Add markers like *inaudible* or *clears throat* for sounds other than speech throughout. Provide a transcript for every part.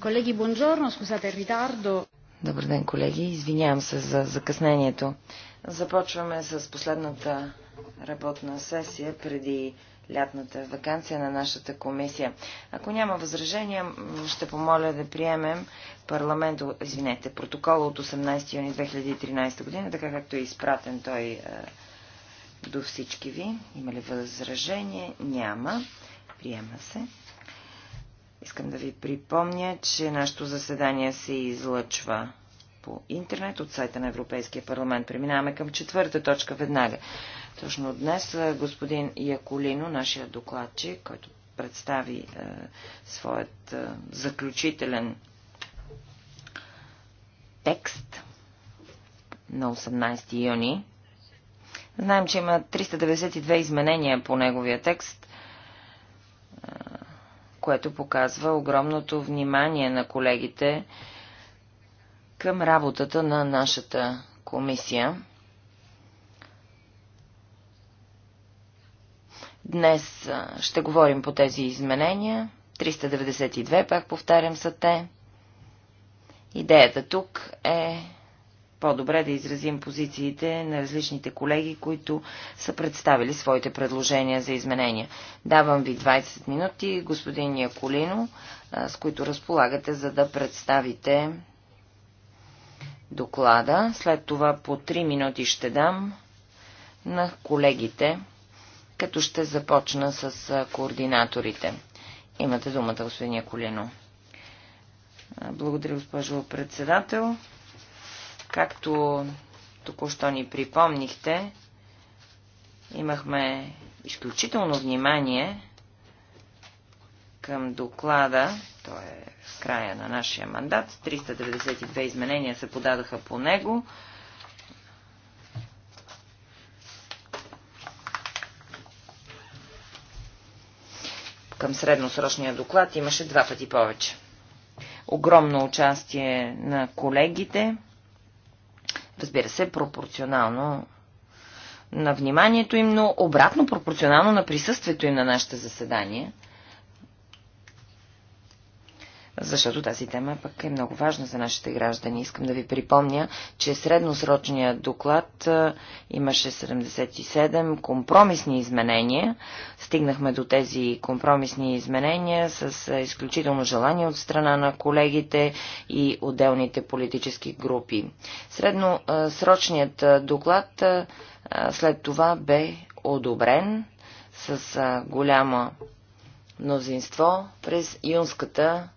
Колеги, бонжорно, скусате ритардо. Добър ден, колеги. Извинявам се за закъснението. Започваме с последната работна сесия преди лятната вакансия на нашата комисия. Ако няма възражения, ще помоля да приемем парламент, извинете, протокол от 18 юни 2013 година, така както е изпратен той е, до всички ви. Има ли възражение? Няма. Приема се. Искам да ви припомня, че нашето заседание се излъчва по интернет от сайта на Европейския парламент. Преминаваме към четвърта точка веднага. Точно днес господин Яколино, нашия докладчик, който представи е, своят е, заключителен текст на 18 юни. Знаем, че има 392 изменения по неговия текст което показва огромното внимание на колегите към работата на нашата комисия. Днес ще говорим по тези изменения. 392, пак повтарям, са те. Идеята тук е по-добре да изразим позициите на различните колеги, които са представили своите предложения за изменения. Давам ви 20 минути, господин Яколино, с които разполагате, за да представите доклада. След това по 3 минути ще дам на колегите, като ще започна с координаторите. Имате думата, господин Яколино. Благодаря, госпожо председател. Както току-що ни припомнихте, имахме изключително внимание към доклада, то е в края на нашия мандат, 392 изменения се подадаха по него. Към средносрочния доклад имаше два пъти повече. Огромно участие на колегите. Разбира се, пропорционално на вниманието им, но обратно пропорционално на присъствието им на нашите заседания – защото тази тема пък е много важна за нашите граждани. Искам да ви припомня, че средносрочният доклад имаше 77 компромисни изменения. Стигнахме до тези компромисни изменения с изключително желание от страна на колегите и отделните политически групи. Средносрочният доклад след това бе одобрен с голяма мнозинство през юнската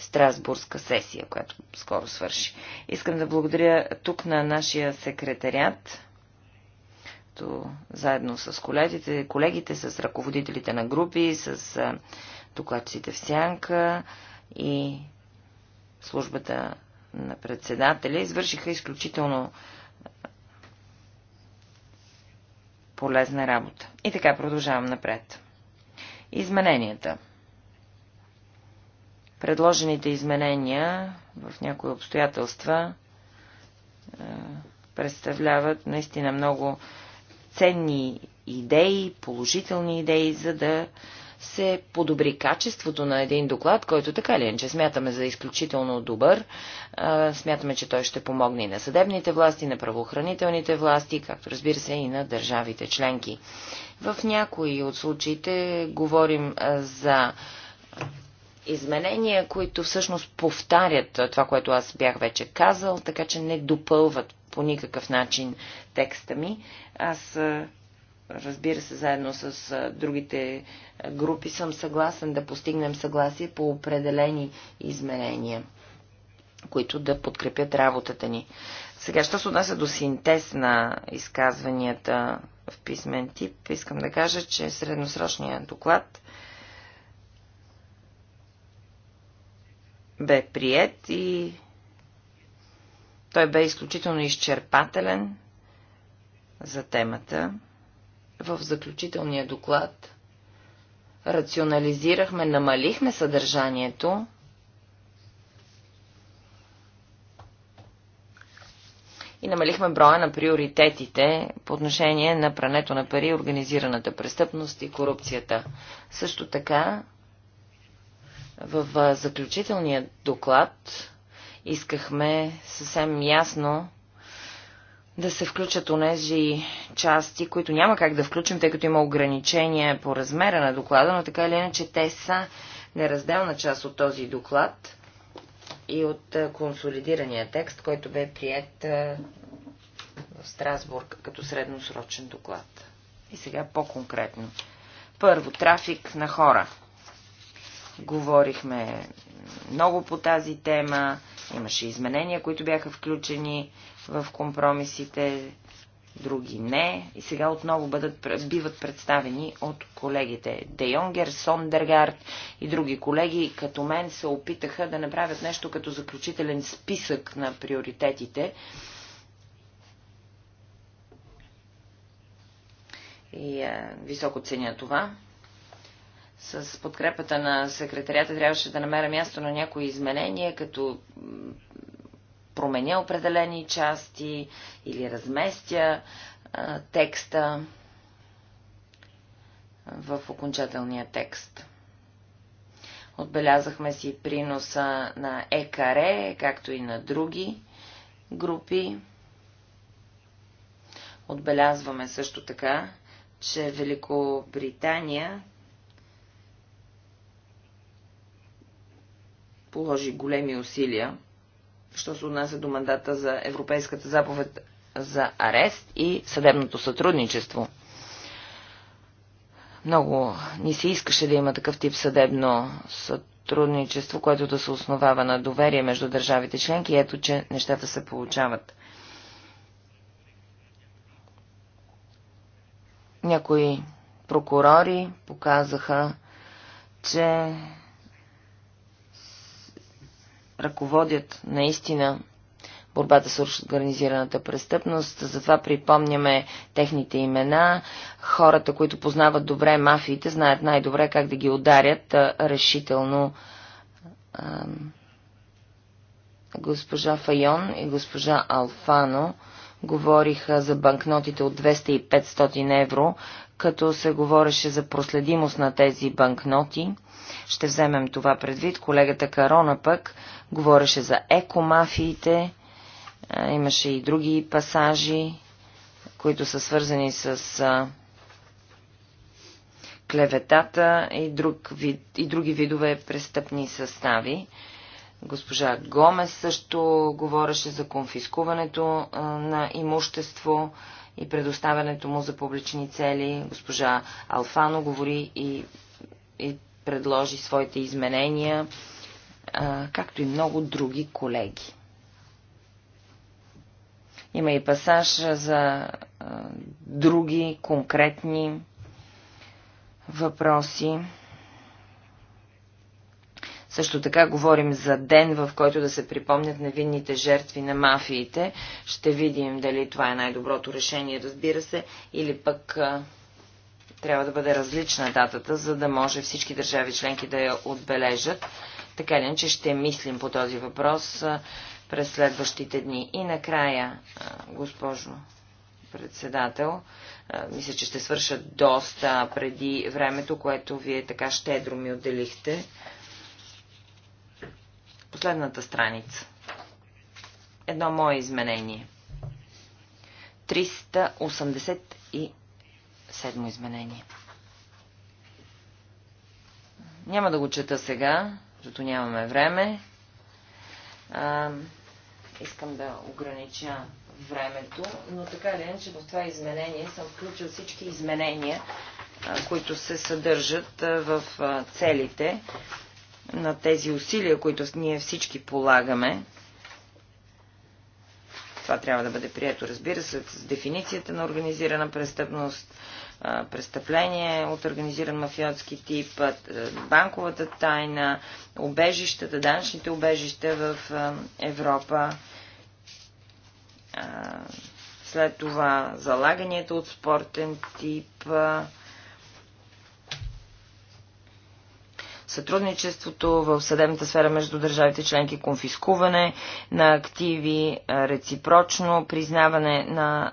Страсбургска сесия, която скоро свърши. Искам да благодаря тук на нашия секретарят, заедно с колегите, колегите, с ръководителите на групи, с докладците в сянка и службата на председателя извършиха изключително полезна работа. И така продължавам напред. Измененията – Предложените изменения в някои обстоятелства е, представляват наистина много ценни идеи, положителни идеи, за да се подобри качеството на един доклад, който така ли е, че смятаме за изключително добър. Е, смятаме, че той ще помогне и на съдебните власти, на правоохранителните власти, както разбира се и на държавите членки. В някои от случаите говорим е, за изменения, които всъщност повтарят това, което аз бях вече казал, така че не допълват по никакъв начин текста ми. Аз, разбира се, заедно с другите групи съм съгласен да постигнем съгласие по определени изменения, които да подкрепят работата ни. Сега, що се отнася до синтез на изказванията в писмен тип, искам да кажа, че средносрочният доклад бе прият и той бе изключително изчерпателен за темата. В заключителния доклад рационализирахме, намалихме съдържанието, и намалихме броя на приоритетите по отношение на прането на пари, организираната престъпност и корупцията. Също така в заключителния доклад искахме съвсем ясно да се включат онези части, които няма как да включим, тъй като има ограничения по размера на доклада, но така или иначе те са неразделна част от този доклад и от консолидирания текст, който бе прият в Страсбург като средносрочен доклад. И сега по-конкретно. Първо, трафик на хора. Говорихме много по тази тема. Имаше изменения, които бяха включени в компромисите, други не. И сега отново бъдат, биват представени от колегите. Дейонгер, Сондергард и други колеги, като мен, се опитаха да направят нещо като заключителен списък на приоритетите. И е, високо ценя това с подкрепата на секретарията трябваше да намеря място на някои изменения, като променя определени части или разместя а, текста в окончателния текст. Отбелязахме си приноса на ЕКАРЕ, както и на други групи. Отбелязваме също така, че Великобритания положи големи усилия, що се отнася до мандата за Европейската заповед за арест и съдебното сътрудничество. Много ни се искаше да има такъв тип съдебно сътрудничество, което да се основава на доверие между държавите членки. Ето, че нещата се получават. Някои прокурори показаха, че ръководят наистина борбата с организираната престъпност. Затова припомняме техните имена. Хората, които познават добре мафиите, знаят най-добре как да ги ударят решително. Госпожа Файон и госпожа Алфано говориха за банкнотите от 200 и 500 евро, като се говореше за проследимост на тези банкноти. Ще вземем това предвид. Колегата Карона пък Говореше за екомафиите, имаше и други пасажи, които са свързани с клеветата и, друг вид, и други видове престъпни състави. Госпожа Гомес също говореше за конфискуването на имущество и предоставянето му за публични цели. Госпожа Алфано говори и, и предложи своите изменения както и много други колеги. Има и пасаж за други конкретни въпроси. Също така говорим за ден, в който да се припомнят невинните жертви на мафиите. Ще видим дали това е най-доброто решение, разбира се, или пък а, трябва да бъде различна датата, за да може всички държави членки да я отбележат. Така ли, че ще мислим по този въпрос през следващите дни. И накрая, госпожо председател, мисля, че ще свърша доста преди времето, което вие така щедро ми отделихте. Последната страница. Едно мое изменение. 387 изменение. Няма да го чета сега, защото нямаме време. А, искам да огранича времето, но така или иначе в това изменение съм включил всички изменения, а, които се съдържат а, в а, целите на тези усилия, които ние всички полагаме това трябва да бъде прието, разбира се, с дефиницията на организирана престъпност, престъпление от организиран мафиотски тип, банковата тайна, обежищата, данъчните обежища в Европа. След това залаганията от спортен тип, сътрудничеството в съдебната сфера между държавите членки, конфискуване на активи, реципрочно признаване на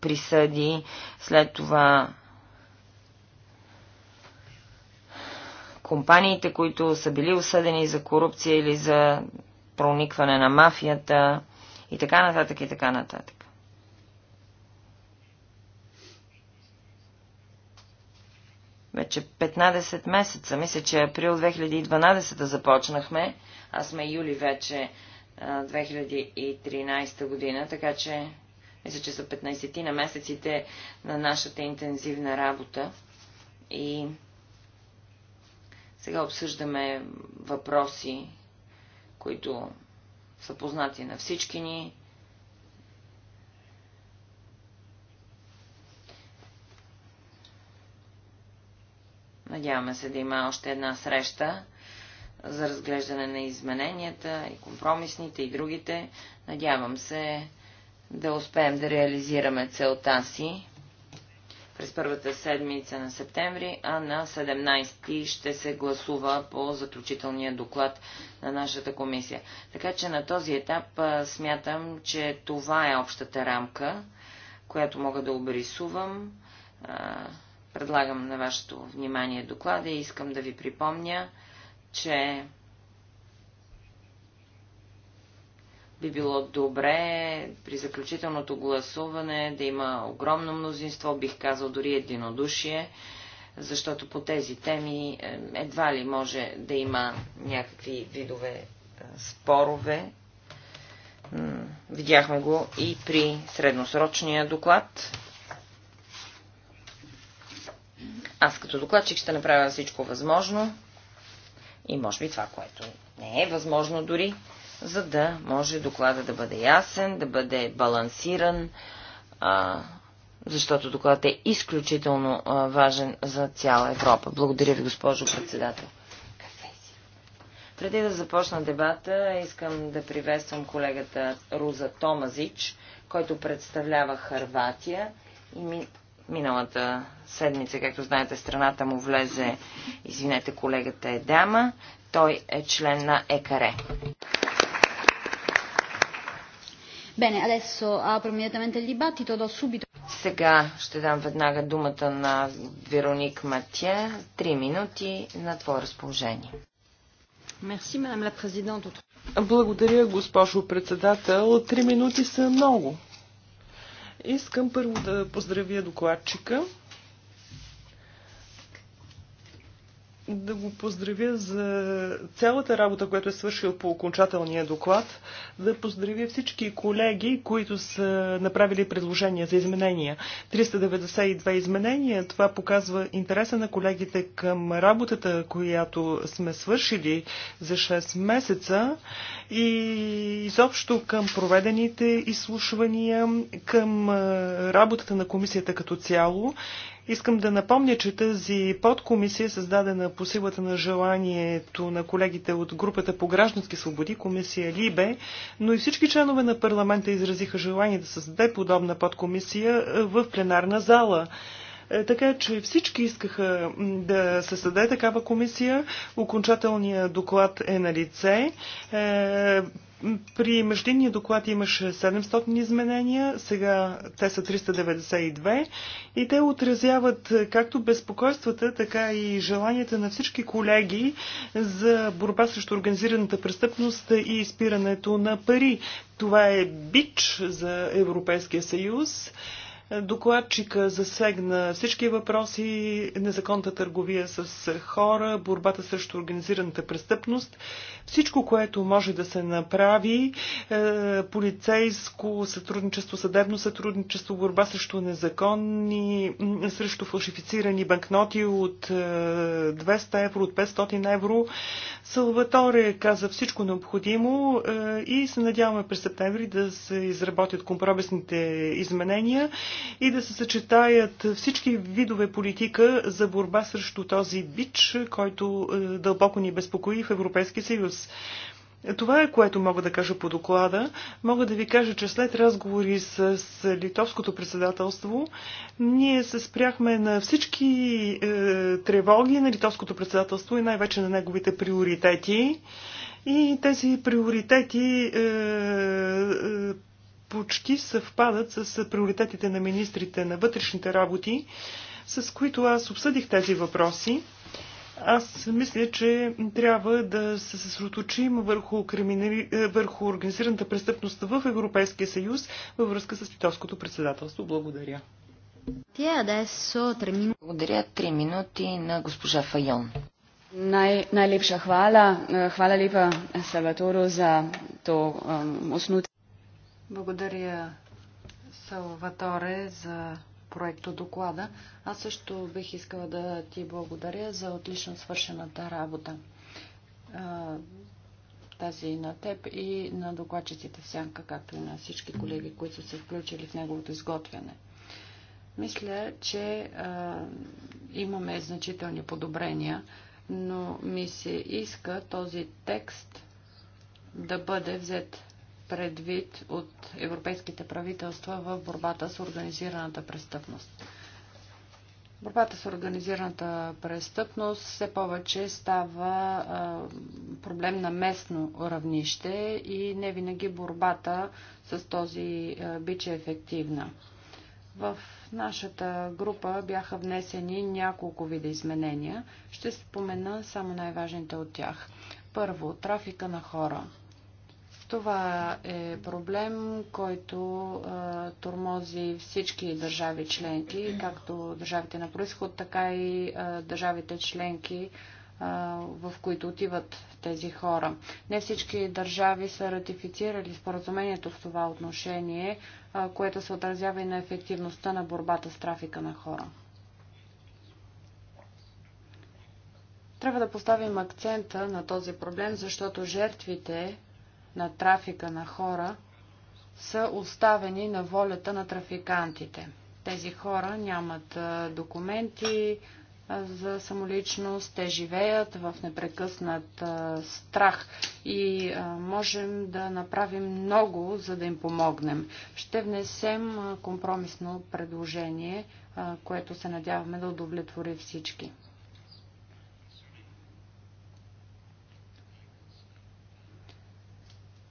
присъди, след това компаниите, които са били осъдени за корупция или за проникване на мафията и така нататък и така нататък. вече 15 месеца. Мисля, че април 2012 започнахме, а сме юли вече 2013 година, така че мисля, че са 15 ти на месеците на нашата интензивна работа. И сега обсъждаме въпроси, които са познати на всички ни. Надяваме се да има още една среща за разглеждане на измененията и компромисните и другите. Надявам се да успеем да реализираме целта си през първата седмица на септември, а на 17 ще се гласува по заключителния доклад на нашата комисия. Така че на този етап смятам, че това е общата рамка, която мога да обрисувам Предлагам на вашето внимание доклада и искам да ви припомня, че би било добре при заключителното гласуване да има огромно мнозинство, бих казал дори единодушие, защото по тези теми е, едва ли може да има някакви видове е, спорове. Видяхме го и при средносрочния доклад. Аз като докладчик ще направя всичко възможно и може би това, което не е възможно дори, за да може доклада да бъде ясен, да бъде балансиран, а, защото докладът е изключително а, важен за цяла Европа. Благодаря ви, госпожо председател. Преди да започна дебата, искам да приветствам колегата Руза Томазич, който представлява Харватия и ми Миналата седмица, както знаете, страната му влезе, извинете, колегата е дама. Той е член на ЕКАРЕ. Bene, adesso apro immediatamente il dibattito, do subito... Сега ще дам веднага думата на Вероник Матия. Три минути на твое разположение. Merci, la Благодаря, госпожо председател. Три минути са много. Искам първо да поздравя докладчика. да го поздравя за цялата работа, която е свършил по окончателния доклад, да поздравя всички колеги, които са направили предложения за изменения. 392 изменения, това показва интереса на колегите към работата, която сме свършили за 6 месеца и изобщо към проведените изслушвания, към работата на комисията като цяло Искам да напомня, че тази подкомисия е създадена по силата на желанието на колегите от групата по граждански свободи, комисия Либе, но и всички членове на парламента изразиха желание да създаде подобна подкомисия е, в пленарна зала. Е, така че всички искаха да се създаде такава комисия. Окончателният доклад е на лице. Е, при междинния доклад имаше 700 изменения, сега те са 392 и те отразяват както безпокойствата, така и желанията на всички колеги за борба срещу организираната престъпност и изпирането на пари. Това е бич за Европейския съюз. Докладчика засегна всички въпроси, незаконната търговия с хора, борбата срещу организираната престъпност, всичко, което може да се направи, е, полицейско сътрудничество, съдебно сътрудничество, борба срещу незаконни, срещу фалшифицирани банкноти от 200 е, евро, от 500 евро. Салваторе каза всичко необходимо е, и се надяваме през септември да се изработят компромисните изменения и да се съчетаят всички видове политика за борба срещу този бич, който е, дълбоко ни безпокои в Европейския съюз. Това е което мога да кажа по доклада. Мога да ви кажа, че след разговори с, с литовското председателство, ние се спряхме на всички е, тревоги на литовското председателство и най-вече на неговите приоритети. И тези приоритети е, е, почти съвпадат с приоритетите на министрите на вътрешните работи, с които аз обсъдих тези въпроси. Аз мисля, че трябва да се съсредоточим върху, криминали... Е, върху организираната престъпност в Европейския съюз във връзка с литовското председателство. Благодаря. Е Благодаря. Три минути на госпожа Файон. най najlepša хвала е, хвала. lepa Salvatoru za to um, благодаря, Салваторе, за проекто доклада. Аз също бих искала да ти благодаря за отлично свършената работа. Тази на теб и на докладчиците в сянка, както и на всички колеги, които са се включили в неговото изготвяне. Мисля, че а, имаме значителни подобрения, но ми се иска този текст да бъде взет предвид от европейските правителства в борбата с организираната престъпност. Борбата с организираната престъпност все повече става а, проблем на местно равнище и не винаги борбата с този а, бич е ефективна. В нашата група бяха внесени няколко вида изменения. Ще спомена само най-важните от тях. Първо, трафика на хора. Това е проблем, който а, тормози всички държави членки, както държавите на происход, така и а, държавите членки, а, в които отиват тези хора. Не всички държави са ратифицирали споразумението в това отношение, а, което се отразява и на ефективността на борбата с трафика на хора. Трябва да поставим акцента на този проблем, защото жертвите на трафика на хора са оставени на волята на трафикантите. Тези хора нямат документи за самоличност, те живеят в непрекъснат страх и можем да направим много, за да им помогнем. Ще внесем компромисно предложение, което се надяваме да удовлетвори всички.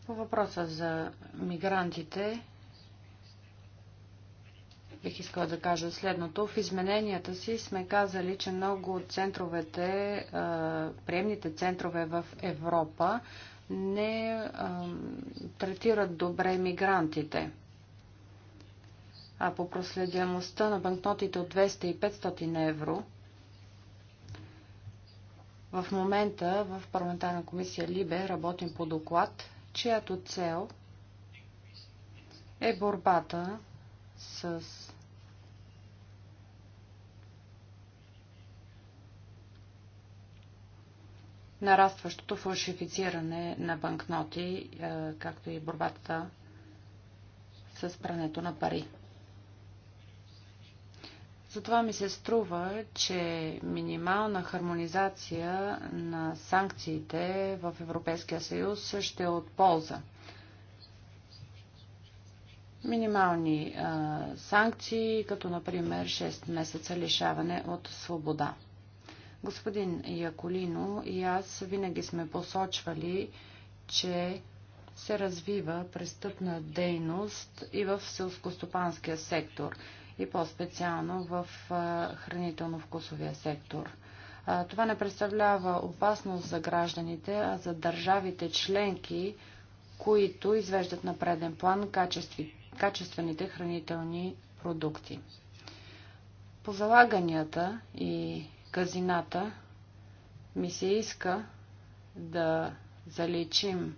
По въпроса за мигрантите, бих искала да кажа следното. В измененията си сме казали, че много от центровете, приемните центрове в Европа не третират добре мигрантите. А по проследяността на банкнотите от 200 и 500 евро, в момента в парламентарна комисия Либе работим по доклад – чиято цел е борбата с нарастващото фалшифициране на банкноти, е, както и борбата с прането на пари. Затова ми се струва, че минимална хармонизация на санкциите в Европейския съюз ще е от полза. Минимални а, санкции, като например 6 месеца лишаване от свобода. Господин Яколино и аз винаги сме посочвали, че се развива престъпна дейност и в селскостопанския сектор – и по-специално в хранително-вкусовия сектор. Това не представлява опасност за гражданите, а за държавите членки, които извеждат на преден план качествените хранителни продукти. По залаганията и казината ми се иска да заличим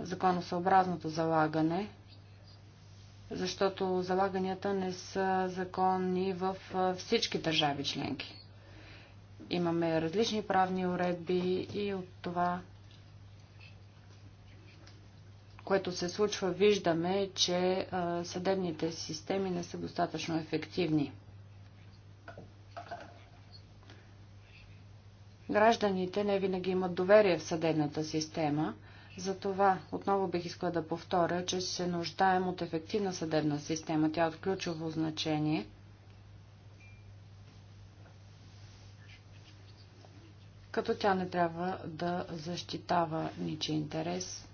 законосъобразното залагане – защото залаганията не са законни в всички държави членки. Имаме различни правни уредби и от това, което се случва, виждаме, че съдебните системи не са достатъчно ефективни. Гражданите не винаги имат доверие в съдебната система – затова отново бих искала да повторя, че се нуждаем от ефективна съдебна система. Тя е от ключово значение. Като тя не трябва да защитава ничи интерес,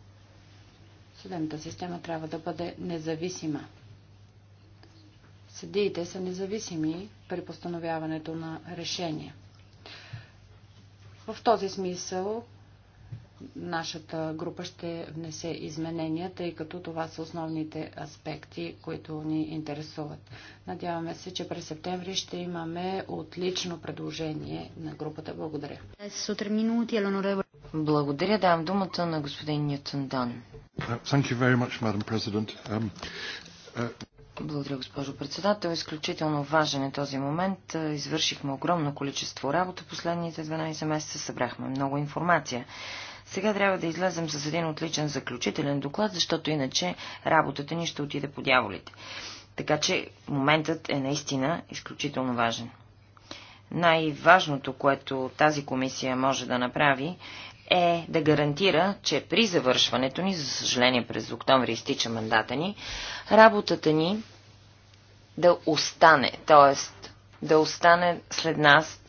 съдебната система трябва да бъде независима. Съдиите са независими при постановяването на решения. В този смисъл нашата група ще внесе изменения, тъй като това са основните аспекти, които ни интересуват. Надяваме се, че през септември ще имаме отлично предложение на групата. Благодаря. Благодаря. Давам думата на господин Ньютон Дан. Uh, um, uh, Благодаря, госпожо председател. Изключително важен е този момент. Uh, извършихме огромно количество работа последните 12 месеца, събрахме много информация. Сега трябва да излезем с един отличен заключителен доклад, защото иначе работата ни ще отиде по дяволите. Така че моментът е наистина изключително важен. Най-важното, което тази комисия може да направи, е да гарантира, че при завършването ни, за съжаление през октомври изтича мандата ни, работата ни да остане, т.е. да остане след нас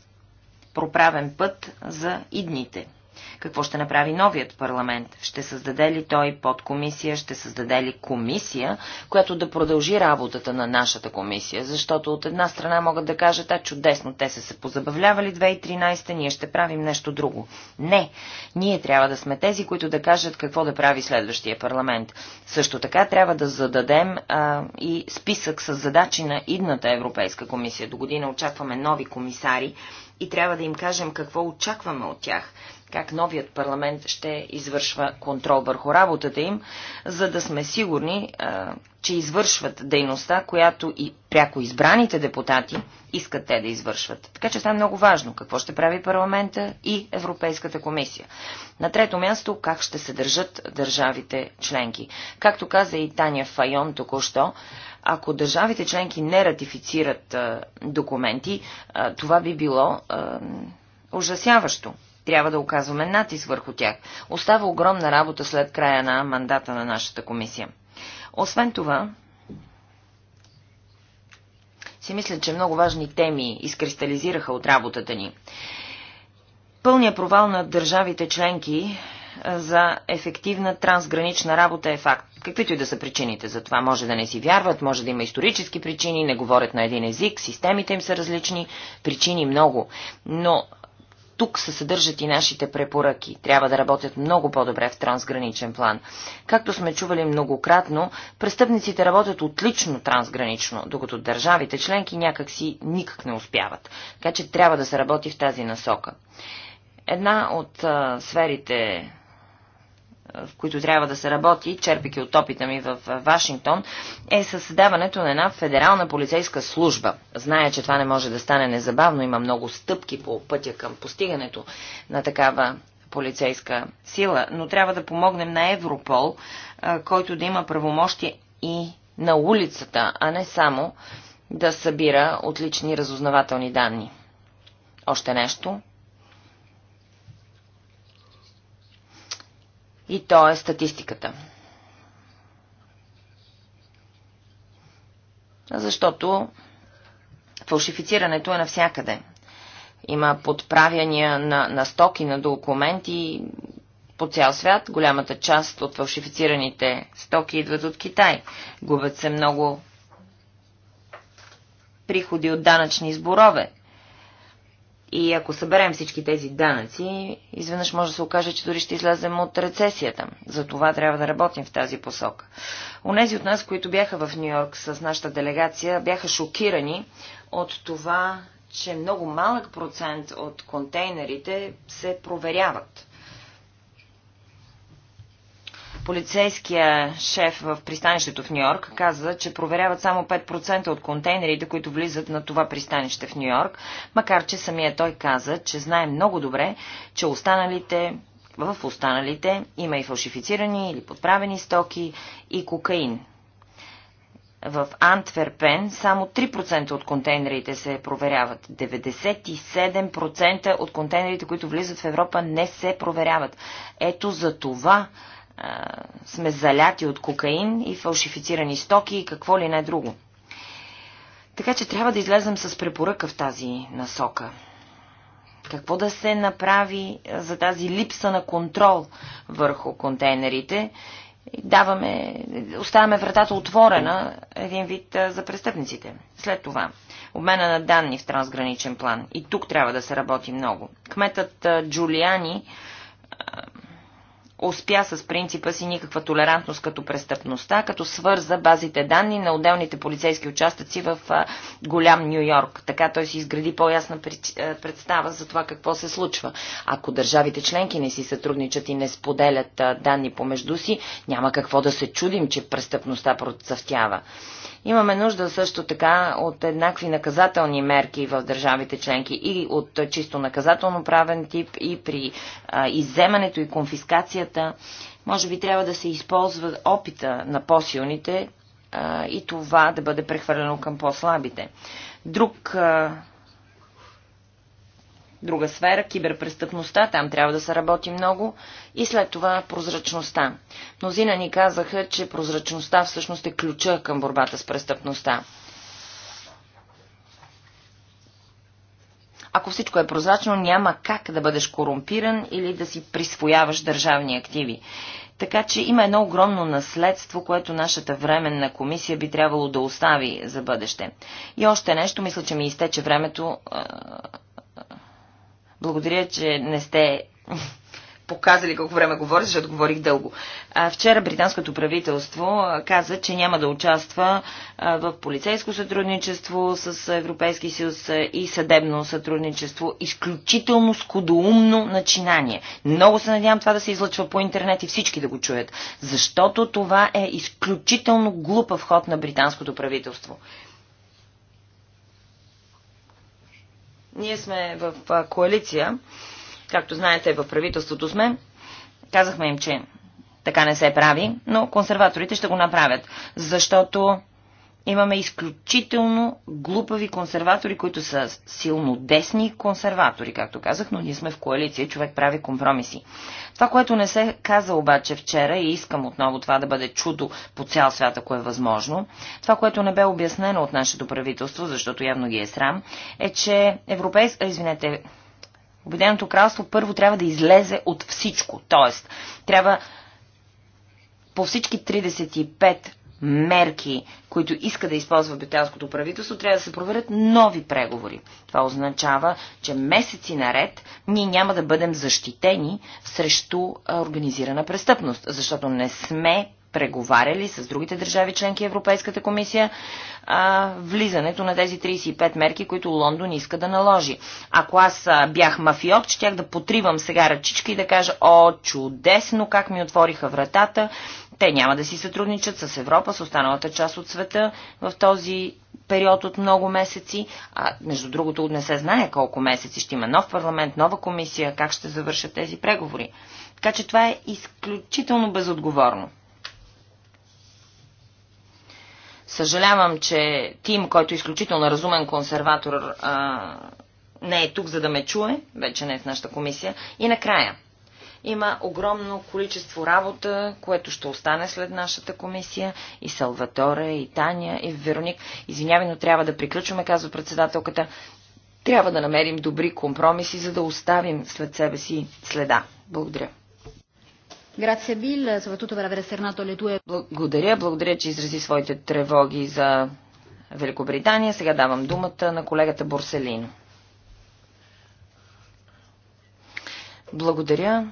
проправен път за идните какво ще направи новият парламент? Ще създаде ли той подкомисия, ще създаде ли комисия, която да продължи работата на нашата комисия? Защото от една страна могат да кажат, а чудесно, те са се позабавлявали 2013, ние ще правим нещо друго. Не, ние трябва да сме тези, които да кажат какво да прави следващия парламент. Също така трябва да зададем а, и списък с задачи на идната Европейска комисия. До година очакваме нови комисари и трябва да им кажем какво очакваме от тях как новият парламент ще извършва контрол върху работата им, за да сме сигурни, че извършват дейността, която и пряко избраните депутати искат те да извършват. Така че това е много важно. Какво ще прави парламента и Европейската комисия. На трето място, как ще се държат държавите членки. Както каза и Таня Файон току-що, ако държавите членки не ратифицират документи, това би било ужасяващо. Трябва да оказваме натиск върху тях. Остава огромна работа след края на мандата на нашата комисия. Освен това, си мисля, че много важни теми изкристализираха от работата ни. Пълният провал на държавите членки за ефективна трансгранична работа е факт. Каквито и да са причините за това, може да не си вярват, може да има исторически причини, не говорят на един език, системите им са различни, причини много. Но тук се съдържат и нашите препоръки. Трябва да работят много по-добре в трансграничен план. Както сме чували многократно, престъпниците работят отлично трансгранично, докато държавите членки някакси никак не успяват. Така че трябва да се работи в тази насока. Една от а, сферите, в които трябва да се работи, черпики от опита ми в Вашингтон, е създаването на една федерална полицейска служба. Зная, че това не може да стане незабавно, има много стъпки по пътя към постигането на такава полицейска сила, но трябва да помогнем на Европол, който да има правомощи и на улицата, а не само да събира отлични разузнавателни данни. Още нещо. И то е статистиката. Защото фалшифицирането е навсякъде. Има подправяния на, на стоки, на документи по цял свят. Голямата част от фалшифицираните стоки идват от Китай. Губят се много приходи от данъчни сборове. И ако съберем всички тези данъци, изведнъж може да се окаже, че дори ще излезем от рецесията. За това трябва да работим в тази посока. Онези от нас, които бяха в Нью Йорк с нашата делегация, бяха шокирани от това, че много малък процент от контейнерите се проверяват. Полицейския шеф в пристанището в Нью-Йорк каза, че проверяват само 5% от контейнерите, които влизат на това пристанище в Нью-Йорк, макар че самия той каза, че знае много добре, че останалите в останалите има и фалшифицирани или подправени стоки и кокаин. В Антверпен само 3% от контейнерите се проверяват. 97% от контейнерите, които влизат в Европа, не се проверяват. Ето за това сме заляти от кокаин и фалшифицирани стоки и какво ли не друго. Така че трябва да излезем с препоръка в тази насока. Какво да се направи за тази липса на контрол върху контейнерите? Даваме, оставяме вратата отворена един вид за престъпниците. След това, обмена на данни в трансграничен план. И тук трябва да се работи много. Кметът Джулиани успя с принципа си никаква толерантност като престъпността, като свърза базите данни на отделните полицейски участъци в голям Нью Йорк. Така той си изгради по-ясна представа за това какво се случва. Ако държавите членки не си сътрудничат и не споделят данни помежду си, няма какво да се чудим, че престъпността процъфтява. Имаме нужда също така от еднакви наказателни мерки в държавите членки и от чисто наказателно правен тип и при а, изземането и конфискацията. Може би трябва да се използва опита на по-силните и това да бъде прехвърлено към по-слабите. Друг друга сфера, киберпрестъпността, там трябва да се работи много, и след това прозрачността. Мнозина ни казаха, че прозрачността всъщност е ключа към борбата с престъпността. Ако всичко е прозрачно, няма как да бъдеш корумпиран или да си присвояваш държавни активи. Така че има едно огромно наследство, което нашата временна комисия би трябвало да остави за бъдеще. И още нещо, мисля, че ми изтече времето благодаря, че не сте показали колко време говори, защото говорих дълго. вчера британското правителство каза, че няма да участва в полицейско сътрудничество с Европейски съюз и съдебно сътрудничество. Изключително скудоумно начинание. Много се надявам това да се излъчва по интернет и всички да го чуят, защото това е изключително глупав ход на британското правителство. Ние сме в коалиция, както знаете, в правителството сме. Казахме им, че така не се прави, но консерваторите ще го направят, защото Имаме изключително глупави консерватори, които са силно десни консерватори, както казах, но ние сме в коалиция, човек прави компромиси. Това, което не се каза обаче вчера и искам отново това да бъде чудо по цял свят, ако е възможно, това, което не бе обяснено от нашето правителство, защото явно ги е срам, е, че европейс... извинете, Обеденото кралство първо трябва да излезе от всичко. Тоест, трябва по всички 35 мерки, които иска да използва бетелското правителство, трябва да се проверят нови преговори. Това означава, че месеци наред ние няма да бъдем защитени срещу организирана престъпност, защото не сме преговаряли с другите държави членки Европейската комисия а, влизането на тези 35 мерки, които Лондон иска да наложи. Ако аз а, бях мафиот, щях да потривам сега ръчички и да кажа, о, чудесно, как ми отвориха вратата. Те няма да си сътрудничат с Европа, с останалата част от света в този период от много месеци. А, между другото, не се знае колко месеци ще има нов парламент, нова комисия, как ще завършат тези преговори. Така че това е изключително безотговорно. Съжалявам, че Тим, който е изключително разумен консерватор, а, не е тук, за да ме чуе, вече не е в нашата комисия. И накрая, има огромно количество работа, което ще остане след нашата комисия. И Салваторе, и Таня, и Вероник. Извинявай, но трябва да приключваме, казва председателката. Трябва да намерим добри компромиси, за да оставим след себе си следа. Благодаря. Благодаря, благодаря, че изрази своите тревоги за Великобритания. Сега давам думата на колегата Борселино. Благодаря.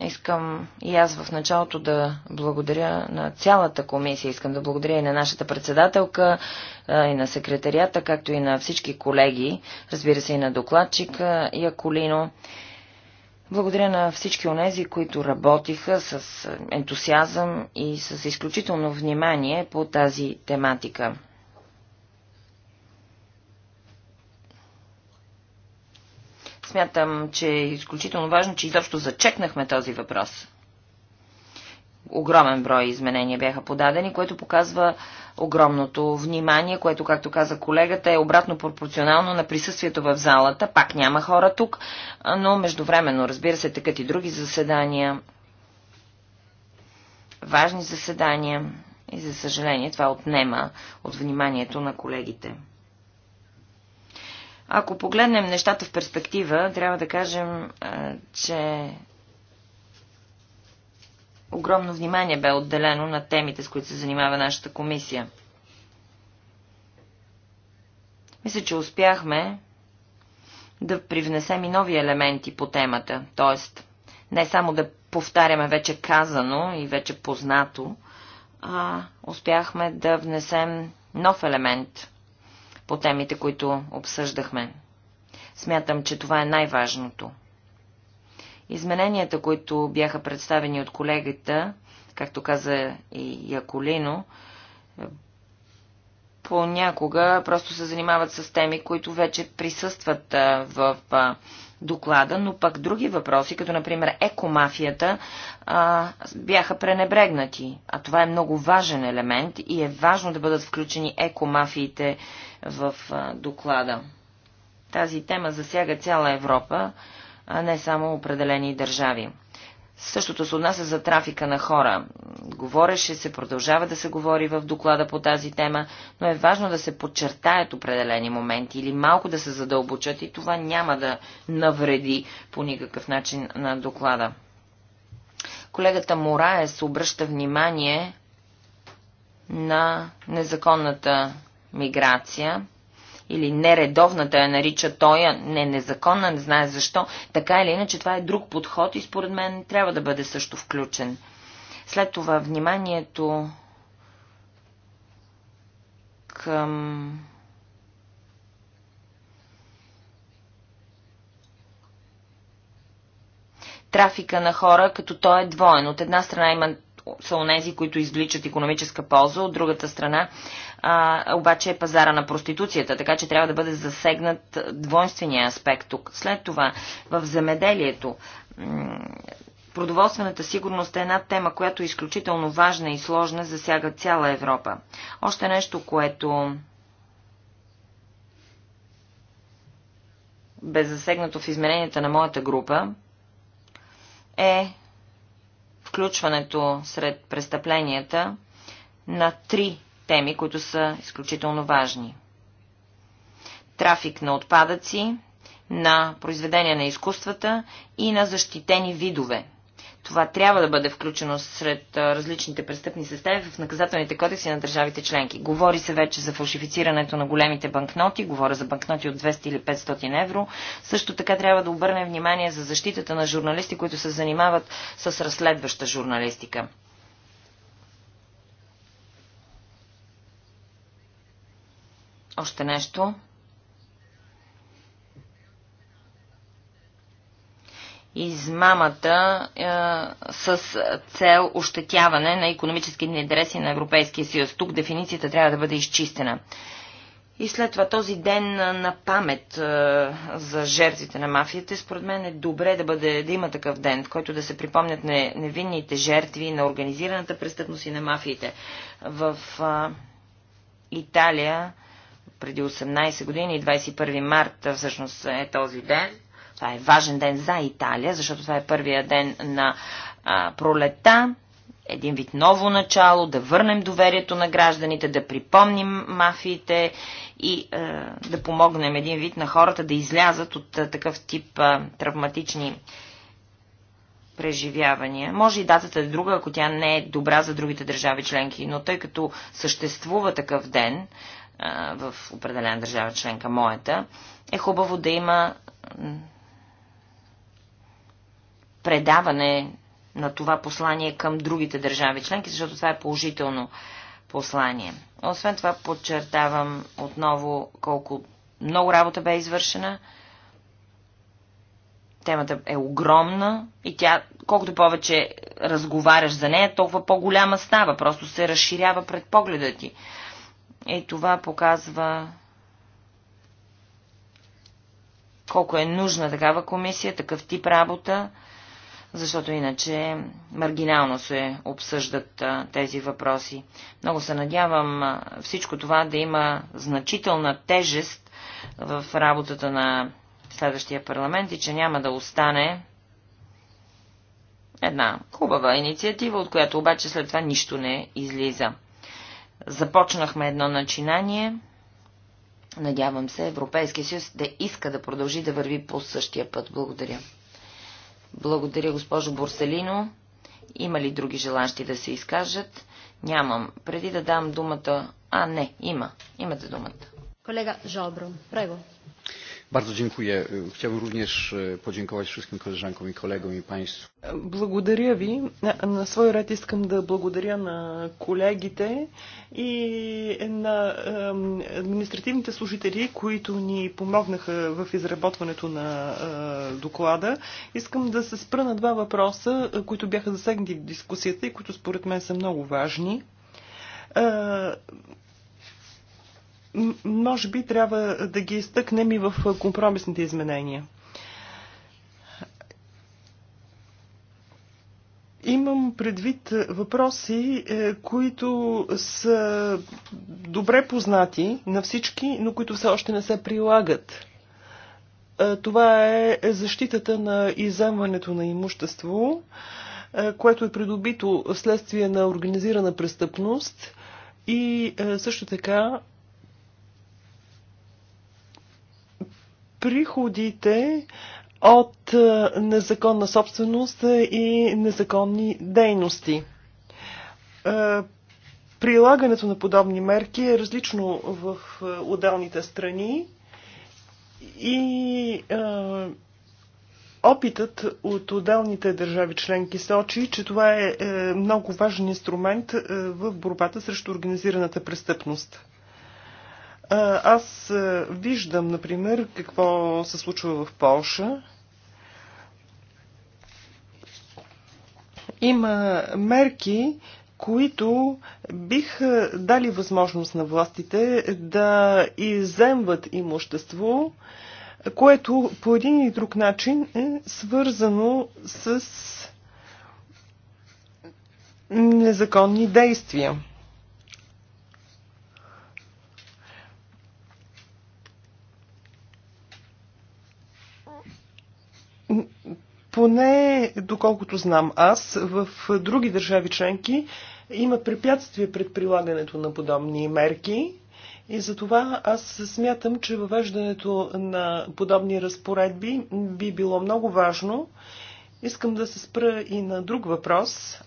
Искам и аз в началото да благодаря на цялата комисия. Искам да благодаря и на нашата председателка, и на секретарията, както и на всички колеги, разбира се и на докладчика Яколино. Благодаря на всички онези, които работиха с ентусиазъм и с изключително внимание по тази тематика. Смятам, че е изключително важно, че изобщо зачекнахме този въпрос огромен брой изменения бяха подадени, което показва огромното внимание, което, както каза колегата, е обратно пропорционално на присъствието в залата. Пак няма хора тук, но междувременно, разбира се, такът и други заседания, важни заседания и, за съжаление, това отнема от вниманието на колегите. Ако погледнем нещата в перспектива, трябва да кажем, че огромно внимание бе отделено на темите, с които се занимава нашата комисия. Мисля, че успяхме да привнесем и нови елементи по темата, т.е. не само да повтаряме вече казано и вече познато, а успяхме да внесем нов елемент по темите, които обсъждахме. Смятам, че това е най-важното – Измененията, които бяха представени от колегата, както каза и Яколино, понякога просто се занимават с теми, които вече присъстват в доклада, но пък други въпроси, като например екомафията, бяха пренебрегнати. А това е много важен елемент и е важно да бъдат включени екомафиите в доклада. Тази тема засяга цяла Европа, а не само определени държави. Същото се отнася за трафика на хора. Говореше се, продължава да се говори в доклада по тази тема, но е важно да се подчертаят определени моменти или малко да се задълбочат и това няма да навреди по никакъв начин на доклада. Колегата Мораес обръща внимание на незаконната миграция или нередовната я нарича той, не незаконна, не знае защо, така или иначе това е друг подход и според мен трябва да бъде също включен. След това вниманието към трафика на хора, като той е двоен. От една страна има са онези, които извличат економическа полза, от другата страна а, обаче е пазара на проституцията, така че трябва да бъде засегнат двойствения аспект тук. След това, в земеделието, Продоволствената сигурност е една тема, която е изключително важна и сложна, засяга цяла Европа. Още нещо, което бе засегнато в измененията на моята група, е включването сред престъпленията на три теми, които са изключително важни. Трафик на отпадъци, на произведения на изкуствата и на защитени видове. Това трябва да бъде включено сред различните престъпни състави в наказателните кодекси на държавите членки. Говори се вече за фалшифицирането на големите банкноти, говоря за банкноти от 200 или 500 евро. Също така трябва да обърнем внимание за защитата на журналисти, които се занимават с разследваща журналистика. Още нещо. измамата е, с цел ощетяване на економически интереси на Европейския съюз. Тук дефиницията трябва да бъде изчистена. И след това този ден на памет е, за жертвите на мафията, според мен е добре да, бъде, да има такъв ден, в който да се припомнят невинните жертви на организираната престъпност и на мафиите. В е, Италия преди 18 години и 21 март всъщност е този ден. Това е важен ден за Италия, защото това е първия ден на а, пролета, един вид ново начало, да върнем доверието на гражданите, да припомним мафиите и е, да помогнем един вид на хората да излязат от е, такъв тип е, травматични преживявания. Може и датата е друга, ако тя не е добра за другите държави членки, но тъй като съществува такъв ден, в определена държава членка, моята, е хубаво да има предаване на това послание към другите държави членки, защото това е положително послание. Освен това, подчертавам отново колко много работа бе извършена. Темата е огромна и тя, колкото повече разговаряш за нея, толкова по-голяма става. Просто се разширява пред погледа ти. И това показва колко е нужна такава комисия, такъв тип работа, защото иначе маргинално се обсъждат тези въпроси. Много се надявам всичко това да има значителна тежест в работата на следващия парламент и че няма да остане една хубава инициатива, от която обаче след това нищо не излиза. Започнахме едно начинание. Надявам се Европейския съюз да иска да продължи да върви по същия път. Благодаря. Благодаря, госпожо Борселино. Има ли други желащи да се изкажат? Нямам. Преди да дам думата... А, не, има. Имате думата. Колега Жобро, прего. Bardzo dziękuję. Chciałbym również e, podziękować wszystkim koleżankom i kolegom i państwu. Благодаря ви. На свой ред искам да благодаря на колегите и на административните служители, които ни помогнаха в изработването на е, доклада. Искам да се спра на два въпроса, е, които бяха засегнати в дискусията и които според мен са много важни е, може би трябва да ги изтъкнем и в компромисните изменения. Имам предвид въпроси, е, които са добре познати на всички, но които все още не се прилагат. Е, това е защитата на иземването на имущество, е, което е придобито вследствие на организирана престъпност и също така приходите от е, незаконна собственост и незаконни дейности. Е, прилагането на подобни мерки е различно в е, отделните страни и Опитът от отделните държави членки сочи, че това е много важен инструмент в борбата срещу организираната престъпност. Аз виждам, например, какво се случва в Польша. Има мерки, които бих дали възможност на властите да иземват имущество, което по един или друг начин е свързано с незаконни действия. Поне, доколкото знам аз, в други държави членки има препятствия пред прилагането на подобни мерки. И затова аз смятам, че въвеждането на подобни разпоредби би било много важно. Искам да се спра и на друг въпрос.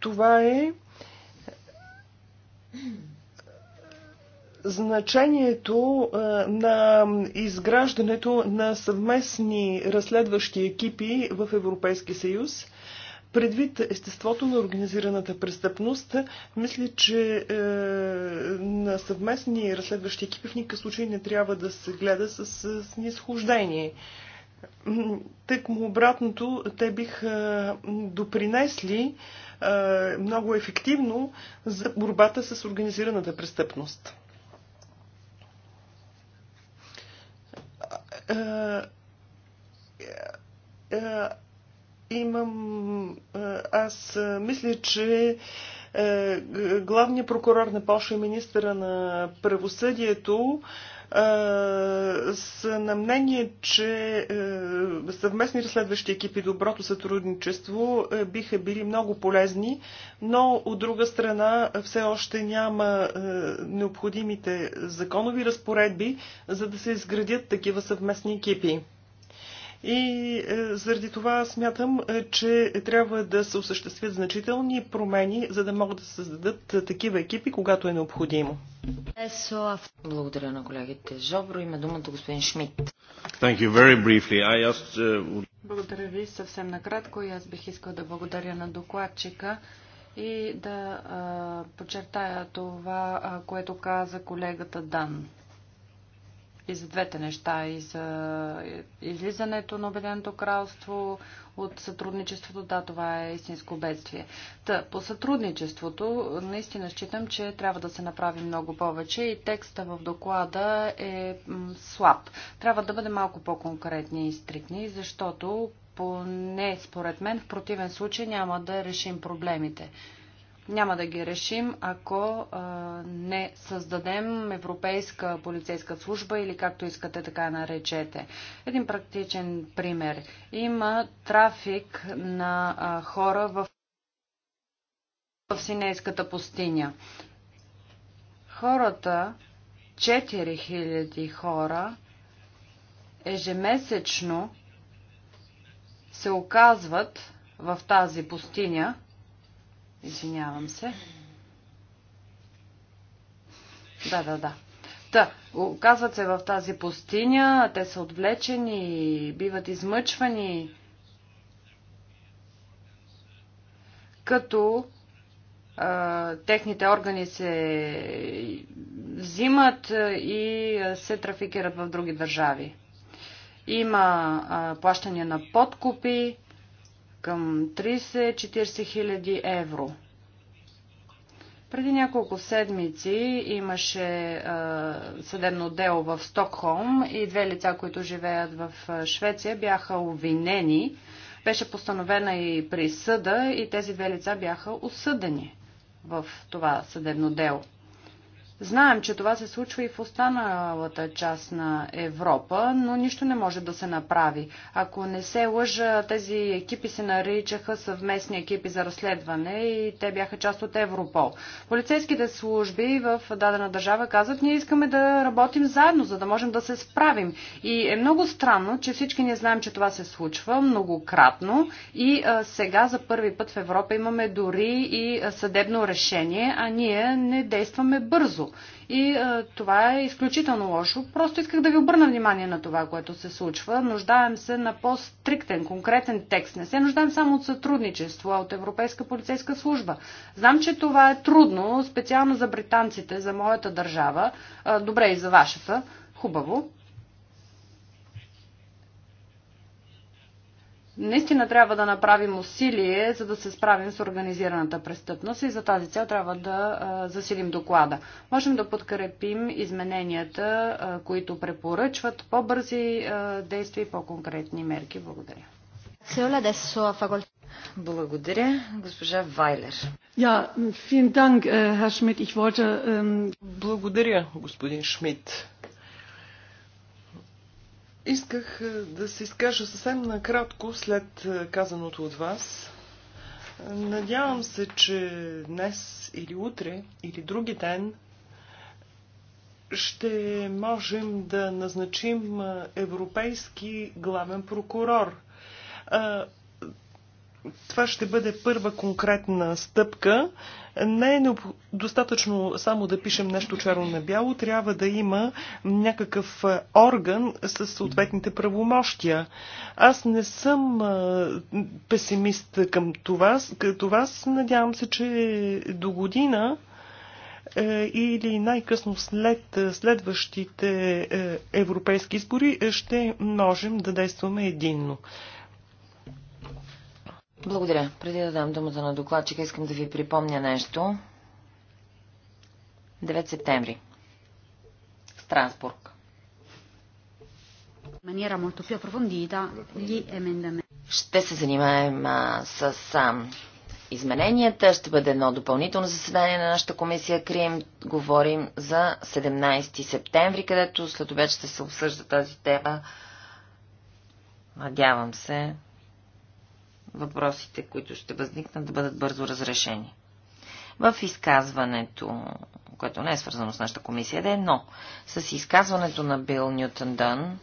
Това е значението е, на изграждането на съвместни разследващи екипи в Европейски съюз. Предвид естеството на организираната престъпност, мисля, че е, на съвместни разследващи екипи в никакъв случай не трябва да се гледа с, с снисхождение. Тък му обратното, те биха допринесли е, много ефективно за борбата с организираната престъпност. Е, е, е, имам... Аз мисля, че главният прокурор на Польша и министра на правосъдието са на мнение, че е, съвместни разследващи екипи, доброто сътрудничество е, биха били много полезни, но от друга страна все още няма е, необходимите законови разпоредби, за да се изградят такива съвместни екипи. И е, заради това смятам, е, че трябва да се осъществят значителни промени, за да могат да се създадат е, такива екипи, когато е необходимо. Благодаря на колегите. Жобро има думата господин Шмидт. Uh, благодаря ви съвсем накратко и аз бих искал да благодаря на докладчика и да а, подчертая това, а, което каза колегата Дан и за двете неща, и за излизането на Обединеното кралство от сътрудничеството. Да, това е истинско бедствие. Та, по сътрудничеството наистина считам, че трябва да се направи много повече и текста в доклада е слаб. Трябва да бъде малко по-конкретни и стрикни, защото поне според мен в противен случай няма да решим проблемите. Няма да ги решим, ако а, не създадем Европейска полицейска служба или както искате така наречете. Един практичен пример. Има трафик на а, хора в, в Синейската пустиня. Хората, 4000 хора, ежемесечно се оказват в тази пустиня – Извинявам се. Да, да, да. Та, оказват се в тази пустиня, те са отвлечени, биват измъчвани, като а, техните органи се взимат и се трафикират в други държави. Има а, плащане на подкупи, към 30-40 хиляди евро. Преди няколко седмици имаше а, съдебно дело в Стокхолм и две лица, които живеят в Швеция, бяха обвинени. Беше постановена и присъда и тези две лица бяха осъдени в това съдебно дело. Знаем, че това се случва и в останалата част на Европа, но нищо не може да се направи. Ако не се лъжа, тези екипи се наричаха съвместни екипи за разследване и те бяха част от Европол. Полицейските служби в дадена държава казват, ние искаме да работим заедно, за да можем да се справим. И е много странно, че всички ние знаем, че това се случва многократно и а, сега за първи път в Европа имаме дори и съдебно решение, а ние не действаме бързо бързо. И а, това е изключително лошо. Просто исках да ви обърна внимание на това, което се случва. Нуждаем се на по-стриктен, конкретен текст. Не се нуждаем само от сътрудничество, а от Европейска полицейска служба. Знам, че това е трудно, специално за британците, за моята държава. А, добре и за вашата. Хубаво. Наистина трябва да направим усилие, за да се справим с организираната престъпност и за тази цел трябва да засилим доклада. Можем да подкрепим измененията, които препоръчват по-бързи действия и по-конкретни мерки. Благодаря. Благодаря, госпожа Вайлер. Ja, vielen Dank, э, Herr Schmidt. Ich wollte, ähm... Благодаря, господин Шмидт. Исках е, да се изкажа съвсем накратко след е, казаното от вас. Надявам се, че днес или утре или други ден ще можем да назначим е, европейски главен прокурор това ще бъде първа конкретна стъпка. Не е достатъчно само да пишем нещо черно на бяло, трябва да има някакъв орган с съответните правомощия. Аз не съм песимист към това. Като вас надявам се, че до година е, или най-късно след следващите е, европейски избори е, ще можем да действаме единно. Благодаря. Преди да дам думата на докладчика, искам да ви припомня нещо. 9 септември. Страсбург. Ще се занимаем а, с а, измененията. Ще бъде едно допълнително заседание на нашата комисия Крим. Говорим за 17 септември, където след обед ще се обсъжда тази тема. Надявам се въпросите, които ще възникнат, да бъдат бързо разрешени. В изказването, което не е свързано с нашата комисия, да е, но с изказването на Бил Нютон Дън,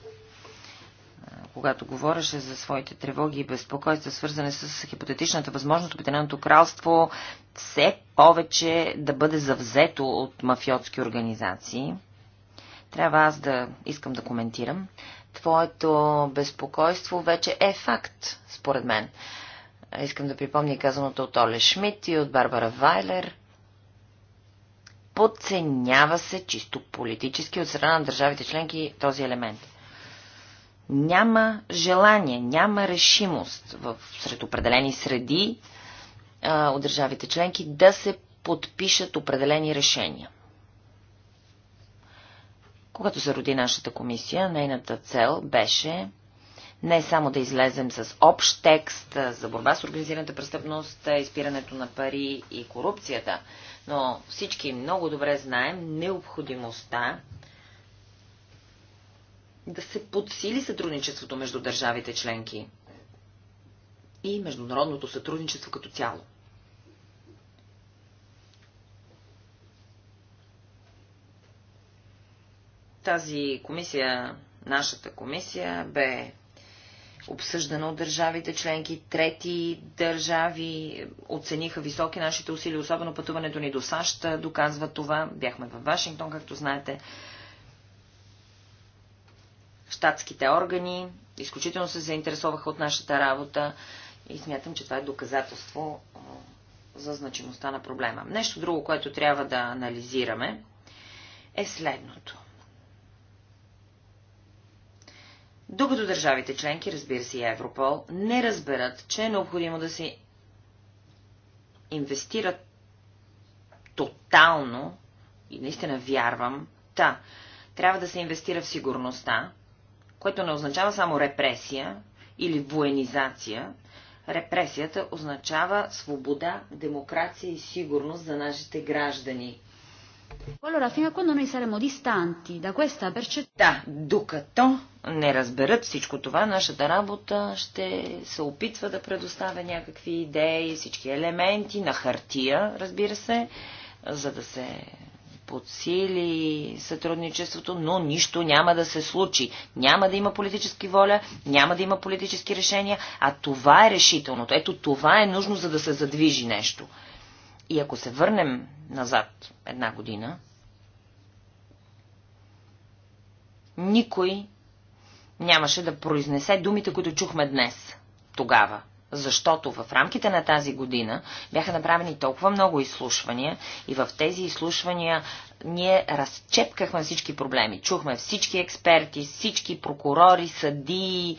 когато говореше за своите тревоги и безпокойства, свързани с хипотетичната възможност Обединеното кралство все повече да бъде завзето от мафиотски организации. Трябва аз да искам да коментирам, твоето безпокойство вече е факт, според мен. Искам да припомня казаното от Оле Шмидт и от Барбара Вайлер. Подценява се чисто политически от страна на държавите членки този елемент. Няма желание, няма решимост в сред определени среди а, от държавите членки да се подпишат определени решения. Когато се роди нашата комисия, нейната цел беше не само да излезем с общ текст за борба с организираната престъпност, изпирането на пари и корупцията, но всички много добре знаем необходимостта да се подсили сътрудничеството между държавите членки и международното сътрудничество като цяло. Тази комисия, нашата комисия, бе обсъждана от държавите членки, трети държави оцениха високи нашите усилия, особено пътуването ни до САЩ доказва това. Бяхме в Вашингтон, както знаете. Штатските органи изключително се заинтересоваха от нашата работа и смятам, че това е доказателство за значимостта на проблема. Нещо друго, което трябва да анализираме е следното. Докато държавите членки, разбира се и Европол, не разберат, че е необходимо да се инвестират тотално, и наистина вярвам, та, трябва да се инвестира в сигурността, което не означава само репресия или военизация. Репресията означава свобода, демокрация и сигурност за нашите граждани – Allora, fino a quando noi saremo distanti da questa percezione... Да, докато не разберат всичко това, нашата работа ще се опитва да предоставя някакви идеи, всички елементи на хартия, разбира се, за да се подсили сътрудничеството, но нищо няма да се случи. Няма да има политически воля, няма да има политически решения, а това е решителното. Ето това е нужно, за да се задвижи нещо. И ако се върнем назад една година, никой нямаше да произнесе думите, които чухме днес, тогава защото в рамките на тази година бяха направени толкова много изслушвания и в тези изслушвания ние разчепкахме всички проблеми. Чухме всички експерти, всички прокурори, съдии,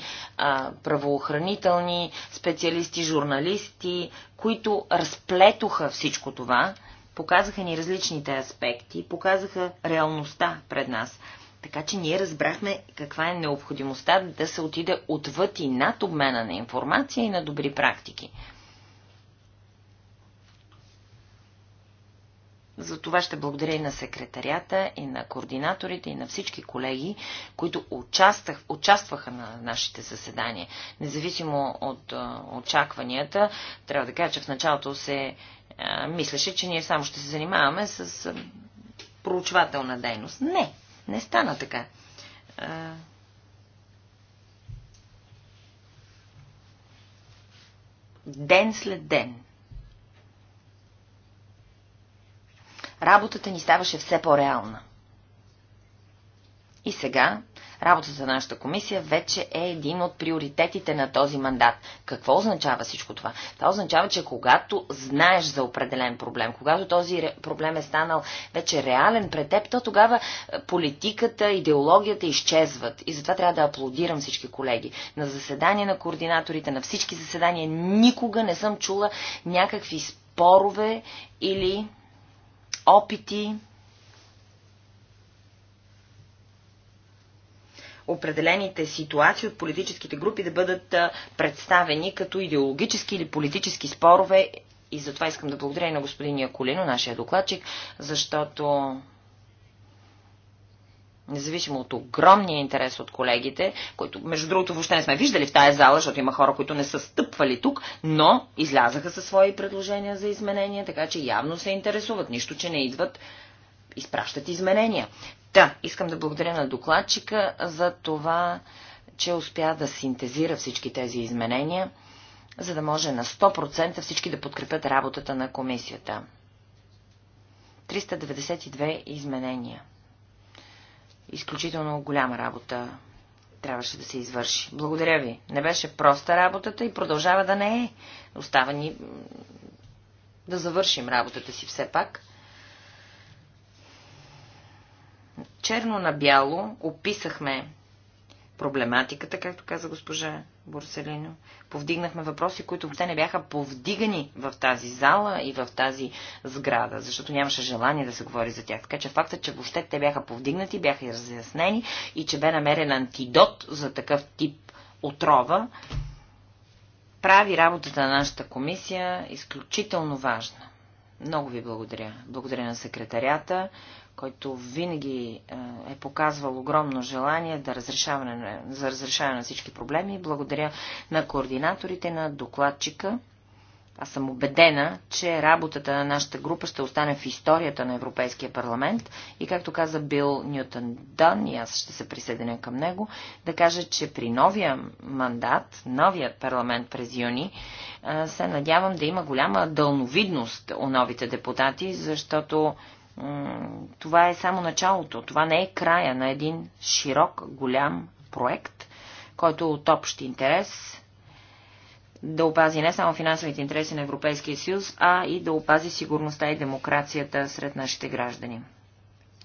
правоохранителни специалисти, журналисти, които разплетоха всичко това, показаха ни различните аспекти, показаха реалността пред нас. Така че ние разбрахме каква е необходимостта да се отиде отвъд и над обмена на информация и на добри практики. За това ще благодаря и на секретарията, и на координаторите, и на всички колеги, които участвах, участваха на нашите заседания. Независимо от а, очакванията, трябва да кажа, че в началото се а, мислеше, че ние само ще се занимаваме с а, проучвателна дейност. Не, не стана така. Ден след ден. Работата ни ставаше все по-реална. И сега Работата на нашата комисия вече е един от приоритетите на този мандат. Какво означава всичко това? Това означава, че когато знаеш за определен проблем, когато този проблем е станал вече реален пред теб, то тогава е, политиката, идеологията изчезват. И затова трябва да аплодирам всички колеги. На заседание на координаторите, на всички заседания никога не съм чула някакви спорове или опити определените ситуации от политическите групи да бъдат представени като идеологически или политически спорове. И затова искам да благодаря и на господин Яколино, нашия докладчик, защото независимо от огромния интерес от колегите, които, между другото, въобще не сме виждали в тая зала, защото има хора, които не са стъпвали тук, но излязаха със свои предложения за изменения, така че явно се интересуват. Нищо, че не идват, изпращат изменения. Та, искам да благодаря на докладчика за това, че успя да синтезира всички тези изменения, за да може на 100% всички да подкрепят работата на комисията. 392 изменения. Изключително голяма работа трябваше да се извърши. Благодаря ви. Не беше проста работата и продължава да не е. Остава ни да завършим работата си все пак. черно на бяло описахме проблематиката, както каза госпожа Борселино. Повдигнахме въпроси, които въобще не бяха повдигани в тази зала и в тази сграда, защото нямаше желание да се говори за тях. Така че фактът, че въобще те бяха повдигнати, бяха и разяснени и че бе намерен антидот за такъв тип отрова, прави работата на нашата комисия изключително важна. Много ви благодаря. Благодаря на секретарята, който винаги е, е показвал огромно желание да разрешаване, за разрешаване на всички проблеми. Благодаря на координаторите, на докладчика. Аз съм убедена, че работата на нашата група ще остане в историята на Европейския парламент и както каза Бил Нютон Дън, и аз ще се присъединя към него, да кажа, че при новия мандат, новият парламент през юни, е, се надявам да има голяма дълновидност у новите депутати, защото това е само началото. Това не е края на един широк, голям проект, който е от общ интерес да опази не само финансовите интереси на Европейския съюз, а и да опази сигурността и демокрацията сред нашите граждани.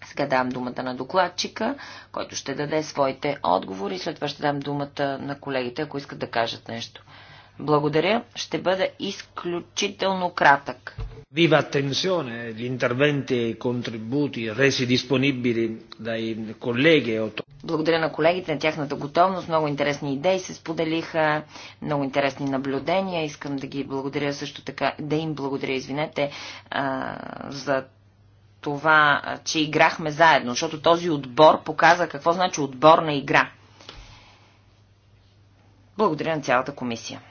Сега давам думата на докладчика, който ще даде своите отговори. След това ще дам думата на колегите, ако искат да кажат нещо. Благодаря. Ще бъда изключително кратък. Viva attenzione gli interventi e i contributi resi disponibili dai colleghi. Благодаря на колегите, на тяхната готовност. Много интересни идеи се споделиха, много интересни наблюдения. Искам да ги благодаря също така, да им благодаря, извинете, за това, че играхме заедно, защото този отбор показа какво значи отборна игра. Благодаря на цялата комисия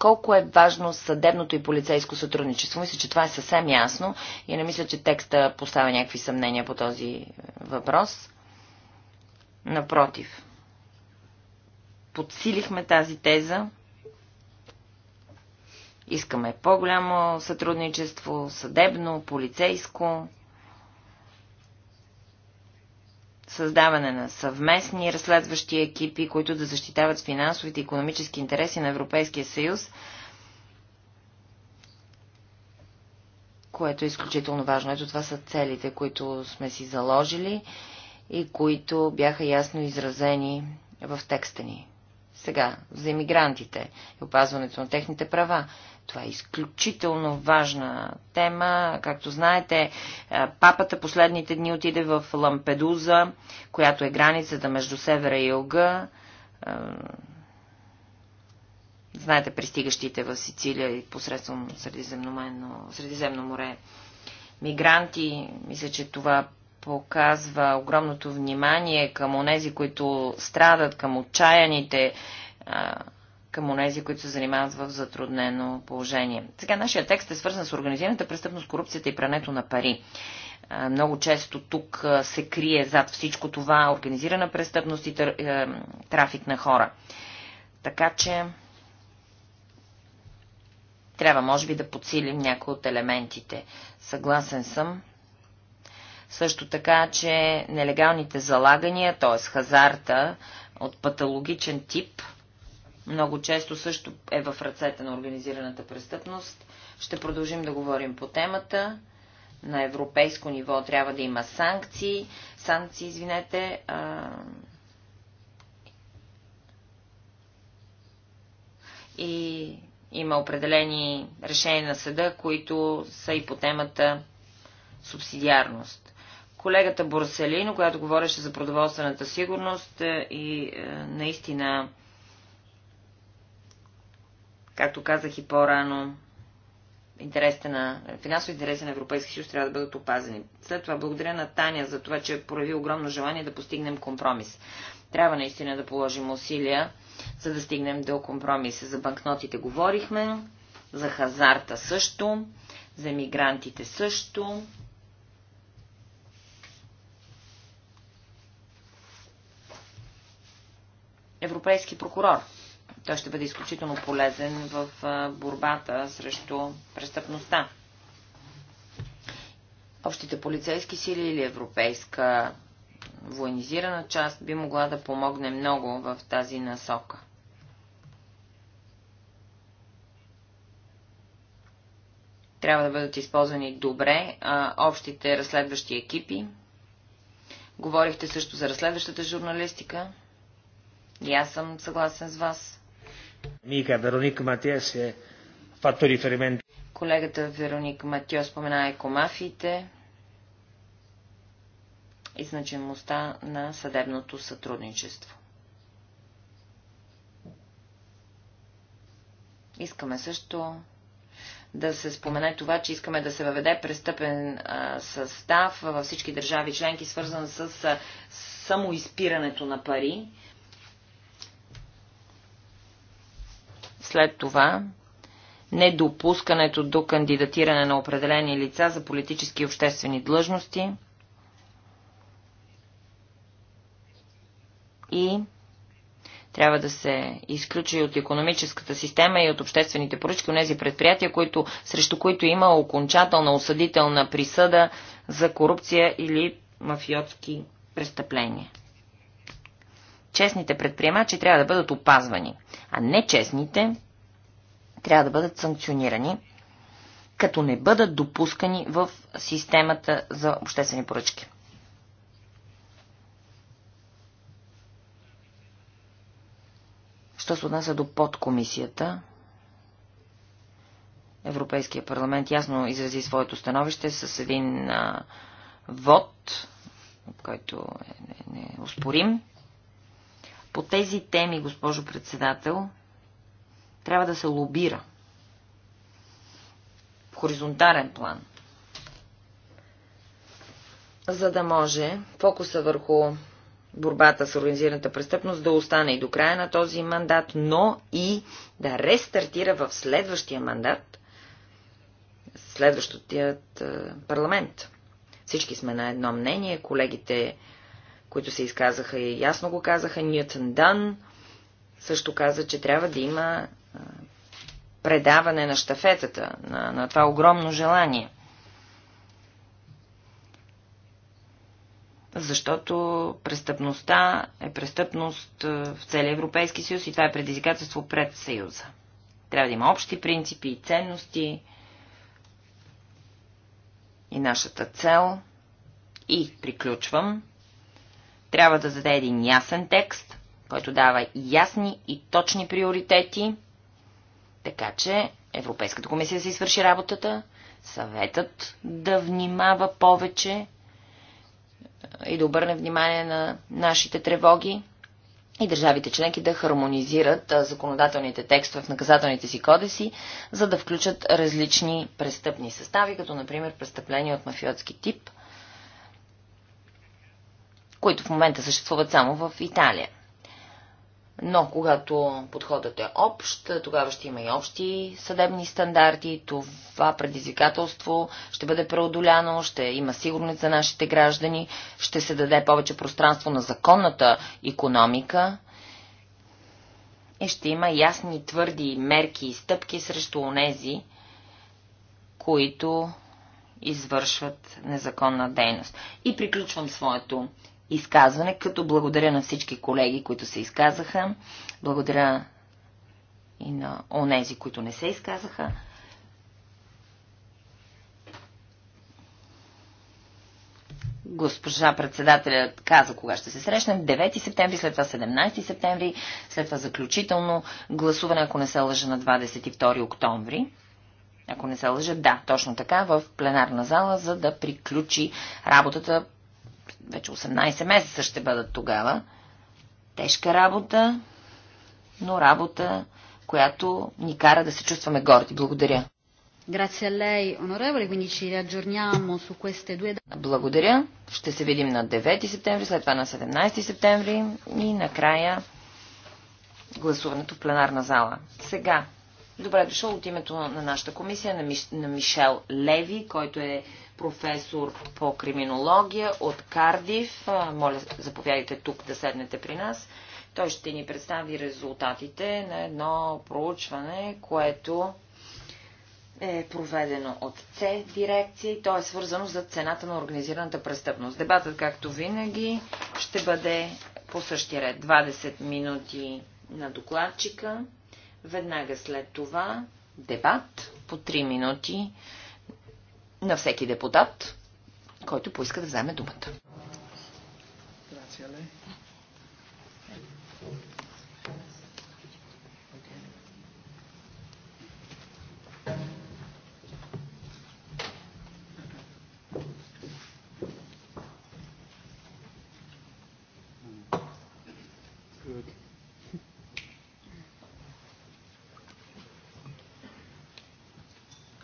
колко е важно съдебното и полицейско сътрудничество. Мисля, че това е съвсем ясно и не мисля, че текста поставя някакви съмнения по този е, въпрос. Напротив, подсилихме тази теза. Искаме по-голямо сътрудничество, съдебно, полицейско. създаване на съвместни разследващи екипи, които да защитават финансовите и економически интереси на Европейския съюз, което е изключително важно. Ето това са целите, които сме си заложили и които бяха ясно изразени в текста ни. Сега, за иммигрантите и опазването на техните права. Това е изключително важна тема. Както знаете, е, папата последните дни отиде в Лампедуза, която е границата между севера и юга. Е, знаете, пристигащите в Сицилия и посредством Средиземно море мигранти. Мисля, че това показва огромното внимание към онези, които страдат, към отчаяните, към онези, които се занимават в затруднено положение. Сега нашия текст е свързан с организираната престъпност, корупцията и прането на пари. Много често тук се крие зад всичко това организирана престъпност и е, трафик на хора. Така че трябва, може би, да подсилим някои от елементите. Съгласен съм също така, че нелегалните залагания, т.е. хазарта от патологичен тип, много често също е в ръцете на организираната престъпност. Ще продължим да говорим по темата. На европейско ниво трябва да има санкции. Санкции, извинете. А... И има определени решения на съда, които са и по темата субсидиарност колегата Борселино, която говореше за продоволствената сигурност е, и е, наистина, както казах и по-рано, интересите на, финансови интереси на Европейския съюз трябва да бъдат опазени. След това благодаря на Таня за това, че прояви огромно желание да постигнем компромис. Трябва наистина да положим усилия, за да стигнем до компромис. За банкнотите говорихме, за хазарта също, за мигрантите също, европейски прокурор. Той ще бъде изключително полезен в борбата срещу престъпността. Общите полицейски сили или европейска военизирана част би могла да помогне много в тази насока. Трябва да бъдат използвани добре а, общите разследващи екипи. Говорихте също за разследващата журналистика. И аз съм съгласен с вас. Мика Вероника Матиас е фактори референт. Колегата Вероника Матио спомена екомафиите и значимостта на съдебното сътрудничество. Искаме също да се спомене това, че искаме да се въведе престъпен а, състав във всички държави членки, свързан с а, самоизпирането на пари. След това недопускането до кандидатиране на определени лица за политически и обществени длъжности и трябва да се изключи от економическата система и от обществените поръчки от тези предприятия, които, срещу които има окончателна осъдителна присъда за корупция или мафиотски престъпления честните предприемачи трябва да бъдат опазвани, а нечестните трябва да бъдат санкционирани, като не бъдат допускани в системата за обществени поръчки. Що се отнася до подкомисията, Европейския парламент ясно изрази своето становище с един а, вод, който е неоспорим. Е, е не, не по тези теми, госпожо председател, трябва да се лобира. В хоризонтален план. За да може фокуса върху борбата с организираната престъпност да остане и до края на този мандат, но и да рестартира в следващия мандат, следващият е, парламент. Всички сме на едно мнение, колегите които се изказаха и ясно го казаха. Ньютон Дан също каза, че трябва да има предаване на штафетата на, на това огромно желание. Защото престъпността е престъпност в целия Европейски съюз и това е предизвикателство пред съюза. Трябва да има общи принципи и ценности и нашата цел. И приключвам трябва да заде един ясен текст, който дава ясни и точни приоритети, така че Европейската комисия се извърши работата, съветът да внимава повече и да обърне внимание на нашите тревоги и държавите членки да хармонизират законодателните текстове в наказателните си кодеси, за да включат различни престъпни състави, като например престъпления от мафиотски тип, които в момента съществуват само в Италия. Но когато подходът е общ, тогава ще има и общи съдебни стандарти. Това предизвикателство ще бъде преодоляно, ще има сигурност за нашите граждани, ще се даде повече пространство на законната економика и ще има ясни, твърди мерки и стъпки срещу онези, които извършват незаконна дейност. И приключвам своето изказване, като благодаря на всички колеги, които се изказаха. Благодаря и на онези, които не се изказаха. Госпожа председателя каза кога ще се срещнем. 9 септември, след това 17 септември, след това заключително гласуване, ако не се лъжа на 22 октомври. Ако не се лъжа, да, точно така, в пленарна зала, за да приключи работата вече 18 месеца ще бъдат тогава. Тежка работа, но работа, която ни кара да се чувстваме горди. Благодаря. Благодаря. Ще се видим на 9 септември, след това на 17 септември и накрая гласуването в пленарна зала. Сега, добре дошъл от името на нашата комисия, на, Миш... на Мишел Леви, който е професор по криминология от Кардив. Моля, заповядайте тук да седнете при нас. Той ще ни представи резултатите на едно проучване, което е проведено от С дирекция и то е свързано за цената на организираната престъпност. Дебатът, както винаги, ще бъде по същия ред. 20 минути на докладчика, веднага след това дебат по 3 минути на всеки депутат, който поиска да вземе думата.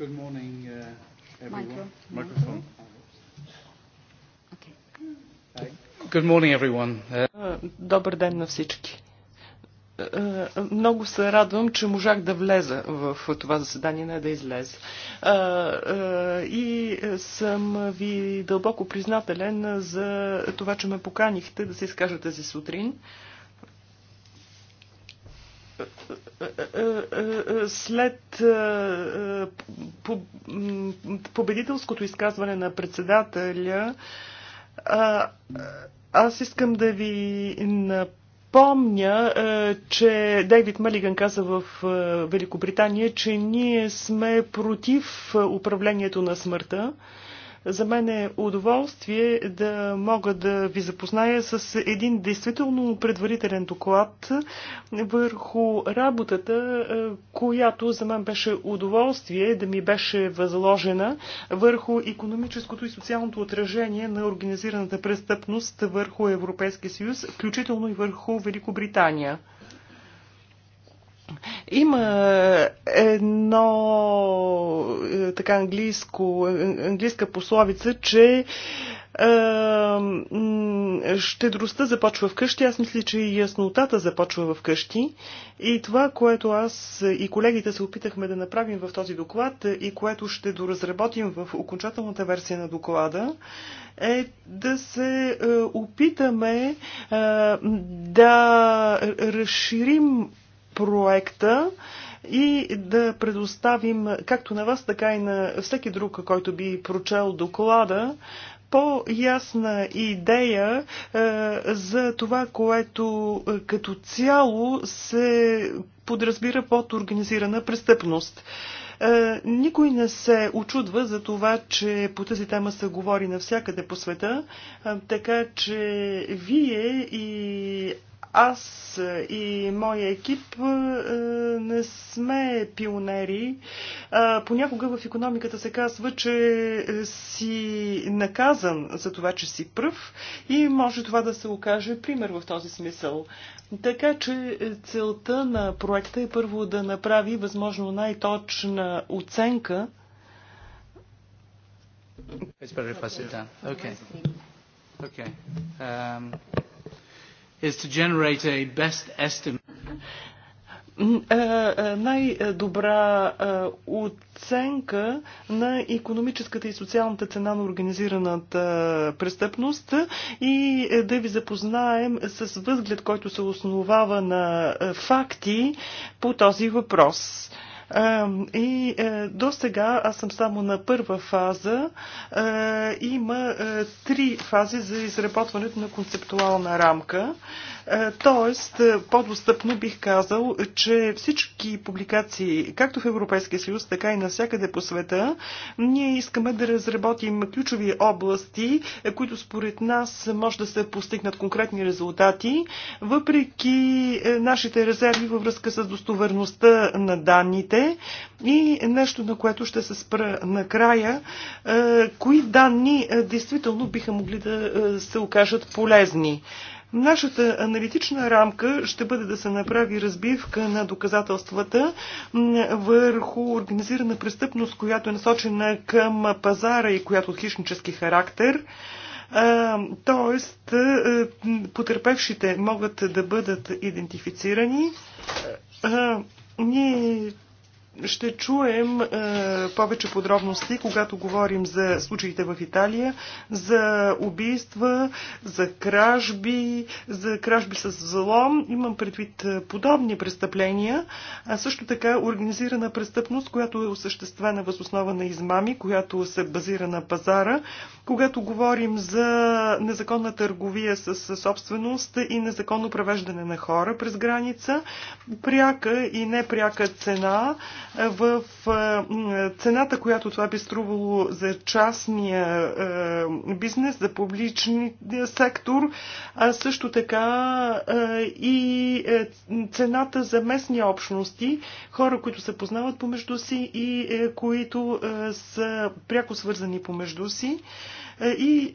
Good morning, uh, everyone. Microphone. Good morning, everyone. Uh, добър ден на всички. Много се радвам, че можах да влеза в това заседание, не да излеза. И съм ви дълбоко признателен за това, че ме поканихте да се изкажа тази сутрин след е, е, победителското изказване на председателя, аз искам да ви напомня, е, че Дейвид Малиган каза в Великобритания, че ние сме против управлението на смъртта за мен е удоволствие да мога да ви запозная с един действително предварителен доклад върху работата, е, която за мен беше удоволствие да ми беше възложена върху економическото и социалното отражение на организираната престъпност върху Европейския съюз, включително и върху Великобритания. Има е, едно е, така английско, е, английска пословица, че щедростта започва вкъщи. Аз мисля, че и яснотата започва вкъщи. И това, което аз и колегите се опитахме да направим в този доклад и което ще доразработим в окончателната версия на доклада, е да се опитаме да разширим проекта и да предоставим както на вас, така и на всеки друг, който би прочел доклада, по-ясна идея е, за това, което е, като цяло се подразбира под организирана престъпност. Е, никой не се очудва за това, че по тази тема се говори навсякъде по света, е, така че вие и аз е, и моя екип е, не сме пионери. Е, понякога в економиката се казва, че си наказан за това, че си пръв и може това да се окаже пример в този смисъл. Така че целта на проекта е първо да направи възможно най-точна оценка. It's Okay. Okay. Um is to generate a best estimate е, е, най-добра е, оценка на економическата и социалната цена на организираната престъпност и да ви запознаем с възглед, който се основава на факти по този въпрос. И е, до сега аз съм само на първа фаза. Е, има е, три фази за изработването на концептуална рамка. Тоест, по-достъпно бих казал, че всички публикации, както в Европейския съюз, така и навсякъде по света, ние искаме да разработим ключови области, които според нас може да се постигнат конкретни резултати, въпреки нашите резерви във връзка с достоверността на данните данните и нещо, на което ще се спра накрая, е, кои данни е, действително биха могли да е, се окажат полезни. Нашата аналитична рамка ще бъде да се направи разбивка на доказателствата върху организирана престъпност, която е насочена към пазара и която от хищнически характер. Тоест, потерпевшите могат да бъдат идентифицирани. Ние ще чуем е, повече подробности, когато говорим за случаите в Италия, за убийства, за кражби, за кражби с залом. Имам предвид е, подобни престъпления, а също така организирана престъпност, която е осъществена въз основа на измами, която се базира на пазара. Когато говорим за незаконна търговия с собственост и незаконно превеждане на хора през граница, пряка и непряка цена, в цената, която това би струвало за частния бизнес, за публичния сектор, а също така и е, цената за местни общности, хора, които се познават помежду си и е, които е, са пряко свързани помежду си и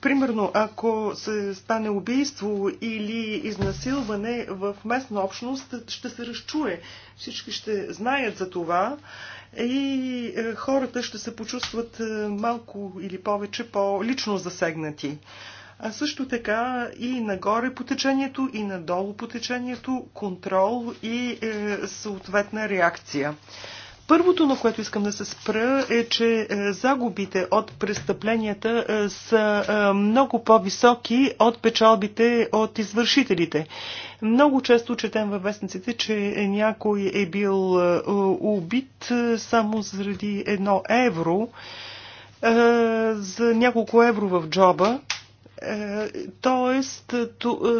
примерно, ако се стане убийство или изнасилване в местна общност, ще се разчуе. Всички ще знаят за това и е, хората ще се почувстват е, малко или повече по-лично засегнати. А също така и нагоре по течението, и надолу по течението, контрол и е, съответна реакция. Първото, на което искам да се спра, е, че е, загубите от престъпленията е, са е, много по-високи от печалбите от извършителите. Много често четем във вестниците, че някой е бил убит само заради едно евро за няколко евро в джоба. Е, тоест, е,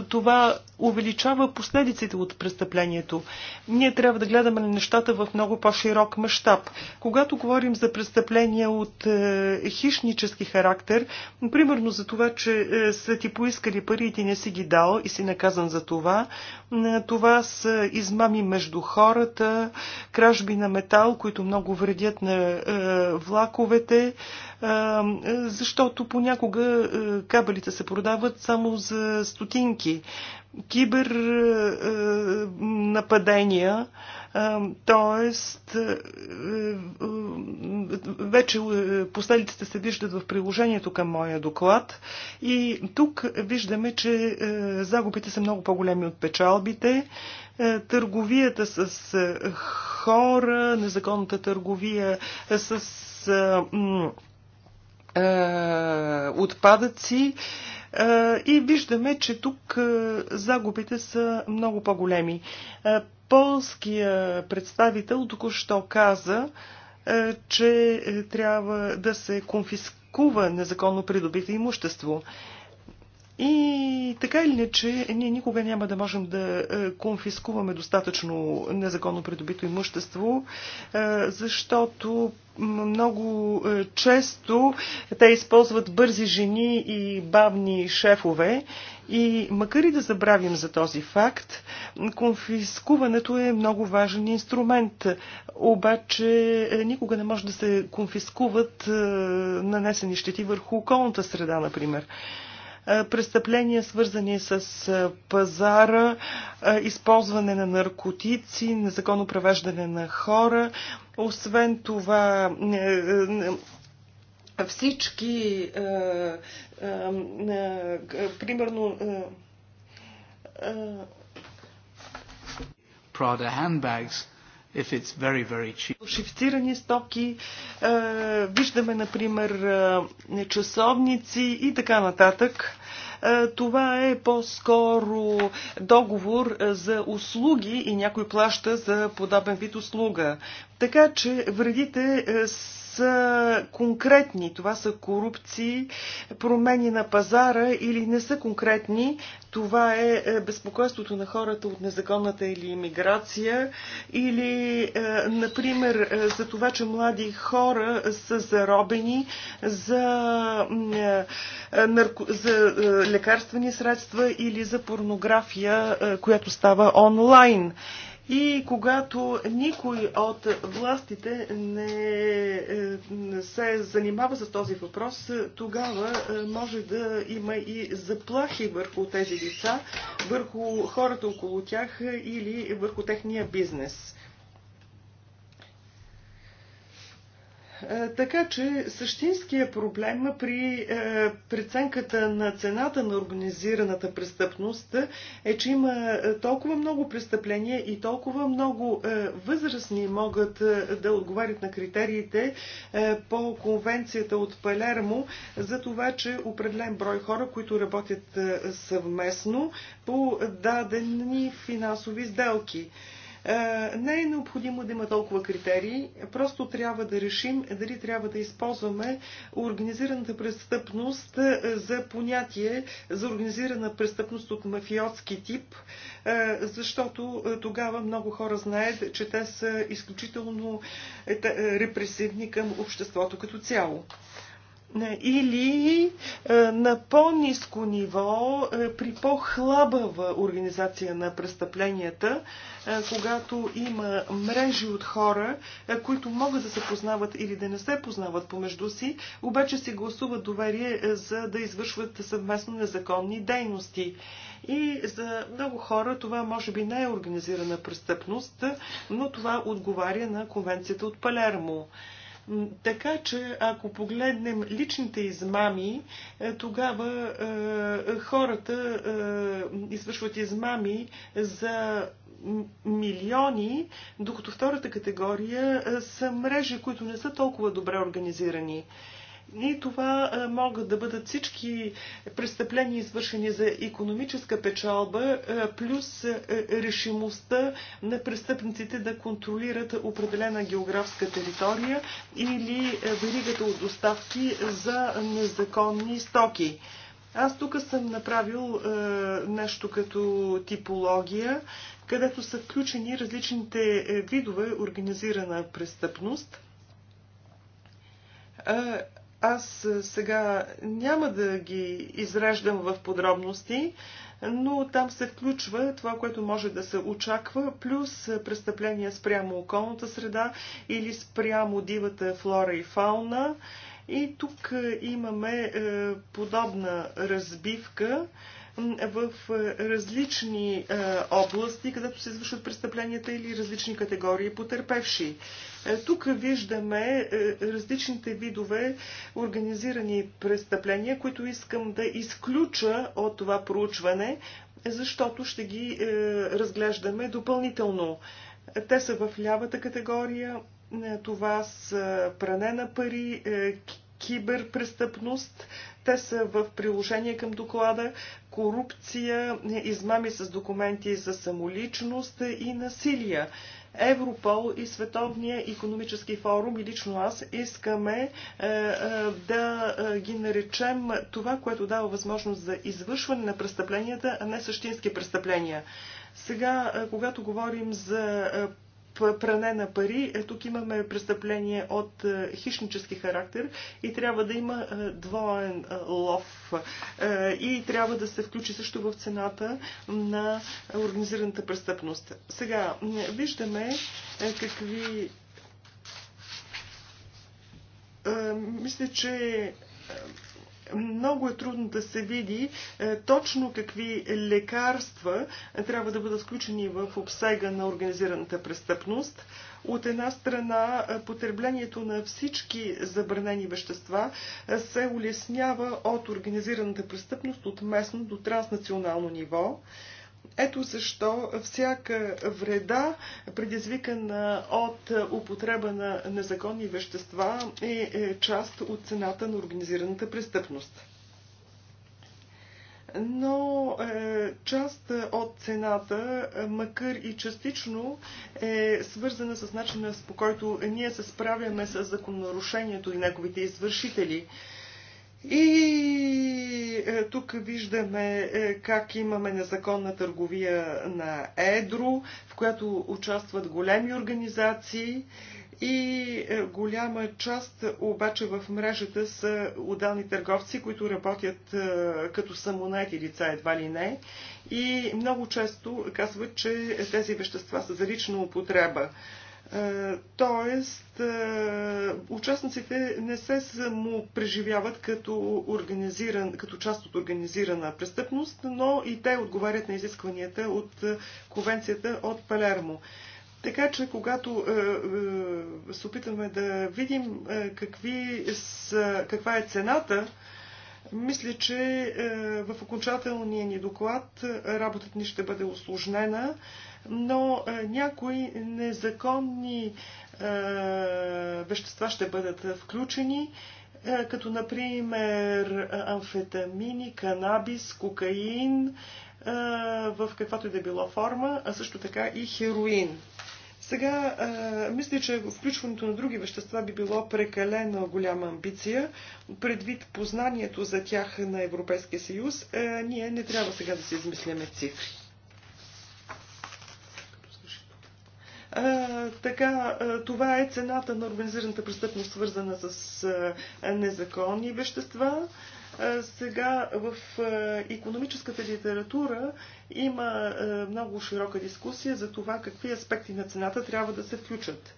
това увеличава последиците от престъплението. Ние трябва да гледаме на нещата в много по-широк мащаб. Когато говорим за престъпления от е, хищнически характер, примерно за това, че са ти поискали пари и ти не си ги дал и си наказан за това, това са измами между хората, кражби на метал, които много вредят на влаковете, защото понякога кабелите Книгите се продават само за стотинки. Кибер е, нападения, т.е. Е, е, вече последиците се виждат в приложението към моя доклад и тук виждаме, че загубите са много по-големи от печалбите търговията с хора, незаконната търговия с е, отпадъци. Е, и виждаме, че тук е, загубите са много по-големи. Полския представител току-що каза, че трябва да се конфискува незаконно придобито имущество. И така или иначе, ние никога няма да можем да е, конфискуваме достатъчно незаконно придобито имущество, е, защото много е, често те използват бързи жени и бавни шефове. И макар и да забравим за този факт, конфискуването е много важен инструмент. Обаче никога не може да се конфискуват нанесени щети върху околната среда, например престъпления, свързани с пазара, използване на наркотици, незаконно превеждане на хора. Освен това, всички, примерно, Prada handbags if it's very, very cheap. стоки, е, виждаме, например, нечасовници часовници и така нататък. Е, това е по-скоро договор е, за услуги и някой плаща за подобен вид услуга. Така че вредите с са конкретни. Това са корупции, промени на пазара или не са конкретни. Това е, е безпокойството на хората от незаконната или иммиграция или, е, например, е, за това, че млади хора са заробени за, нарко... за лекарствени средства или за порнография, която става онлайн. И когато никой от властите не, е, не се занимава с този въпрос, тогава е, може да има и заплахи върху тези лица, върху хората около тях или върху техния бизнес. Е, така че същинския проблем при е, преценката на цената на организираната престъпност е, че има е, толкова много престъпления и толкова много възрастни могат да отговарят на критериите по конвенцията от Палермо за това, че определен брой хора, които работят съвместно по дадени финансови сделки. Е, не е необходимо да има толкова критерии, просто трябва да решим дали трябва да използваме организираната престъпност е, за понятие за организирана престъпност от мафиотски тип, е, защото тогава много хора знаят, че те са изключително репресивни към обществото като цяло или е, на по-низко ниво, е, при по-хлабава организация на престъпленията, е, когато има мрежи от хора, които могат да се познават или да не се познават помежду си, обаче си гласуват доверие за да извършват съвместно незаконни дейности. И за много хора това може би не е организирана престъпност, но това отговаря на конвенцията от Палермо. Така че, ако погледнем личните измами, е, тогава е, хората е, извършват измами за милиони, докато втората категория са мрежи, които не са толкова добре организирани. И това могат да бъдат всички престъпления, извършени за економическа печалба, плюс решимостта на престъпниците да контролират определена географска територия или веригата от доставки за незаконни стоки. Аз тук съм направил нещо като типология, където са включени различните видове организирана престъпност. Аз е, сега няма да ги изреждам в подробности, но там се включва това, което може да се очаква, плюс престъпления спрямо околната среда или спрямо дивата флора и фауна. И тук е, имаме е, подобна разбивка в различни области, където се извършват престъпленията или различни категории потерпевши. Е, тук виждаме е, различните видове организирани престъпления, които искам да изключа от това проучване, защото ще ги е, разглеждаме допълнително. Те са в лявата категория. Това са пране на пари, киберпрестъпност, те са в приложение към доклада корупция, измами с документи за самоличност и насилие. Европол и Световния економически форум и лично аз искаме е, е, да е, ги наречем това, което дава възможност за извършване на престъпленията, а не същински престъпления. Сега, е, когато говорим за е, пране на пари. Е, тук имаме престъпление от е, хищнически характер и трябва да има е, двоен лов. И трябва да се включи също в цената на организираната престъпност. Сега, виждаме какви. Мисля, че много е трудно да се види е, точно какви лекарства трябва да бъдат включени в обсега на организираната престъпност. От една страна, е, потреблението на всички забранени вещества е, се улеснява от организираната престъпност от местно до транснационално ниво. Ето защо всяка вреда, предизвикана от употреба на незаконни вещества, е, е част от цената на организираната престъпност. Но е, част от цената, макар и частично, е свързана с начина, с по който ние се справяме с закононарушението и неговите извършители. Е, и е, тук виждаме е, как имаме незаконна търговия на Едро, в която участват големи организации и е, голяма част обаче в мрежата са отдални търговци, които работят е, като самонайти лица едва ли не. И много често казват, че тези вещества са за лична употреба. Е, тоест, е, участниците не се само преживяват като, организиран, като част от организирана престъпност, но и те отговарят на изискванията от е, конвенцията от Палермо. Така че, когато е, е, се опитаме да видим е, какви са, каква е цената, мисля, че е, в окончателния ни доклад работата ни ще бъде осложнена. Е, но е, някои незаконни е, вещества ще бъдат включени, е, като например амфетамини, канабис, кокаин, в каквато и да било форма, а също така и хероин. Сега, мисля, че включването на други вещества би било прекалено голяма амбиция. Предвид познанието за тях на Европейския съюз, ние не трябва сега да си измисляме цифри. така, това е цената на организираната престъпност, свързана с незаконни вещества. Сега в економическата литература има много широка дискусия за това какви аспекти на цената трябва да се включат.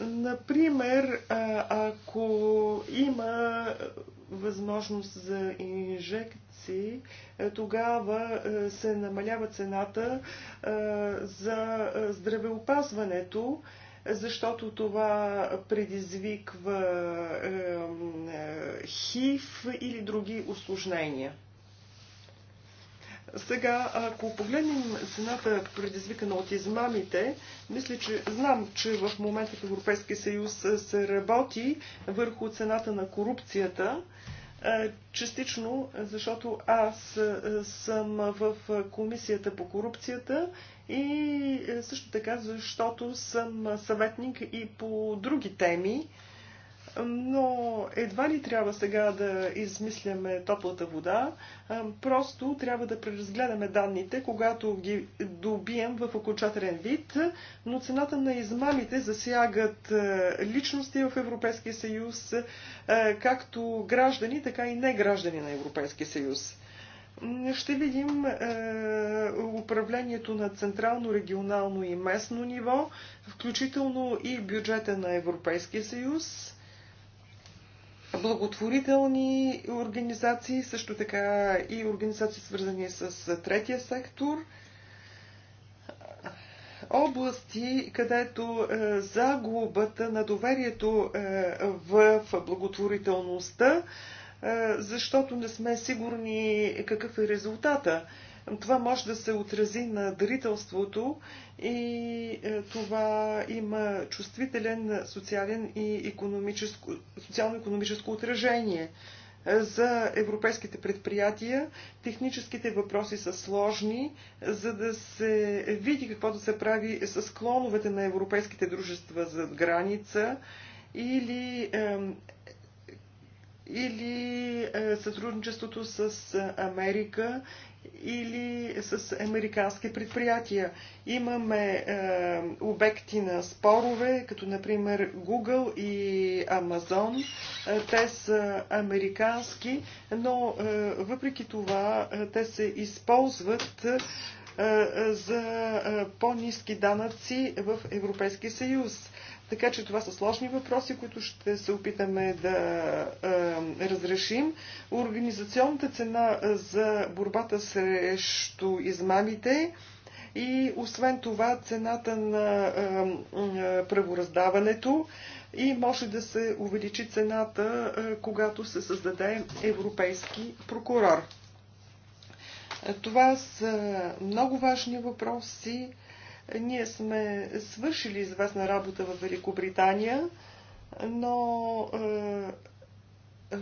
Например, ако има възможност за инжекции, е, тогава е, се намалява цената е, за здравеопазването, защото това предизвиква ХИВ или други осложнения. Сега, ако погледнем цената, предизвикана от измамите, мисля, че знам, че в момента в Европейския съюз се работи върху цената на корупцията. Е, частично, защото аз е, съм в комисията по корупцията и е, също така, защото съм съветник и по други теми но едва ли трябва сега да измисляме топлата вода. Просто трябва да преразгледаме данните, когато ги добием в окончателен вид, но цената на измамите засягат личности в Европейския съюз, както граждани, така и не граждани на Европейския съюз. Ще видим е, управлението на централно, регионално и местно ниво, включително и бюджета на Европейския съюз благотворителни организации, също така и организации свързани с третия сектор области, където е, загубата на доверието е, в благотворителността, е, защото не сме сигурни какъв е резултата. Това може да се отрази на дарителството и е, това има чувствителен социален и економическо, социално-економическо отражение. Е, за европейските предприятия техническите въпроси са сложни, за да се види какво да се прави с клоновете на европейските дружества за граница или е, или сътрудничеството с Америка или с американски предприятия. Имаме е, обекти на спорове, като например Google и Amazon. Е, те са американски, но е, въпреки това е, те се използват е, е за е, по-низки данъци в Европейския съюз. Е, така че това са сложни въпроси, които ще се опитаме да е, разрешим. Организационната цена за борбата срещу измамите и освен това цената на е, е, правораздаването и може да се увеличи цената, е, когато се създаде европейски прокурор. Това са много важни въпроси. Ние сме свършили известна работа в Великобритания, но е, е,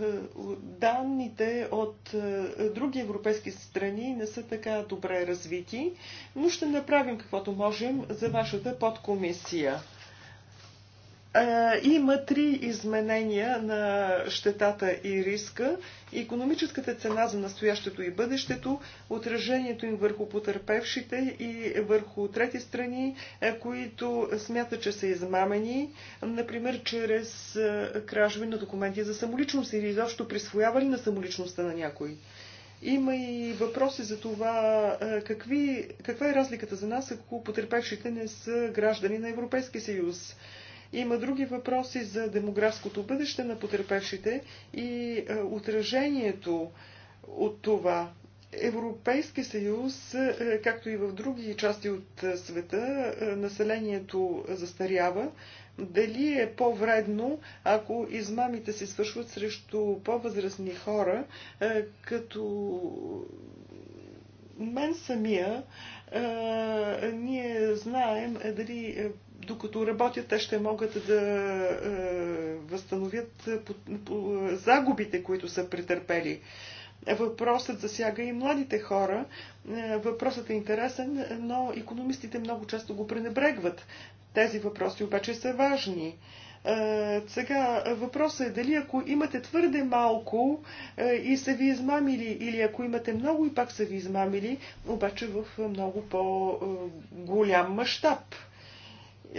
данните от е, други европейски страни не са така добре развити, но ще направим каквото можем за вашата подкомисия. Има три изменения на щетата и риска. Економическата цена за настоящето и бъдещето, отражението им върху потерпевшите и върху трети страни, които смятат, че са измамени, например, чрез кражби на документи за самоличност или изобщо присвояване на самоличността на някой. Има и въпроси за това какви, каква е разликата за нас, ако потерпевшите не са граждани на Европейския съюз има други въпроси за демографското бъдеще на потерпевшите и е, отражението от това. Европейски съюз, е, както и в други части от е, света, населението застарява. Дали е по-вредно, ако измамите се свършват срещу по-възрастни хора, като мен самия, ние знаем дали докато работят, те ще могат да е, възстановят загубите, които са претърпели. Въпросът засяга и младите хора. Е, въпросът е интересен, но економистите много често го пренебрегват. Тези въпроси обаче са важни. Е, сега, въпросът е дали ако имате твърде малко и са ви измамили, или ако имате много и пак са ви измамили, обаче в много по-голям мащаб.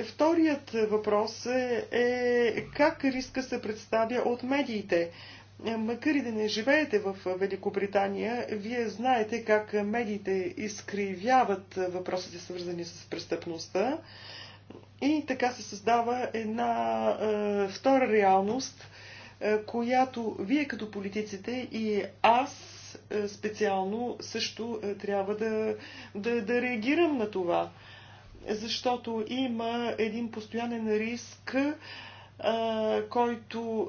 Вторият въпрос е, е, как риска се представя от медиите. Макар и да не живеете в Великобритания, вие знаете как медиите изкривяват въпросите, свързани с престъпността. И така се създава една е, втора реалност, е, която вие като политиците и аз е, специално също е, трябва да, да, да реагирам на това защото има един постоянен риск, който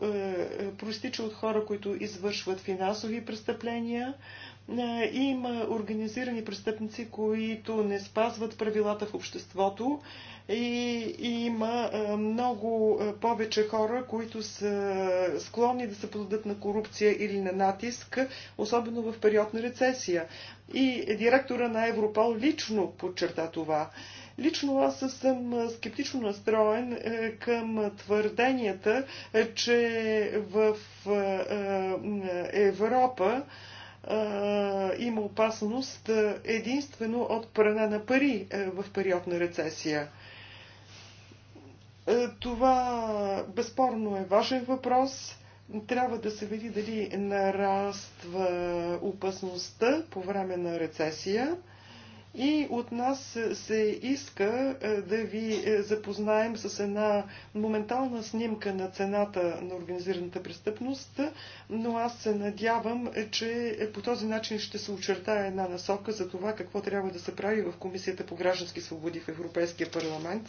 проистича от хора, които извършват финансови престъпления. Има организирани престъпници, които не спазват правилата в обществото и има много повече хора, които са склонни да се подадат на корупция или на натиск, особено в период на рецесия. И директора на Европол лично подчерта това. Лично аз съм скептично настроен е, към твърденията, е, че в Европа има опасност единствено от пране на пари е, в период на рецесия. Това безспорно е важен въпрос. Трябва да се види дали нараства опасността по време на рецесия. И от нас се иска е, да ви е, запознаем с една моментална снимка на цената на организираната престъпност, но аз се надявам, е, че по този начин ще се очертая една насока за това какво трябва да се прави в Комисията по граждански свободи в Европейския парламент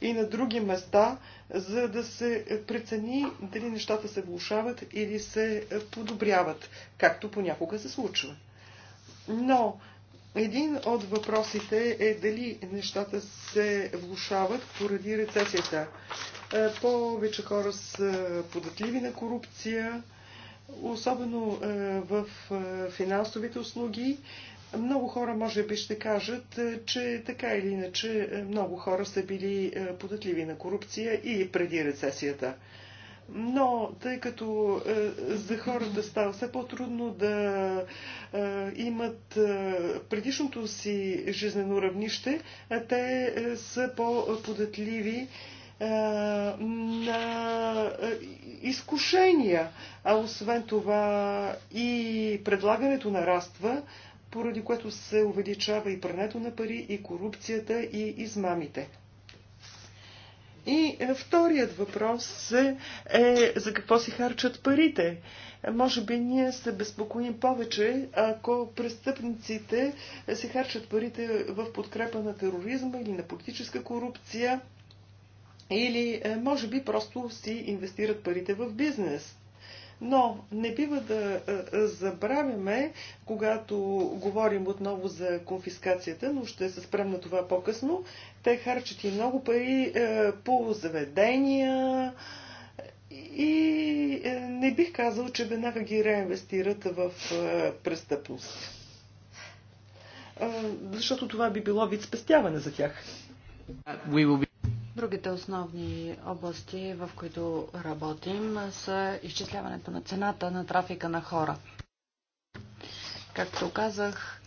и на други места, за да се прецени дали нещата се влушават или се подобряват, както понякога се случва. Но един от въпросите е дали нещата се влушават поради рецесията. Е, повече хора са податливи на корупция, особено е, в е, финансовите услуги. Много хора може би ще кажат, че така или иначе много хора са били податливи на корупция и преди рецесията. Но тъй като е, за хората става все по-трудно да е, имат е, предишното си жизнено равнище, те е, са по-податливи е, на е, изкушения. А освен това и предлагането нараства, поради което се увеличава и прането на пари, и корупцията, и измамите. И е, вторият въпрос е, е за какво си харчат парите. Може би ние се безпокоим повече, ако престъпниците си харчат парите в подкрепа на тероризма или на политическа корупция, или е, може би просто си инвестират парите в бизнес. Но не бива да забравяме, когато говорим отново за конфискацията, но ще се спрем на това по-късно, те харчат и много пари по заведения, и не бих казал, че веднага ги реинвестират в престъпност. Защото това би било вид спестяване за тях. Be... Другите основни области, в които работим, са изчисляването на цената на трафика на хора. Както казах,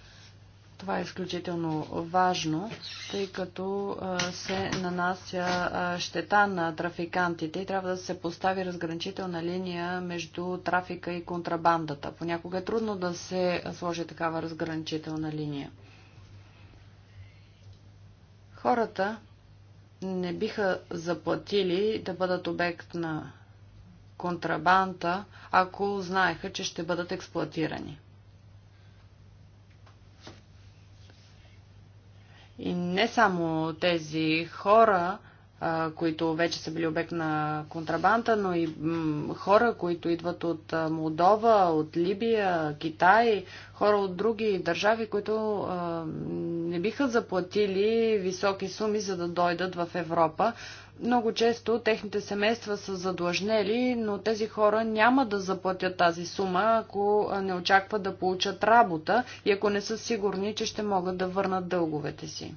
това е изключително важно, тъй като се нанася щета на трафикантите и трябва да се постави разграничителна линия между трафика и контрабандата. Понякога е трудно да се сложи такава разграничителна линия. Хората не биха заплатили да бъдат обект на контрабанта, ако знаеха, че ще бъдат експлуатирани. И не само тези хора, които вече са били обект на контрабанда, но и хора, които идват от Молдова, от Либия, Китай, хора от други държави, които не биха заплатили високи суми, за да дойдат в Европа. Много често техните семейства са задлъжнели, но тези хора няма да заплатят тази сума, ако не очакват да получат работа и ако не са сигурни, че ще могат да върнат дълговете си.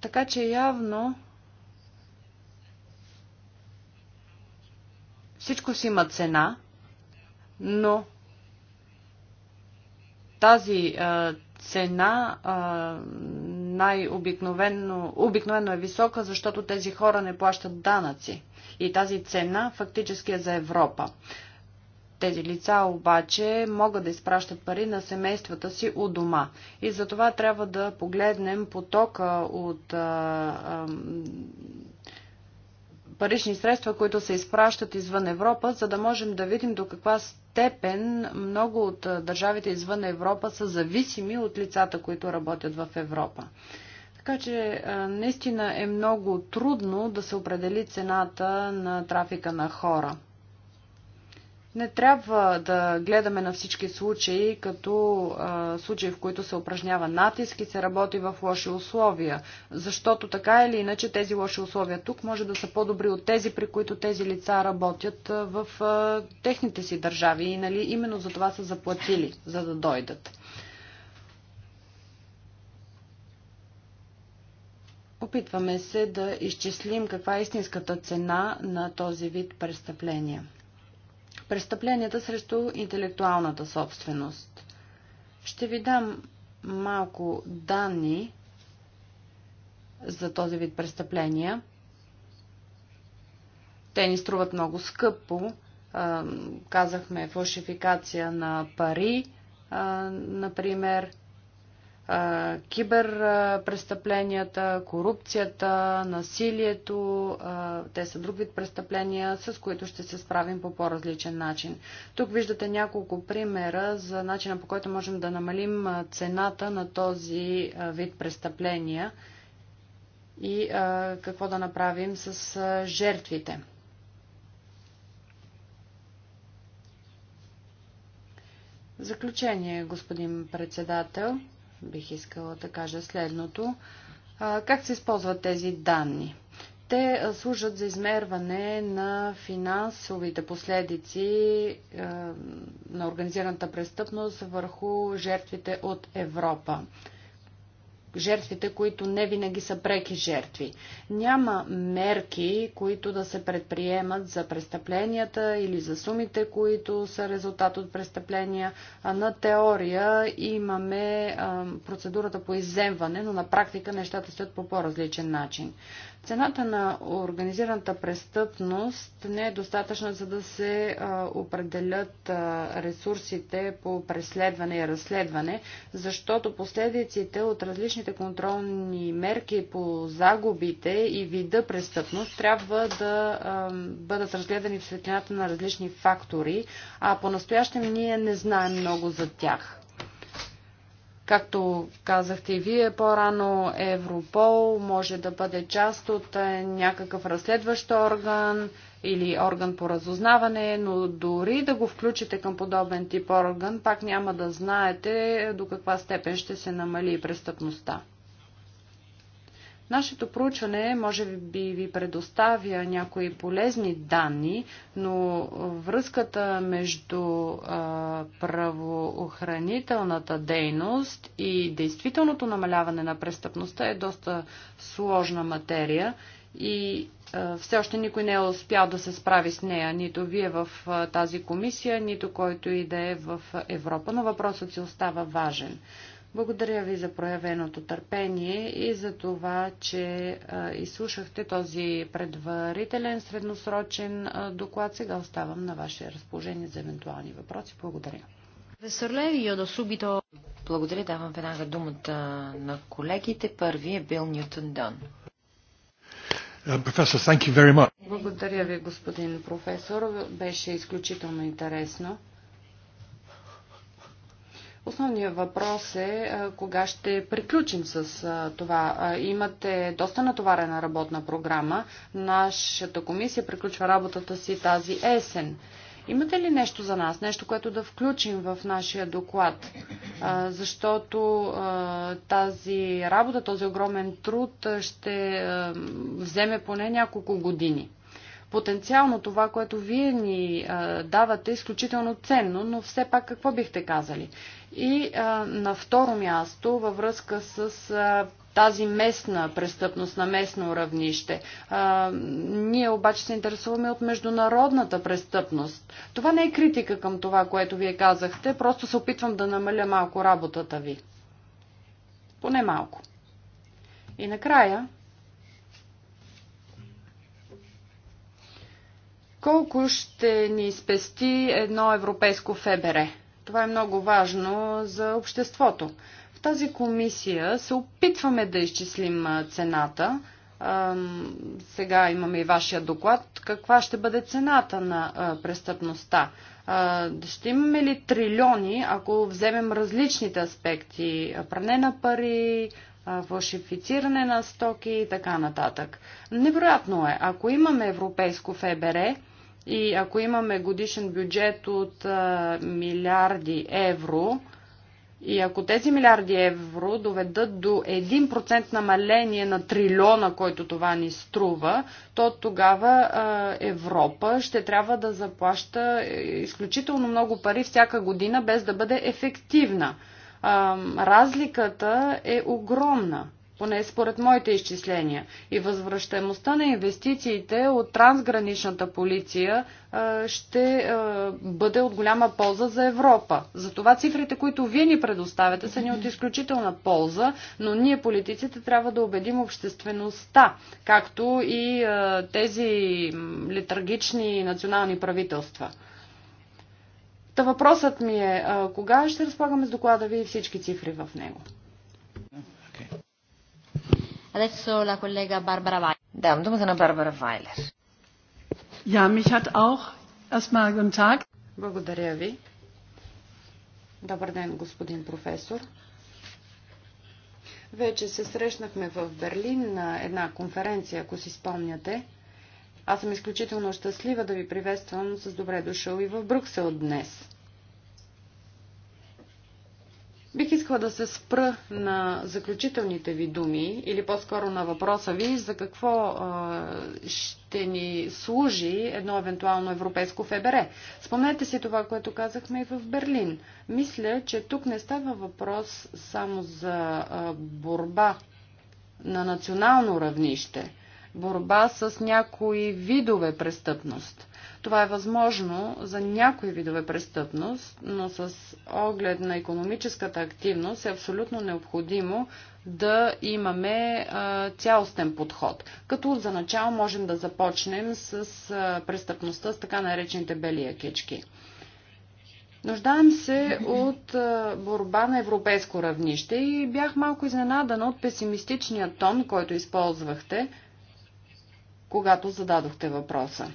Така че явно всичко си има цена, но тази а, цена най-обикновено обикновено е висока, защото тези хора не плащат данъци. И тази цена фактически е за Европа. Тези лица обаче могат да изпращат пари на семействата си у дома. И за това трябва да погледнем потока от а, а, парични средства, които се изпращат извън Европа, за да можем да видим до каква степен много от държавите извън Европа са зависими от лицата, които работят в Европа. Така че наистина е много трудно да се определи цената на трафика на хора. Не трябва да гледаме на всички случаи, като а, случаи, в които се упражнява натиск и се работи в лоши условия, защото така или иначе тези лоши условия тук може да са по-добри от тези, при които тези лица работят в а, техните си държави и нали, именно за това са заплатили, за да дойдат. Опитваме се да изчислим каква е истинската цена на този вид престъпления престъпленията срещу интелектуалната собственост. Ще ви дам малко данни за този вид престъпления. Те ни струват много скъпо. Казахме фалшификация на пари, например, киберпрестъпленията, корупцията, насилието. Те са друг вид престъпления, с които ще се справим по по-различен начин. Тук виждате няколко примера за начина по който можем да намалим цената на този вид престъпления и какво да направим с жертвите. Заключение, господин председател бих искала да кажа следното. Как се използват тези данни? Те служат за измерване на финансовите последици на организираната престъпност върху жертвите от Европа жертвите, които не винаги са преки жертви. Няма мерки, които да се предприемат за престъпленията или за сумите, които са резултат от престъпления. а На теория имаме процедурата по изземване, но на практика нещата стоят по по-различен начин. Цената на организираната престъпност не е достатъчна, за да се определят ресурсите по преследване и разследване, защото последиците от различните контролни мерки по загубите и вида престъпност трябва да бъдат разгледани в светлината на различни фактори, а по-настоящем ние не знаем много за тях. Както казахте и вие по-рано, Европол може да бъде част от е, някакъв разследващ орган или орган по разузнаване, но дори да го включите към подобен тип орган, пак няма да знаете до каква степен ще се намали престъпността. Нашето проучване може би ви предоставя някои полезни данни, но връзката между а, правоохранителната дейност и действителното намаляване на престъпността е доста сложна материя и а, все още никой не е успял да се справи с нея, нито вие в а, тази комисия, нито който и да е в Европа, но въпросът си остава важен. Благодаря ви за проявеното търпение и за това, че изслушахте този предварителен средносрочен доклад. Сега оставам на ваше разположение за евентуални въпроси. Благодаря. Благодаря, давам веднага думата на колегите. Първи е Бил Ньютон Дън. Благодаря ви, господин професор. Беше изключително интересно. Основният въпрос е кога ще приключим с това. Имате доста натоварена работна програма. Нашата комисия приключва работата си тази есен. Имате ли нещо за нас, нещо, което да включим в нашия доклад? защото тази работа, този огромен труд ще вземе поне няколко години потенциално това, което вие ни а, давате, е изключително ценно, но все пак какво бихте казали? И а, на второ място, във връзка с а, тази местна престъпност на местно равнище. А, ние обаче се интересуваме от международната престъпност. Това не е критика към това, което вие казахте, просто се опитвам да намаля малко работата ви. Поне малко. И накрая, Колко ще ни спести едно европейско ФБР? Това е много важно за обществото. В тази комисия се опитваме да изчислим цената. Сега имаме и вашия доклад. Каква ще бъде цената на престъпността? Ще имаме ли трилиони, ако вземем различните аспекти? Пране на пари, фалшифициране на стоки и така нататък. Невероятно е, ако имаме европейско ФБР, и ако имаме годишен бюджет от а, милиарди евро, и ако тези милиарди евро доведат до 1% намаление на трилиона, който това ни струва, то тогава Европа ще трябва да заплаща е, изключително много пари всяка година, без да бъде ефективна. Разликата е огромна поне според моите изчисления. И възвръщаемостта на инвестициите от трансграничната полиция ще бъде от голяма полза за Европа. Затова цифрите, които вие ни предоставяте, са ни от изключителна полза, но ние политиците трябва да убедим обществеността, както и тези литаргични национални правителства. Та въпросът ми е, кога ще разполагаме с доклада ви и всички цифри в него? Adesso la collega Barbara Weiler. Давам думата на Барбара Вайлер. Ja, mich hat auch erstmal guten Tag. Благодаря ви. Добър ден, господин професор. Вече се срещнахме в Берлин на една конференция, ако си спомняте. Аз съм изключително щастлива да ви приветствам с добре дошъл и в Брюксел днес. Бих искала да се спра на заключителните ви думи или по-скоро на въпроса ви за какво а, ще ни служи едно евентуално европейско ФБР. Спомнете си това, което казахме и в Берлин. Мисля, че тук не става въпрос само за а, борба на национално равнище, борба с някои видове престъпност. Това е възможно за някои видове престъпност, но с оглед на економическата активност е абсолютно необходимо да имаме а, цялостен подход. Като за начало можем да започнем с а, престъпността с така наречените бели якички. Нуждаем се от а, борба на европейско равнище и бях малко изненадана от песимистичния тон, който използвахте, когато зададохте въпроса.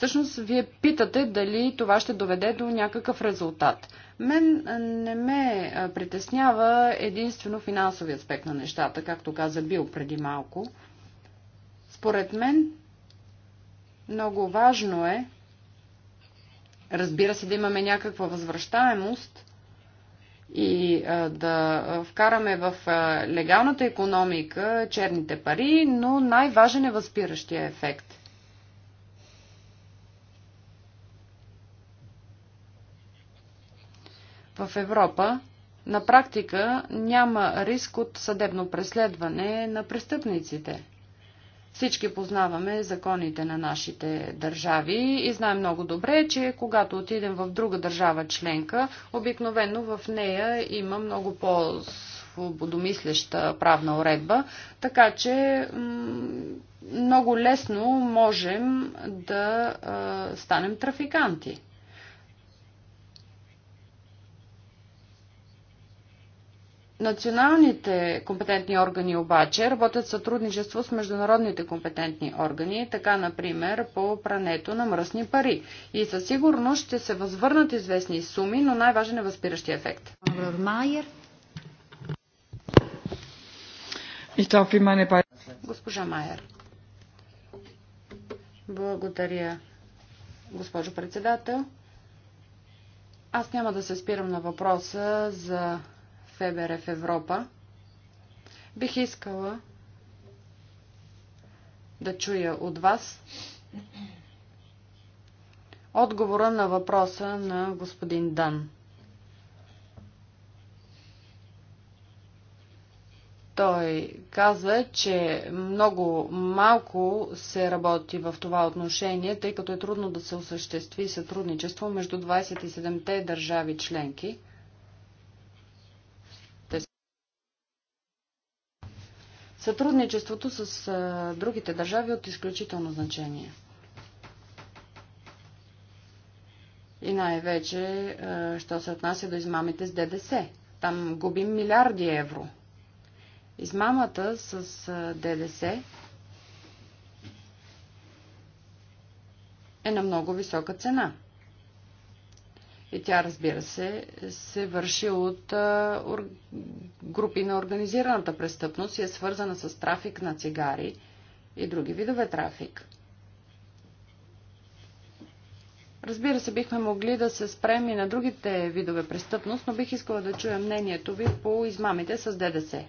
Всъщност, вие питате дали това ще доведе до някакъв резултат. Мен не ме притеснява единствено финансови аспект на нещата, както каза Бил преди малко. Според мен, много важно е, разбира се, да имаме някаква възвръщаемост и да вкараме в легалната економика черните пари, но най-важен е възпиращия ефект – в Европа на практика няма риск от съдебно преследване на престъпниците. Всички познаваме законите на нашите държави и знаем много добре, че когато отидем в друга държава членка, обикновено в нея има много по-свободомислеща правна уредба, така че много лесно можем да а, станем трафиканти. Националните компетентни органи обаче работят в сътрудничество с международните компетентни органи, така например по прането на мръсни пари. И със сигурност ще се възвърнат известни суми, но най-важен е възпиращия ефект. Госпожа Майер. Благодаря, госпожо председател. Аз няма да се спирам на въпроса за Фебере в Европа. Бих искала да чуя от вас отговора на въпроса на господин Дан. Той каза, че много малко се работи в това отношение, тъй като е трудно да се осъществи сътрудничество между 27-те държави членки – Сътрудничеството с другите държави е от изключително значение. И най-вече, що се отнася до измамите с ДДС. Там губим милиарди евро. Измамата с ДДС е на много висока цена – и тя, разбира се, се върши от групи на организираната престъпност и е свързана с трафик на цигари и други видове трафик. Разбира се, бихме могли да се спрем и на другите видове престъпност, но бих искала да чуя мнението ви по измамите с ДДС.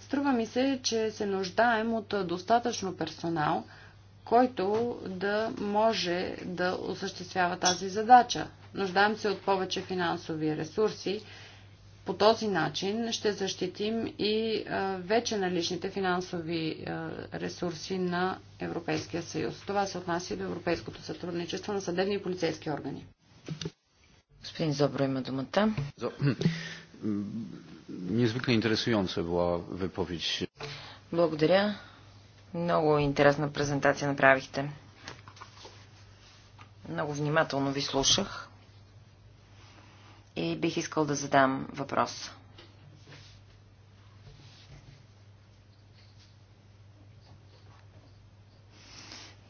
Струва ми се, че се нуждаем от достатъчно персонал, който да може да осъществява тази задача. Нуждаем се от повече финансови ресурси. По този начин ще защитим и вече наличните финансови ресурси на Европейския съюз. Това се отнася и до европейското сътрудничество на съдебни и полицейски органи. Господин Зобро има думата. *clears throat* Незвикle интересуjąca била wypowiedź. Благодаря. Много интересна презентация направихте. Много внимателно ви слушах и бих искал да задам въпрос.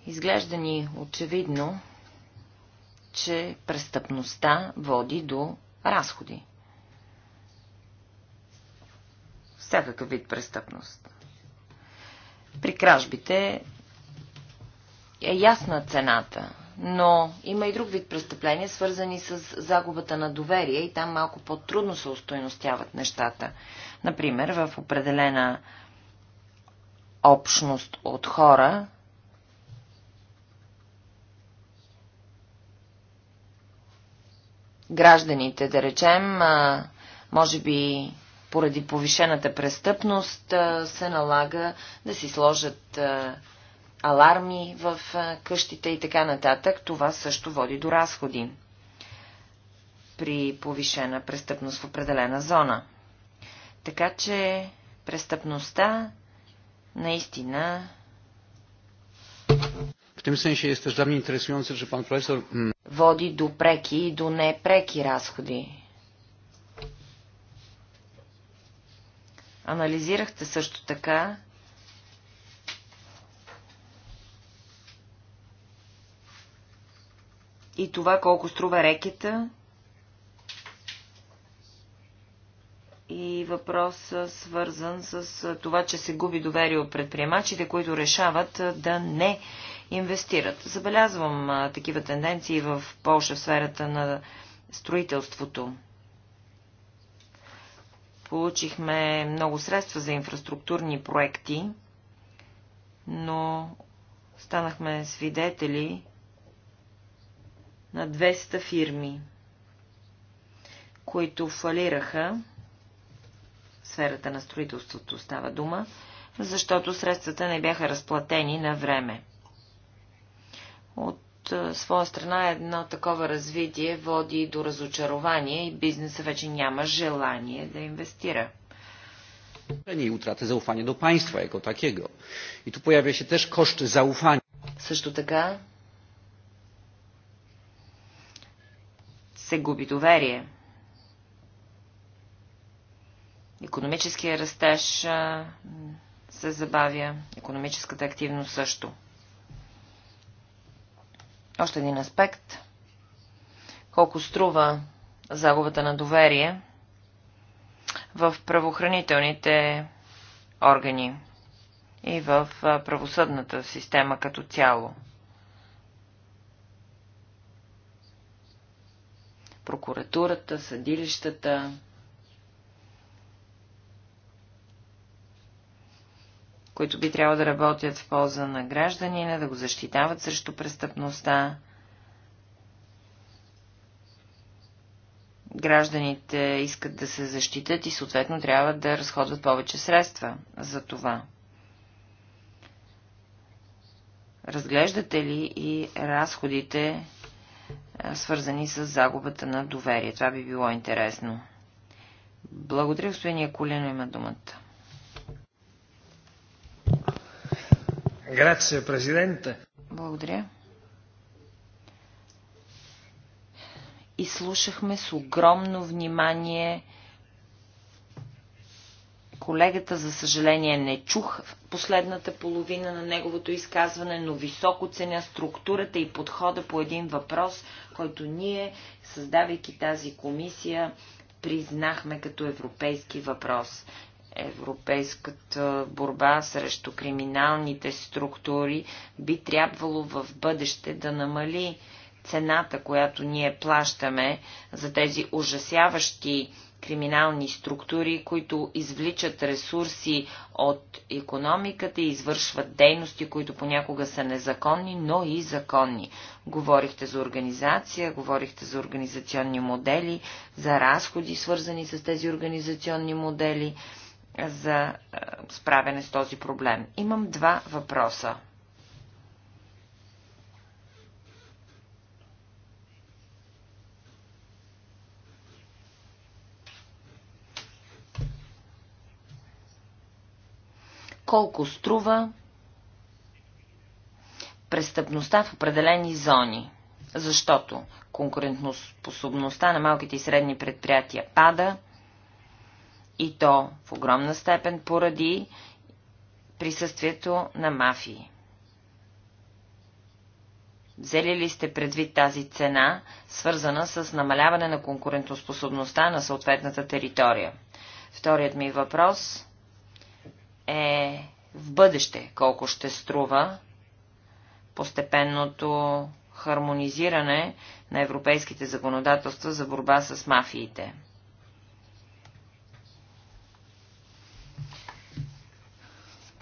Изглежда ни очевидно, че престъпността води до разходи. Всякакъв вид престъпност. При кражбите е ясна цената но има и друг вид престъпления, свързани с загубата на доверие и там малко по-трудно се устойностяват нещата. Например, в определена общност от хора, гражданите, да речем, може би поради повишената престъпност се налага да си сложат аларми в къщите и така нататък, това също води до разходи при повишена престъпност в определена зона. Така че престъпността наистина. В тем sensie jest też dla mnie interesujące, że mm, Води до преки и до непреки разходи. Анализирахте също така и това колко струва рекета и въпрос свързан с това, че се губи доверие от предприемачите, които решават да не инвестират. Забелязвам такива тенденции в Польша в сферата на строителството. Получихме много средства за инфраструктурни проекти, но станахме свидетели на 200 фирми, които фалираха в сферата на строителството става дума, защото средствата не бяха разплатени на време. От своя страна едно такова развитие води до разочарование и бизнеса вече няма желание да инвестира. I утрата zaufania до państwa еко такиего. И tu появя се теж кошт zaufania. Също така се губи доверие. Економическия растеж се забавя, економическата активност също. Още един аспект. Колко струва загубата на доверие в правоохранителните органи и в правосъдната система като цяло. прокуратурата, съдилищата. които би трябвало да работят в полза на гражданина, да го защитават срещу престъпността. Гражданите искат да се защитат и съответно трябва да разходват повече средства за това. Разглеждате ли и разходите свързани с загубата на доверие. Това би било интересно. Благодаря, господин Яколино, има думата. Грация, президенте. Благодаря. И слушахме с огромно внимание колегата. За съжаление не чух последната половина на неговото изказване, но високо ценя структурата и подхода по един въпрос, който ние, създавайки тази комисия, признахме като европейски въпрос европейската борба срещу криминалните структури би трябвало в бъдеще да намали цената, която ние плащаме за тези ужасяващи криминални структури, които извличат ресурси от економиката и извършват дейности, които понякога са незаконни, но и законни. Говорихте за организация, говорихте за организационни модели, за разходи, свързани с тези организационни модели, за справяне с този проблем. Имам два въпроса. колко струва престъпността в определени зони. Защото конкурентоспособността на малките и средни предприятия пада и то в огромна степен поради присъствието на мафии. Взели ли сте предвид тази цена, свързана с намаляване на конкурентоспособността на съответната територия? Вторият ми въпрос е в бъдеще колко ще струва постепенното хармонизиране на европейските законодателства за борба с мафиите.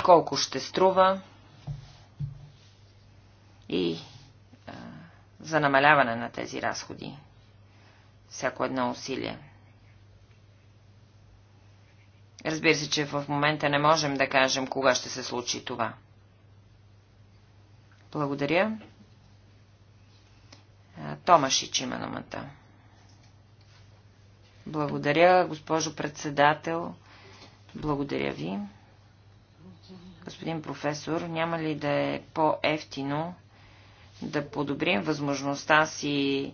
Колко ще струва и а, е, за намаляване на тези разходи. Всяко едно усилие. Разбира се, че в момента не можем да кажем кога ще се случи това. Благодаря. Томашич има думата. Благодаря, госпожо председател. Благодаря ви. Господин професор, няма ли да е по-ефтино да подобрим възможността си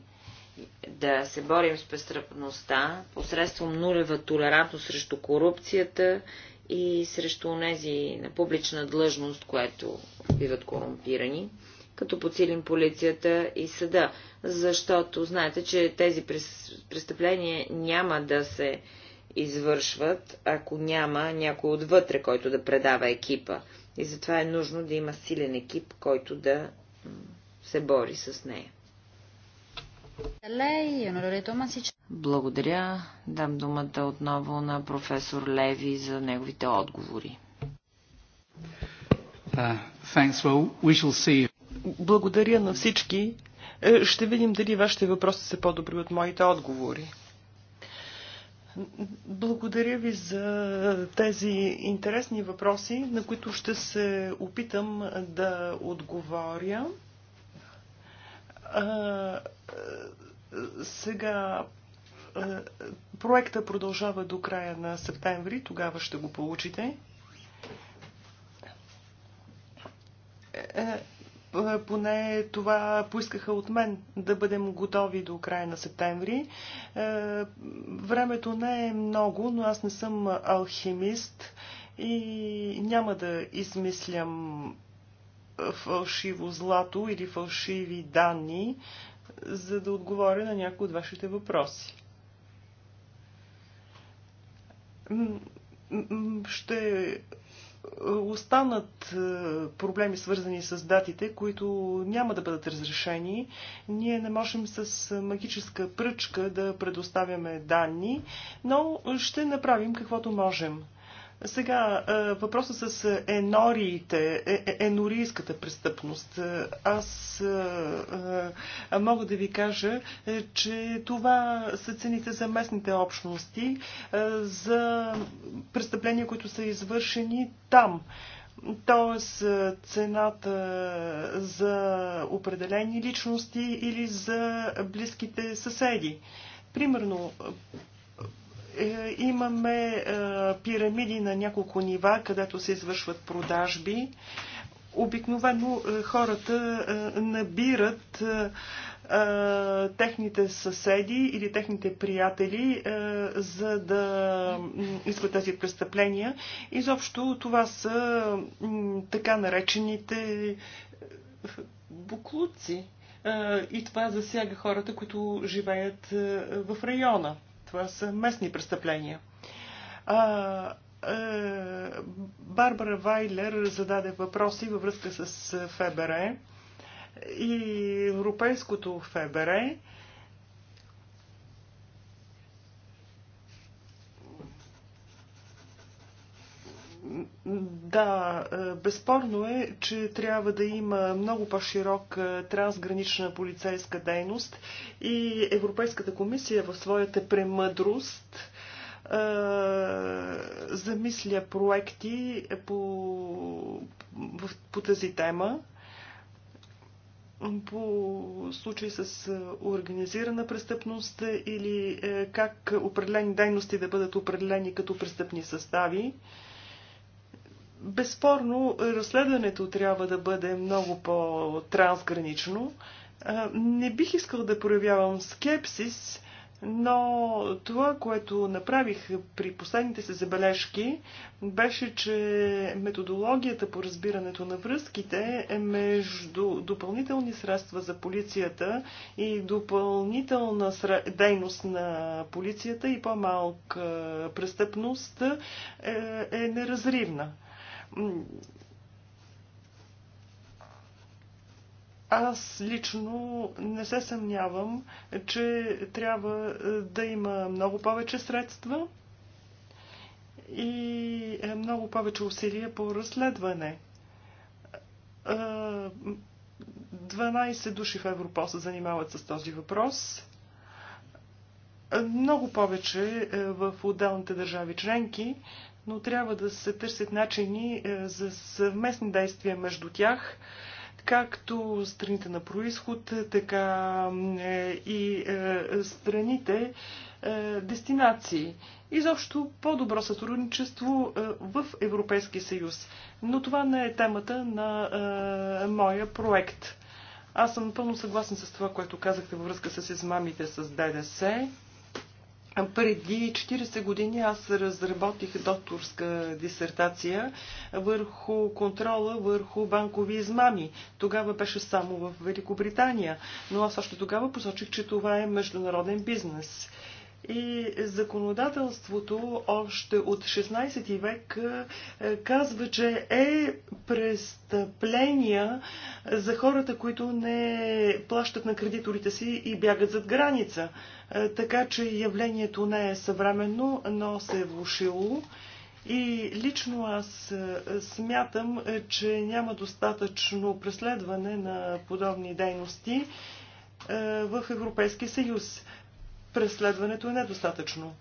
да се борим с престъпността посредством нулева толерантност срещу корупцията и срещу онези на публична длъжност, което биват корумпирани, като подсилим полицията и съда, защото знаете, че тези престъпления няма да се извършват, ако няма някой отвътре, който да предава екипа. И затова е нужно да има силен екип, който да се бори с нея. Благодаря. Дам думата отново на професор Леви за неговите отговори. Uh, well, Благодаря на всички. Е, ще видим дали вашите въпроси са по-добри от моите отговори. Благодаря ви за тези интересни въпроси, на които ще се опитам да отговоря. Е, сега е, проекта продължава до края на септември, тогава ще го получите. Е, поне това поискаха от мен да бъдем готови до края на септември. Времето не е много, но аз не съм алхимист и няма да измислям фалшиво злато или фалшиви данни за да отговоря на някои от вашите въпроси. Ще останат е, проблеми свързани с датите, които няма да бъдат разрешени. Ние не можем с магическа пръчка да предоставяме данни, но ще направим каквото можем. Сега, е, въпросът с е, енориите, е, енорийската престъпност. Аз мога да ви кажа, че това са цените за местните общности, за престъпления, които са извършени там. Тоест цената за определени личности или за близките съседи. Примерно, е, имаме е, пирамиди на няколко нива, където се извършват продажби. Обикновено е, хората набират техните съседи или техните приятели, за да искат тези престъпления. Изобщо това са така наречените буклуци. И това засяга хората, които живеят в района. Това са местни престъпления. А, е, Барбара Вайлер зададе въпроси във връзка с ФБР и Европейското ФБР Да, е, безспорно е, че трябва да има много по-широка е, трансгранична полицейска дейност и Европейската комисия в своята премъдрост е, замисля проекти по, в, по тази тема по случаи с организирана престъпност или как определени дейности да бъдат определени като престъпни състави. Безспорно, разследването трябва да бъде много по-трансгранично. Не бих искал да проявявам скепсис, но това, което направих при последните си забележки, беше, че методологията по разбирането на връзките е между допълнителни средства за полицията и допълнителна дейност на полицията и по-малка престъпност е, е неразривна. Аз лично не се съмнявам, че трябва е, да има много повече средства и е, много повече усилия по разследване. 12 е, души в Европол се занимават с този въпрос. Много повече в отделните държави членки, но трябва да се търсят начини е, за съвместни действия между тях, както страните на происход, така е, и е, страните дестинации. Изобщо по-добро сътрудничество в Европейския съюз. Но това не е темата на моя проект. Аз съм напълно съгласен с това, което казахте във връзка с измамите с ДДС. Преди 40 години аз разработих докторска дисертация върху контрола върху банкови измами. Тогава беше само в Великобритания, но аз още тогава посочих, че това е международен бизнес. И законодателството още от 16 век е, казва, че е престъпления за хората, които не плащат на кредиторите си и бягат зад граница. Е, така че явлението не е съвременно, но се е влушило. И лично аз е, смятам, че няма достатъчно преследване на подобни дейности в Европейския съюз преследването е недостатъчно.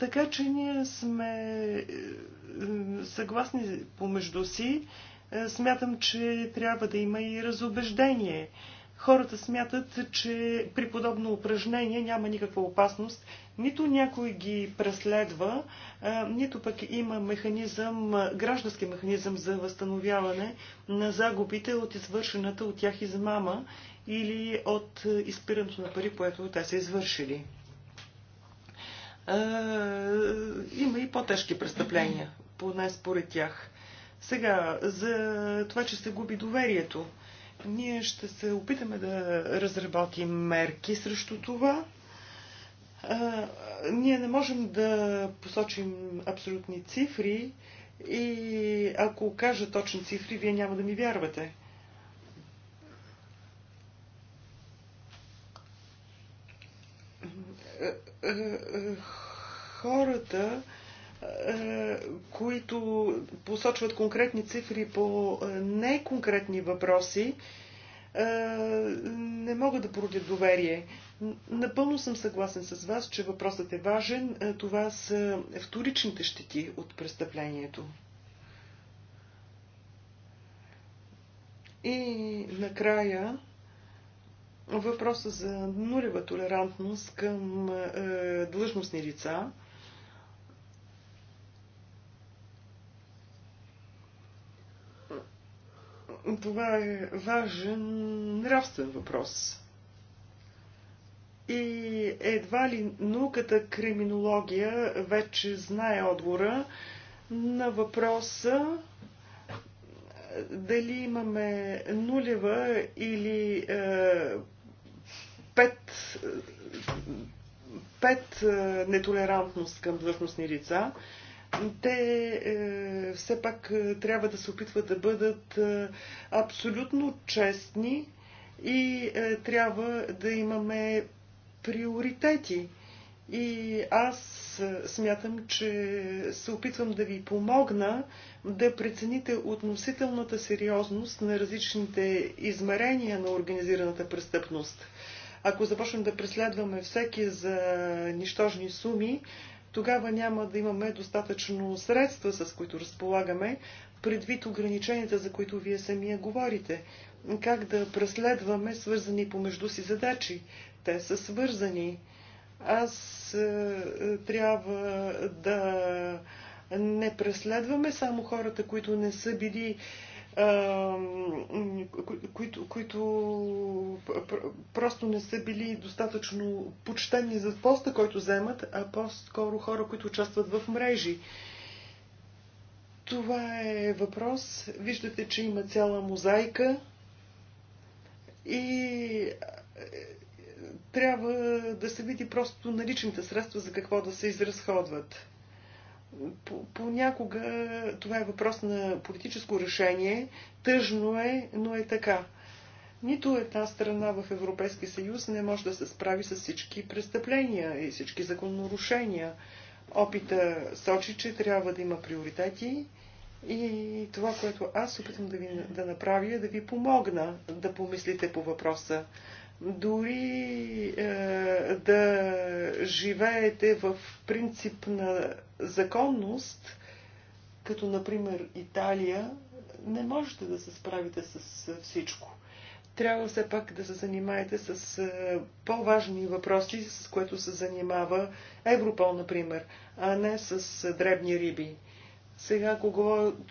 Така че ние сме е, съгласни помежду си. Е, смятам, че трябва да има и разобеждение. Хората смятат, че при подобно упражнение няма никаква опасност. Нито някой ги преследва, е, нито пък има механизъм, граждански механизъм за възстановяване на загубите от извършената от тях измама или от изпирането на пари, което те са извършили. Има и по-тежки престъпления, поне според тях. Сега, за това, че се губи доверието, ние ще се опитаме да разработим мерки срещу това. ние не можем да посочим абсолютни цифри и ако кажа точни цифри, вие няма да ми вярвате. хората, е, които посочват конкретни цифри по е, неконкретни въпроси, е, не могат да породят доверие. Напълно съм съгласен с вас, че въпросът е важен. Това са вторичните щети от престъплението. И накрая въпроса за нулева толерантност към е, длъжностни лица. Това е важен нравствен въпрос. И едва ли науката криминология вече знае отговора на въпроса е, дали имаме нулева или е, пет, пет е, нетолерантност към длъжностни лица. Те е, все пак е, трябва да се опитват да бъдат е, абсолютно честни и е, трябва да имаме приоритети. И аз смятам, че се опитвам да ви помогна да прецените относителната сериозност на различните измерения на организираната престъпност. Ако започнем да преследваме всеки за нищожни суми, тогава няма да имаме достатъчно средства, с които разполагаме, предвид ограниченията, за които вие самия говорите. Как да преследваме свързани помежду си задачи? Те са свързани. Аз е, е трябва да не преследваме само хората, които не са били които, които просто не са били достатъчно почтени за поста, който вземат, а по-скоро хора, които участват в мрежи. Това е въпрос. Виждате, че има цяла мозайка и е, трябва да се види просто наличните средства за какво да се изразходват понякога това е въпрос на политическо решение. Тъжно е, но е така. Нито една страна в Европейския съюз не може да се справи с всички престъпления и всички закононарушения. Опита сочи, че трябва да има приоритети и това, което аз опитам да, ви, да направя, е да ви помогна да помислите по въпроса. Дори е, да живеете в принцип на законност, като например Италия, не можете да се справите с всичко. Трябва все пак да се занимаете с е, по-важни въпроси, с което се занимава Европол, например, а не с е, дребни риби. Сега,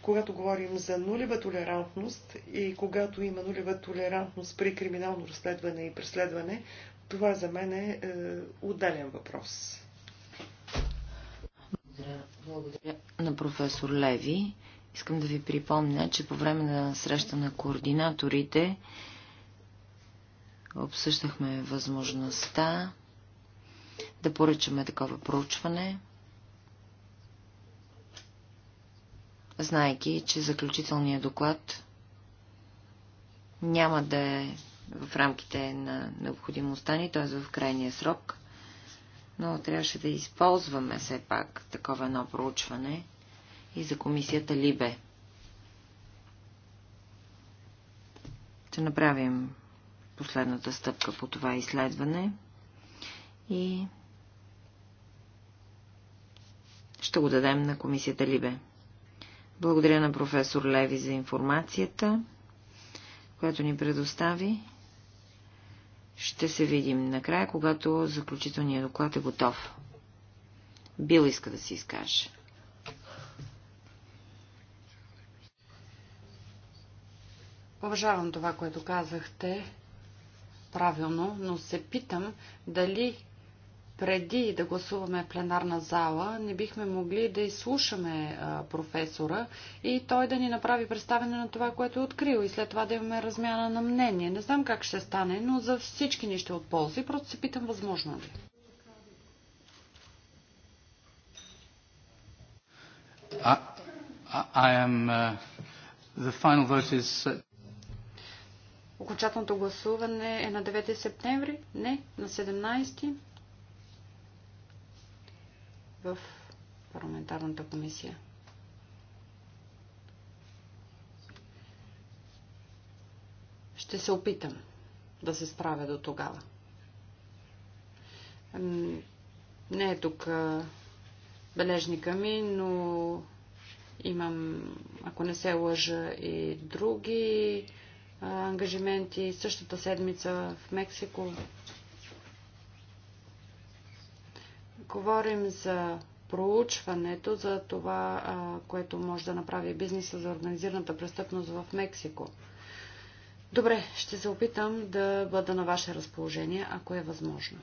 когато говорим за нулева толерантност и когато има нулева толерантност при криминално разследване и преследване, това за мен е, е отделен въпрос. Благодаря. на професор Леви. Искам да ви припомня, че по време на среща на координаторите обсъждахме възможността да поръчаме такова проучване, знайки, че заключителният доклад няма да е в рамките на необходимостта ни, т.е. в крайния срок но трябваше да използваме все пак такова едно проучване и за комисията Либе. Ще направим последната стъпка по това изследване и ще го дадем на комисията Либе. Благодаря на професор Леви за информацията, която ни предостави. Ще се видим накрая, когато заключителният доклад е готов. Бил иска да си изкаже. Уважавам това, което казахте правилно, но се питам дали преди да гласуваме в пленарна зала, не бихме могли да изслушаме професора и той да ни направи представяне на това, което е открил и след това да имаме размяна на мнение. Не знам как ще стане, но за всички ни ще е от и Просто се питам, възможно ли. Uh, uh, Окончателното гласуване е на 9 септември? Не, на 17 в парламентарната комисия. Ще се опитам да се справя до тогава. Не е тук бележника ми, но имам, ако не се лъжа, и други ангажименти. Същата седмица в Мексико Говорим за проучването, за това, което може да направи бизнеса за организираната престъпност в Мексико. Добре, ще се опитам да бъда на ваше разположение, ако е възможно.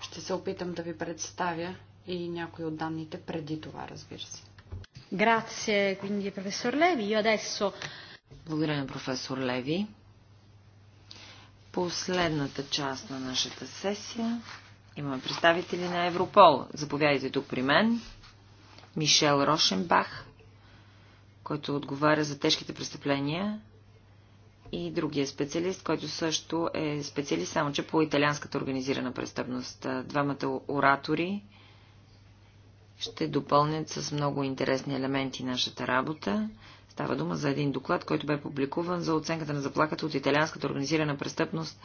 Ще се опитам да ви представя и някои от данните преди това, разбира се. Grazie quindi professor Levi. Io adesso благодаря на професор Леви. Последната част на нашата сесия. Имаме представители на Европол. Заповядайте тук при мен. Мишел Рошенбах, който отговаря за тежките престъпления и другия специалист, който също е специалист, само че по италианската организирана престъпност. Двамата оратори ще допълнят с много интересни елементи нашата работа. Става дума за един доклад, който бе публикуван за оценката на заплахата от италианската организирана престъпност.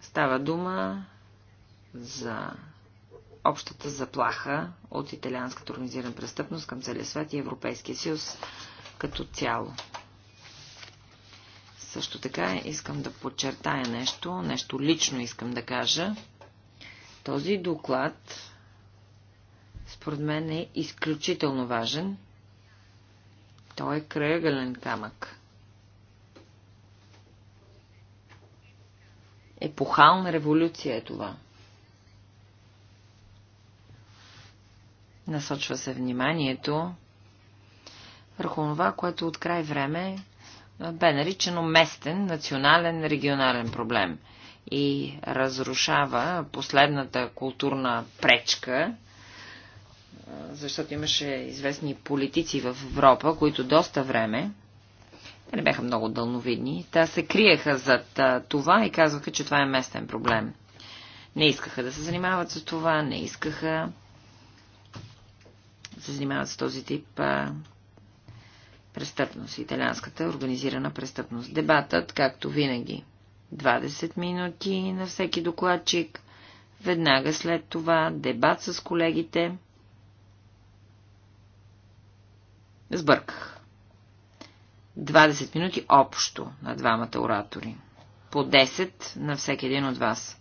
Става дума за общата заплаха от италианската организирана престъпност към целия свят и Европейския съюз като цяло. Също така искам да подчертая нещо, нещо лично искам да кажа. Този доклад според мен е изключително важен. Той е кръгълен камък. Епохална революция е това. Насочва се вниманието върху това, което от край време бе наричано местен, национален, регионален проблем и разрушава последната културна пречка, защото имаше известни политици в Европа, които доста време, те не бяха много дълновидни, та се криеха зад това и казваха, че това е местен проблем. Не искаха да се занимават с това, не искаха да се занимават с този тип а, престъпност, италианската организирана престъпност. Дебатът, както винаги, 20 минути на всеки докладчик, веднага след това дебат с колегите – Сбърках. 20 минути общо на двамата оратори. По 10 на всеки един от вас.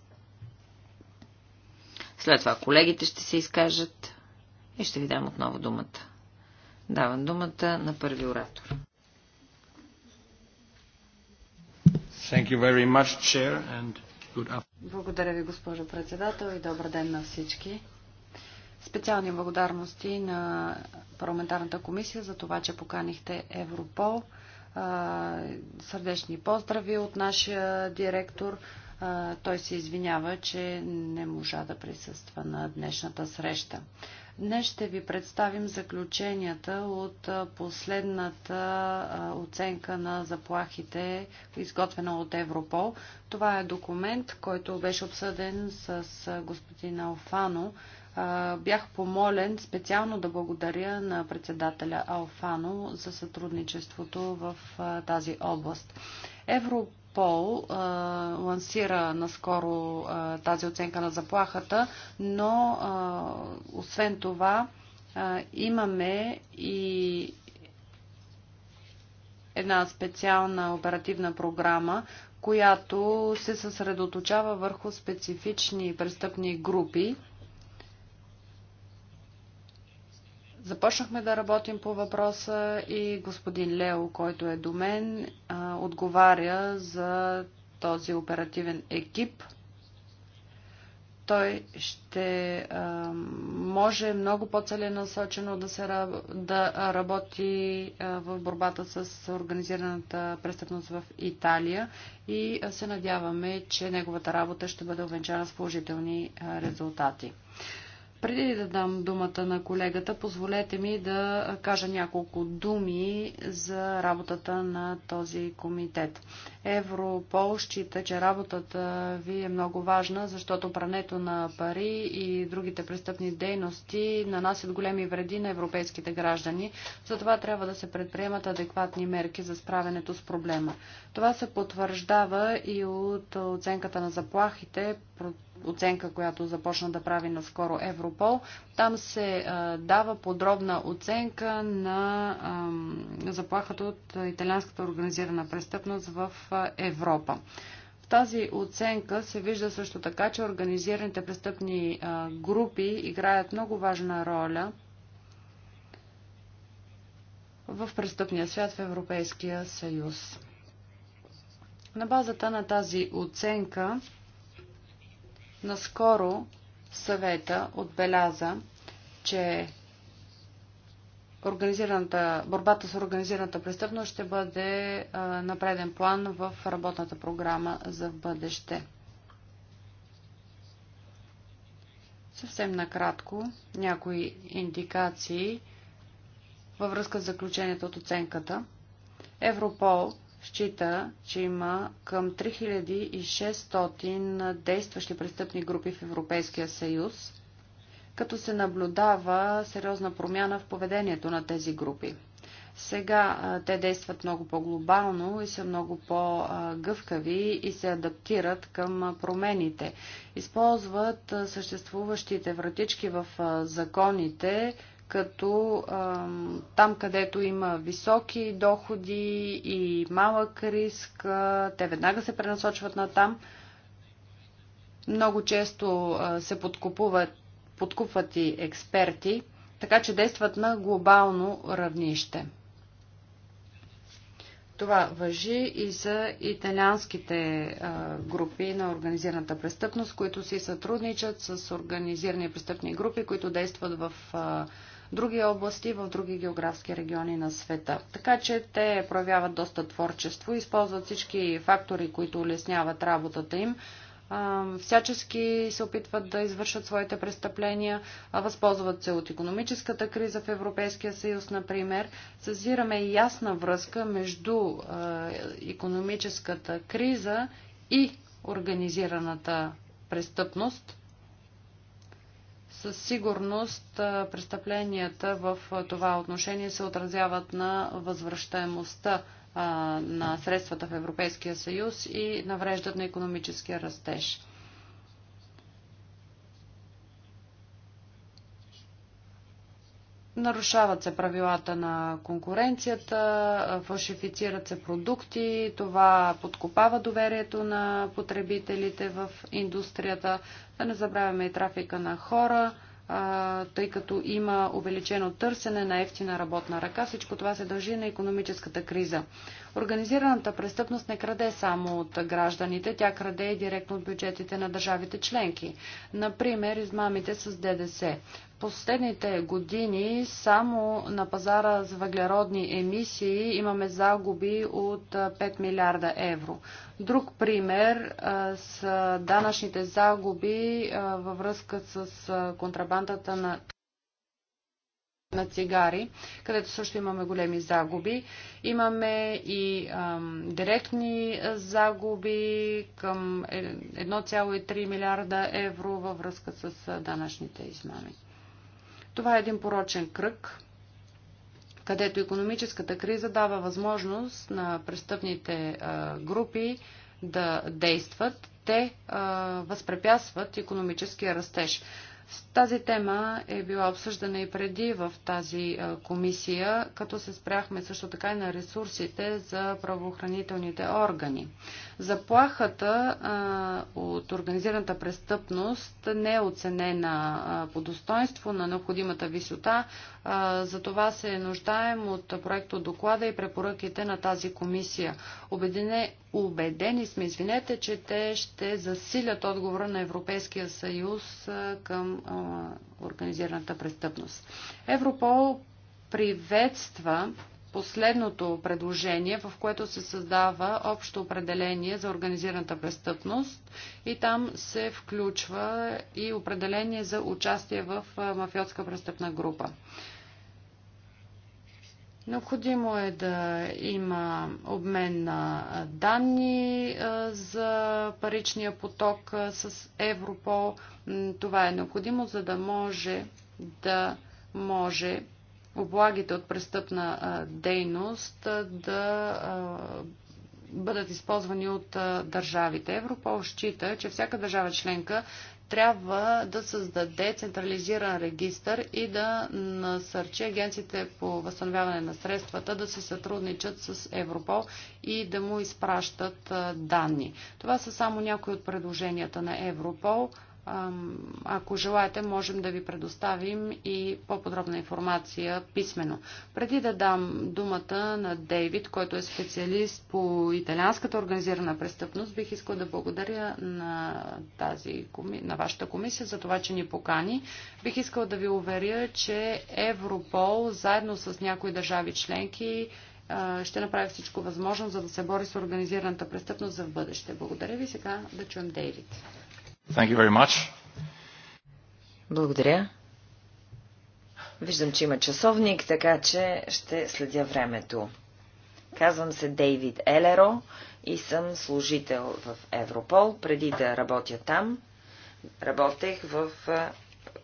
След това колегите ще се изкажат и ще ви дам отново думата. Давам думата на първи оратор. Thank you very much, Chair, and good Благодаря ви, госпожо председател и добър ден на всички. Специални благодарности на парламентарната комисия за това, че поканихте Европол. Сърдечни поздрави от нашия директор. Той се извинява, че не можа да присъства на днешната среща. Днес ще ви представим заключенията от последната оценка на заплахите, изготвена от Европол. Това е документ, който беше обсъден с господин Алфано бях помолен специално да благодаря на председателя Алфано за сътрудничеството в тази област. Европол лансира наскоро тази оценка на заплахата, но освен това имаме и една специална оперативна програма, която се съсредоточава върху специфични престъпни групи Започнахме да работим по въпроса и господин Лео, който е до мен, отговаря за този оперативен екип. Той ще може много по-целенасочено да, се, да работи в борбата с организираната престъпност в Италия и се надяваме, че неговата работа ще бъде увенчана с положителни резултати. Преди да дам думата на колегата, позволете ми да кажа няколко думи за работата на този комитет. Европол счита, че работата ви е много важна, защото прането на пари и другите престъпни дейности нанасят големи вреди на европейските граждани. Затова трябва да се предприемат адекватни мерки за справянето с проблема. Това се потвърждава и от оценката на заплахите, оценка, която започна да прави наскоро Европол. Там се дава подробна оценка на на заплахата от италианската организирана престъпност в Европа. В тази оценка се вижда също така, че организираните престъпни групи играят много важна роля в престъпния свят в Европейския съюз. На базата на тази оценка, наскоро съвета отбеляза, че организираната, борбата с организираната престъпност ще бъде а, на преден план в работната програма за бъдеще. Съвсем накратко някои индикации във връзка с заключението от оценката. Европол счита, че има към 3600 действащи престъпни групи в Европейския съюз – като се наблюдава сериозна промяна в поведението на тези групи. Сега те действат много по-глобално и са много по-гъвкави и се адаптират към промените. Използват съществуващите вратички в законите, като там, където има високи доходи и малък риск, те веднага се пренасочват на там. Много често се подкупуват подкупват и експерти, така че действат на глобално равнище. Това въжи и за италианските групи на организираната престъпност, които си сътрудничат с организирани престъпни групи, които действат в други области, в други географски региони на света. Така че те проявяват доста творчество, използват всички фактори, които улесняват работата им, всячески се опитват да извършат своите престъпления, а възползват се от економическата криза в Европейския съюз, например. Съзираме ясна връзка между економическата криза и организираната престъпност. Със сигурност престъпленията в това отношение се отразяват на възвръщаемостта на средствата в Европейския съюз и навреждат на економическия растеж. Нарушават се правилата на конкуренцията, фалшифицират се продукти, това подкопава доверието на потребителите в индустрията. Да не забравяме и трафика на хора – тъй като има увеличено търсене на ефтина работна ръка. Всичко това се дължи на економическата криза. Организираната престъпност не краде само от гражданите, тя краде и директно от бюджетите на държавите членки. Например, измамите с ДДС последните години само на пазара за въглеродни емисии имаме загуби от 5 милиарда евро. Друг пример с данъчните загуби във връзка с контрабандата на на цигари, където също имаме големи загуби. Имаме и ам, директни загуби към 1,3 е, милиарда евро във връзка с данъчните измами. Това е един порочен кръг, където економическата криза дава възможност на престъпните групи да действат. Те възпрепятстват економическия растеж. Тази тема е била обсъждана и преди в тази комисия, като се спряхме също така и на ресурсите за правоохранителните органи. Заплахата от организираната престъпност не е оценена по достоинство на необходимата висота. за това се нуждаем от проекто доклада и препоръките на тази комисия. Обедине, Убедени сме, извинете, че те ще засилят отговора на Европейския съюз към организираната престъпност. Европол приветства последното предложение, в което се създава общо определение за организираната престъпност и там се включва и определение за участие в мафиотска престъпна група. Необходимо е да има обмен на данни за паричния поток с Европол. Това е необходимо, за да може да може облагите от престъпна дейност да бъдат използвани от държавите. Европол счита, че всяка държава членка трябва да създаде централизиран регистр и да насърчи агенциите по възстановяване на средствата да се сътрудничат с Европол и да му изпращат данни. Това са само някои от предложенията на Европол. Ако желаете, можем да ви предоставим и по-подробна информация писменно. Преди да дам думата на Дейвид, който е специалист по италианската организирана престъпност, бих искал да благодаря на, тази, на вашата комисия за това, че ни покани. Бих искал да ви уверя, че Европол заедно с някои държави членки ще направи всичко възможно, за да се бори с организираната престъпност за в бъдеще. Благодаря ви сега да чуем Дейвид. Thank you very much. Благодаря. Виждам, че има часовник, така че ще следя времето. Казвам се Дейвид Елеро и съм служител в Европол. Преди да работя там, работех в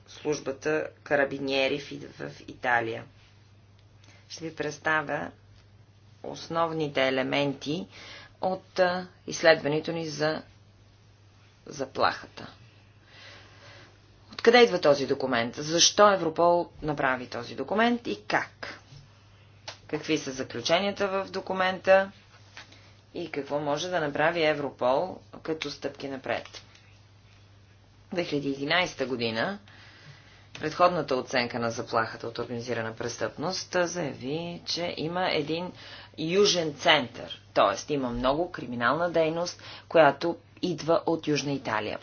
службата карабиниери в Италия. Ще ви представя основните елементи от изследването ни за заплахата. Откъде идва този документ? Защо Европол направи този документ и как? Какви са заключенията в документа и какво може да направи Европол като стъпки напред? 2011 година предходната оценка на заплахата от организирана престъпност заяви, че има един южен център, т.е. има много криминална дейност, която идва от Южна Италия.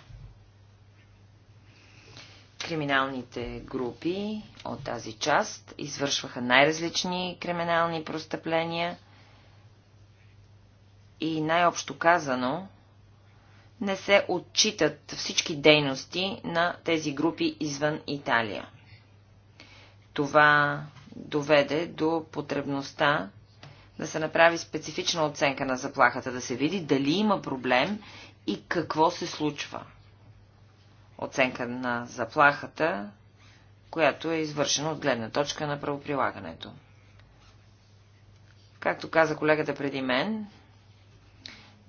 Криминалните групи от тази част извършваха най-различни криминални простъпления и най-общо казано не се отчитат всички дейности на тези групи извън Италия. Това доведе до потребността да се направи специфична оценка на заплахата, да се види дали има проблем и какво се случва. Оценка на заплахата, която е извършена от гледна точка на правоприлагането. Както каза колегата преди мен,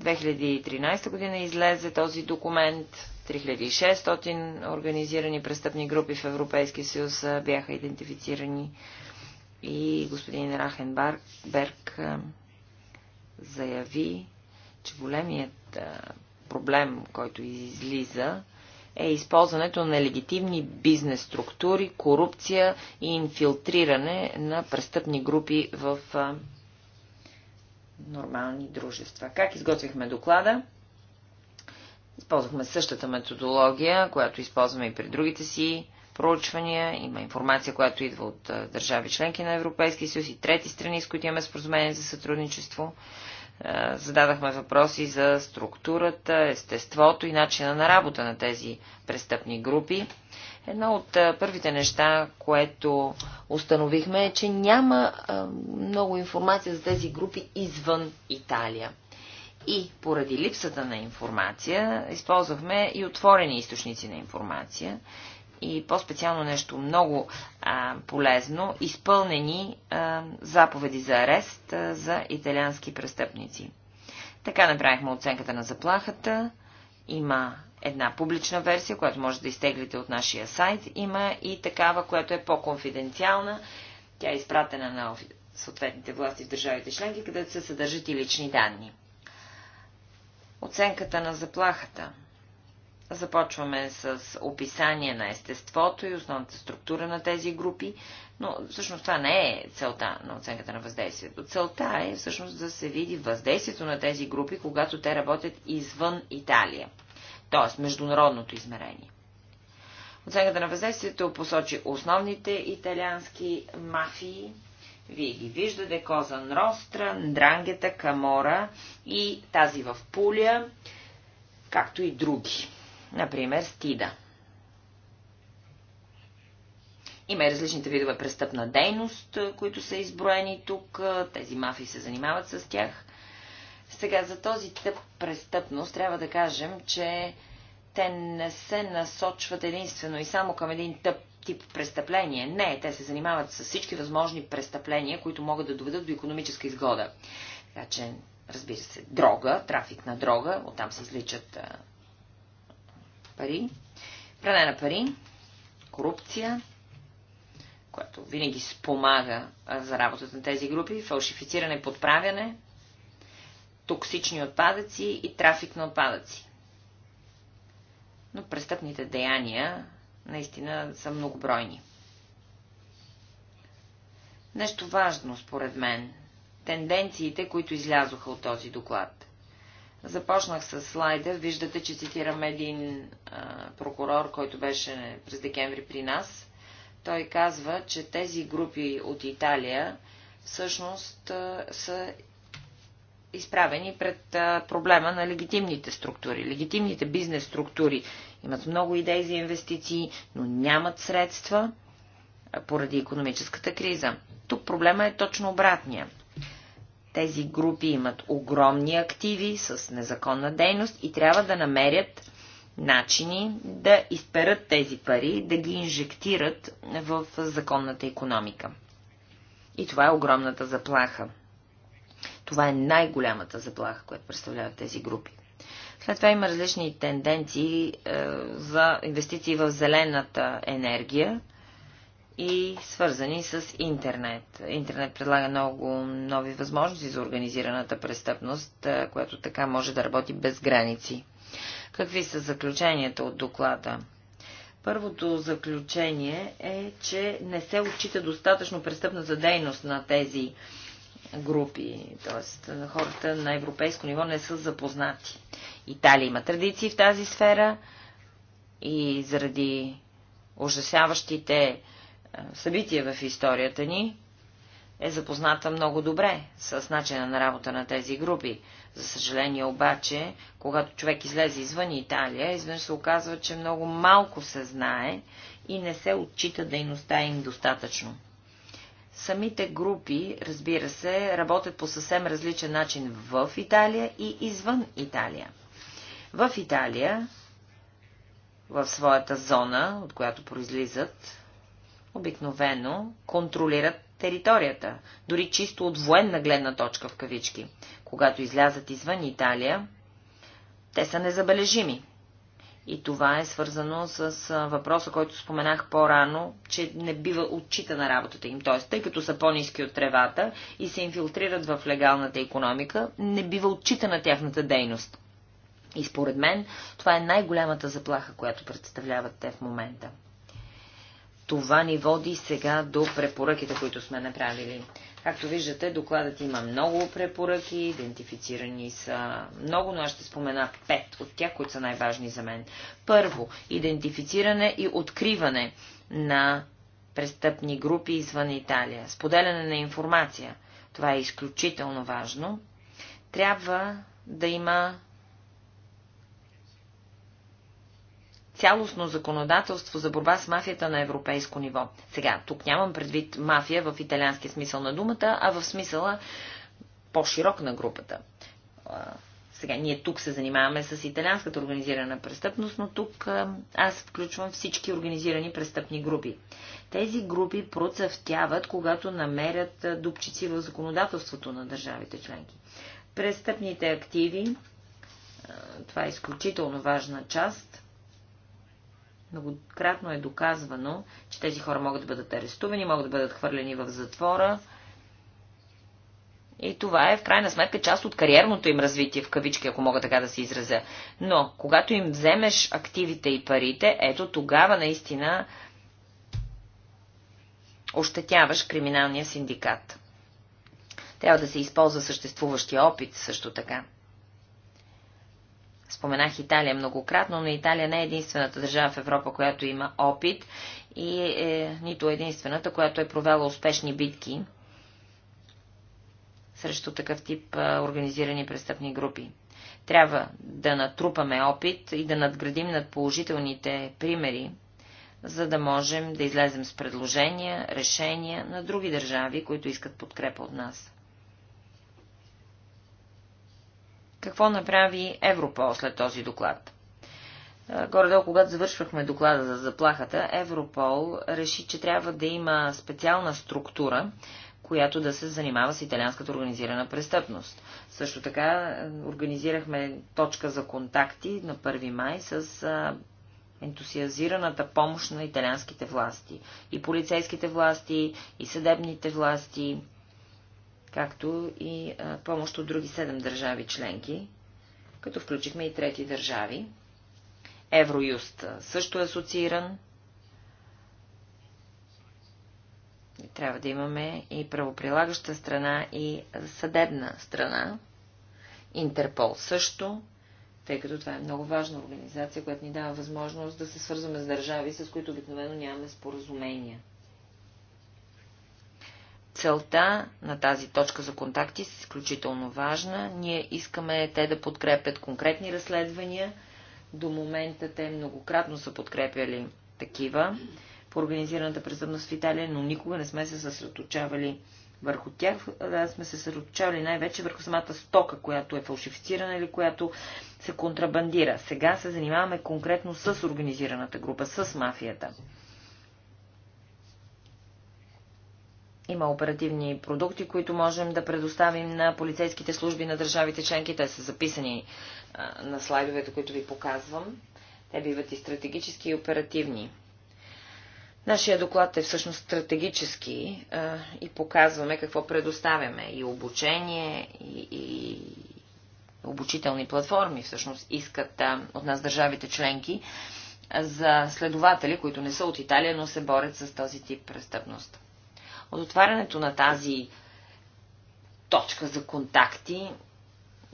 2013 година излезе този документ. 3600 организирани престъпни групи в Европейския съюз бяха идентифицирани и господин Рахенберг заяви, че големият проблем, който излиза, е използването на нелегитимни бизнес структури, корупция и инфилтриране на престъпни групи в а, нормални дружества. Как изготвихме доклада? Използвахме същата методология, която използваме и при другите си проучвания. Има информация, която идва от а, държави членки на Европейския съюз и трети страни, с които имаме споразумение за сътрудничество. Е, зададахме въпроси за структурата, естеството и начина на работа на тези престъпни групи. Едно от е, първите неща, което установихме е, че няма е, много информация за тези групи извън Италия. И поради липсата на информация, използвахме и отворени източници на информация и по-специално нещо много а, полезно изпълнени а, заповеди за арест а, за италиански престъпници. Така направихме оценката на заплахата. Има една публична версия, която може да изтеглите от нашия сайт. Има и такава, която е по-конфиденциална. Тя е изпратена на съответните власти в държавите членки, където се съдържат и лични данни. Оценката на заплахата – Започваме с описание на естеството и основната структура на тези групи, но всъщност това не е целта на оценката на въздействието. Целта е всъщност да се види въздействието на тези групи, когато те работят извън Италия, т.е. международното измерение. Оценката на въздействието посочи основните италиански мафии. Вие ги виждате Коза Ностра, Дрангета, Камора и тази в Пуля, както и други. Например, стида. Има и различните видове престъпна дейност, които са изброени тук. Тези мафии се занимават с тях. Сега, за този тъп престъпност трябва да кажем, че те не се насочват единствено и само към един тъп тип престъпление. Не, те се занимават с всички възможни престъпления, които могат да доведат до економическа изгода. Така че, разбира се, дрога, трафик на дрога, оттам се изличат пари, пране на пари, корупция, което винаги спомага за работата на тези групи, фалшифициране и подправяне, токсични отпадъци и трафик на отпадъци. Но престъпните деяния наистина са многобройни. Нещо важно, според мен, тенденциите, които излязоха от този доклад. Започнах с слайда. Виждате, че цитирам един а, прокурор, който беше през декември при нас. Той казва, че тези групи от Италия всъщност а, са изправени пред а, проблема на легитимните структури. Легитимните бизнес структури имат много идеи за инвестиции, но нямат средства поради економическата криза. Тук проблема е точно обратния. Тези групи имат огромни активи с незаконна дейност и трябва да намерят начини да изперат тези пари, да ги инжектират в законната економика. И това е огромната заплаха. Това е най-голямата заплаха, която представляват тези групи. След това има различни тенденции е, за инвестиции в зелената енергия и свързани с интернет. Интернет предлага много нови възможности за организираната престъпност, която така може да работи без граници. Какви са заключенията от доклада? Първото заключение е, че не се отчита достатъчно престъпната дейност на тези групи, т.е. хората на европейско ниво не са запознати. Италия има традиции в тази сфера и заради ужасяващите събитие в историята ни, е запозната много добре с начина на работа на тези групи. За съжаление обаче, когато човек излезе извън Италия, извън се оказва, че много малко се знае и не се отчита дейността им достатъчно. Самите групи, разбира се, работят по съвсем различен начин в Италия и извън Италия. В Италия, в своята зона, от която произлизат, обикновено контролират територията, дори чисто от военна гледна точка в кавички. Когато излязат извън Италия, те са незабележими. И това е свързано с въпроса, който споменах по-рано, че не бива отчитана работата им. Т.е. тъй като са по-низки от тревата и се инфилтрират в легалната економика, не бива отчитана тяхната дейност. И според мен това е най-голямата заплаха, която представляват те в момента това ни води сега до препоръките, които сме направили. Както виждате, докладът има много препоръки, идентифицирани са много, но аз ще спомена пет от тях, които са най-важни за мен. Първо, идентифициране и откриване на престъпни групи извън Италия. Споделяне на информация. Това е изключително важно. Трябва да има цялостно законодателство за борба с мафията на европейско ниво. Сега, тук нямам предвид мафия в италиански смисъл на думата, а в смисъла по-широк на групата. Сега, ние тук се занимаваме с италианската организирана престъпност, но тук аз включвам всички организирани престъпни групи. Тези групи процъфтяват, когато намерят дупчици в законодателството на държавите членки. Престъпните активи, това е изключително важна част – Многократно е доказвано, че тези хора могат да бъдат арестувани, могат да бъдат хвърлени в затвора. И това е в крайна сметка част от кариерното им развитие, в кавички, ако мога така да се изразя. Но, когато им вземеш активите и парите, ето тогава наистина ощетяваш криминалния синдикат. Трябва да се използва съществуващия опит също така. Споменах Италия многократно, но Италия не е единствената държава в Европа, която има опит и е нито единствената, която е провела успешни битки срещу такъв тип организирани престъпни групи. Трябва да натрупаме опит и да надградим над положителните примери, за да можем да излезем с предложения, решения на други държави, които искат подкрепа от нас. какво направи Европол след този доклад. Горе-долу, когато завършвахме доклада за заплахата, Европол реши, че трябва да има специална структура, която да се занимава с италианската организирана престъпност. Също така организирахме точка за контакти на 1 май с ентусиазираната помощ на италианските власти. И полицейските власти, и съдебните власти, както и помощ от други седем държави членки, като включихме и трети държави. Евроюст също е асоцииран. Трябва да имаме и правоприлагаща страна, и съдебна страна. Интерпол също, тъй като това е много важна организация, която ни дава възможност да се свързваме с държави, с които обикновено нямаме споразумения. Целта на тази точка за контакти е изключително важна. Ние искаме те да подкрепят конкретни разследвания. До момента те многократно са подкрепяли такива по организираната престъпност в Италия, но никога не сме се съсредоточавали върху тях. Да, сме се съсредоточавали най-вече върху самата стока, която е фалшифицирана или която се контрабандира. Сега се занимаваме конкретно с организираната група, с мафията. Има оперативни продукти, които можем да предоставим на полицейските служби на държавите членки. Те са записани а, на слайдовете, които ви показвам. Те биват и стратегически, и оперативни. Нашия доклад е всъщност стратегически а, и показваме какво предоставяме. И обучение, и, и обучителни платформи всъщност искат а, от нас държавите членки за следователи, които не са от Италия, но се борят с този тип престъпност. От отварянето на тази точка за контакти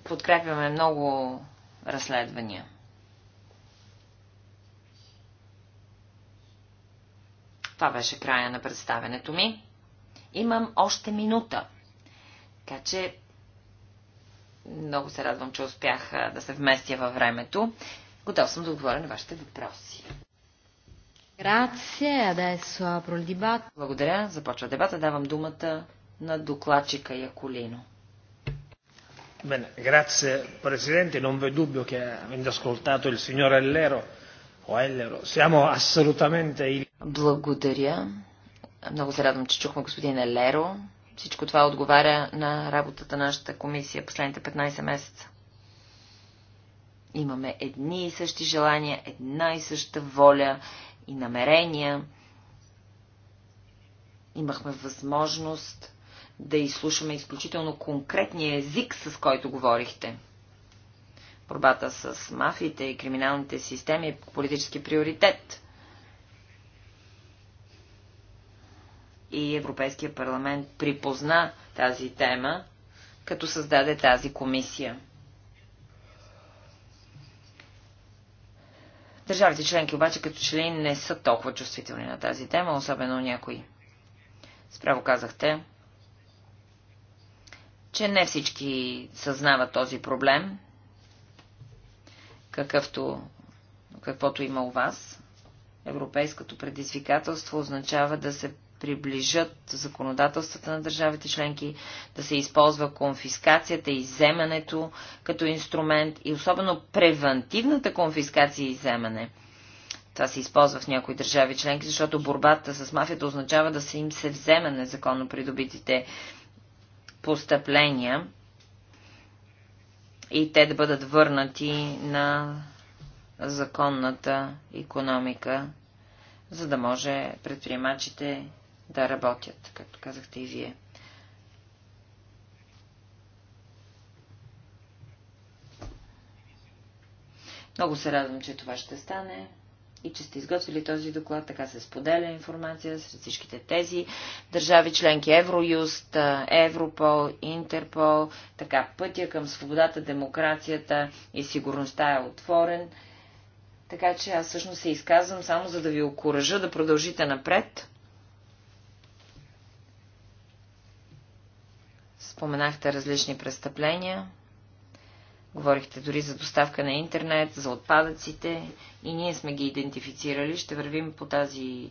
подкрепяме много разследвания. Това беше края на представенето ми. Имам още минута. Така че много се радвам, че успях да се вместя във времето. Готов съм да отговоря на вашите въпроси. Благодаря. Започва дебата. Давам думата на докладчика Яколино. Bene, grazie Presidente, non v'è dubbio che avendo ascoltato il signor Ellero o Ellero, siamo assolutamente il... Благодаря. Много се радвам, че чухме господин Елеро. Всичко това отговаря на работата на нашата комисия последните 15 месеца. Имаме едни и същи желания, една и съща воля, и намерения. Имахме възможност да изслушаме изключително конкретния език, с който говорихте. Борбата с мафиите и криминалните системи е политически приоритет. И Европейския парламент припозна тази тема, като създаде тази комисия. Държавите членки обаче като члени не са толкова чувствителни на тази тема, особено някои. Справо казахте, че не всички съзнават този проблем, какъвто, каквото има у вас. Европейското предизвикателство означава да се приближат законодателствата на държавите членки, да се използва конфискацията и иземането като инструмент и особено превентивната конфискация и иземане. Това се използва в някои държави членки, защото борбата с мафията означава да се им се вземе незаконно придобитите постъпления и те да бъдат върнати на законната економика, за да може предприемачите да работят, както казахте и вие. Много се радвам, че това ще стане и че сте изготвили този доклад. Така се споделя информация сред всичките тези държави членки Евроюст, Европол, Интерпол. Така пътя към свободата, демокрацията и сигурността е отворен. Така че аз всъщност се изказвам само за да ви окоръжа да продължите напред Споменахте различни престъпления. Говорихте дори за доставка на интернет, за отпадъците и ние сме ги идентифицирали. Ще вървим по тази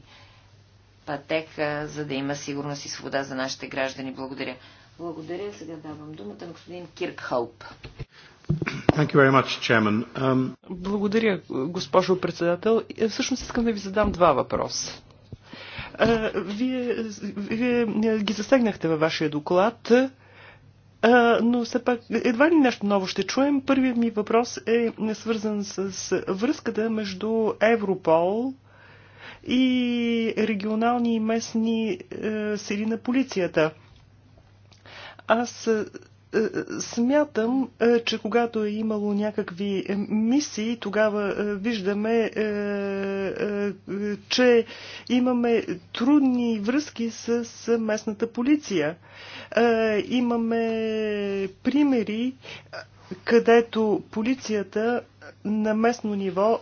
пътека, за да има сигурност и свобода за нашите граждани. Благодаря. Благодаря. Сега давам думата на господин Кирк Хоуп. Much, um... Благодаря, госпожо председател. Е, всъщност искам да ви задам два въпроса. Е, вие, вие ги засегнахте във вашия доклад но все пак едва ли нещо ново ще чуем. Първият ми въпрос е свързан с връзката между Европол и регионални и местни е, сили на полицията. Аз е, Смятам, е, че когато е имало някакви е, мисии, тогава е, виждаме, че имаме трудни връзки с местната полиция. Имаме примери, където полицията на местно ниво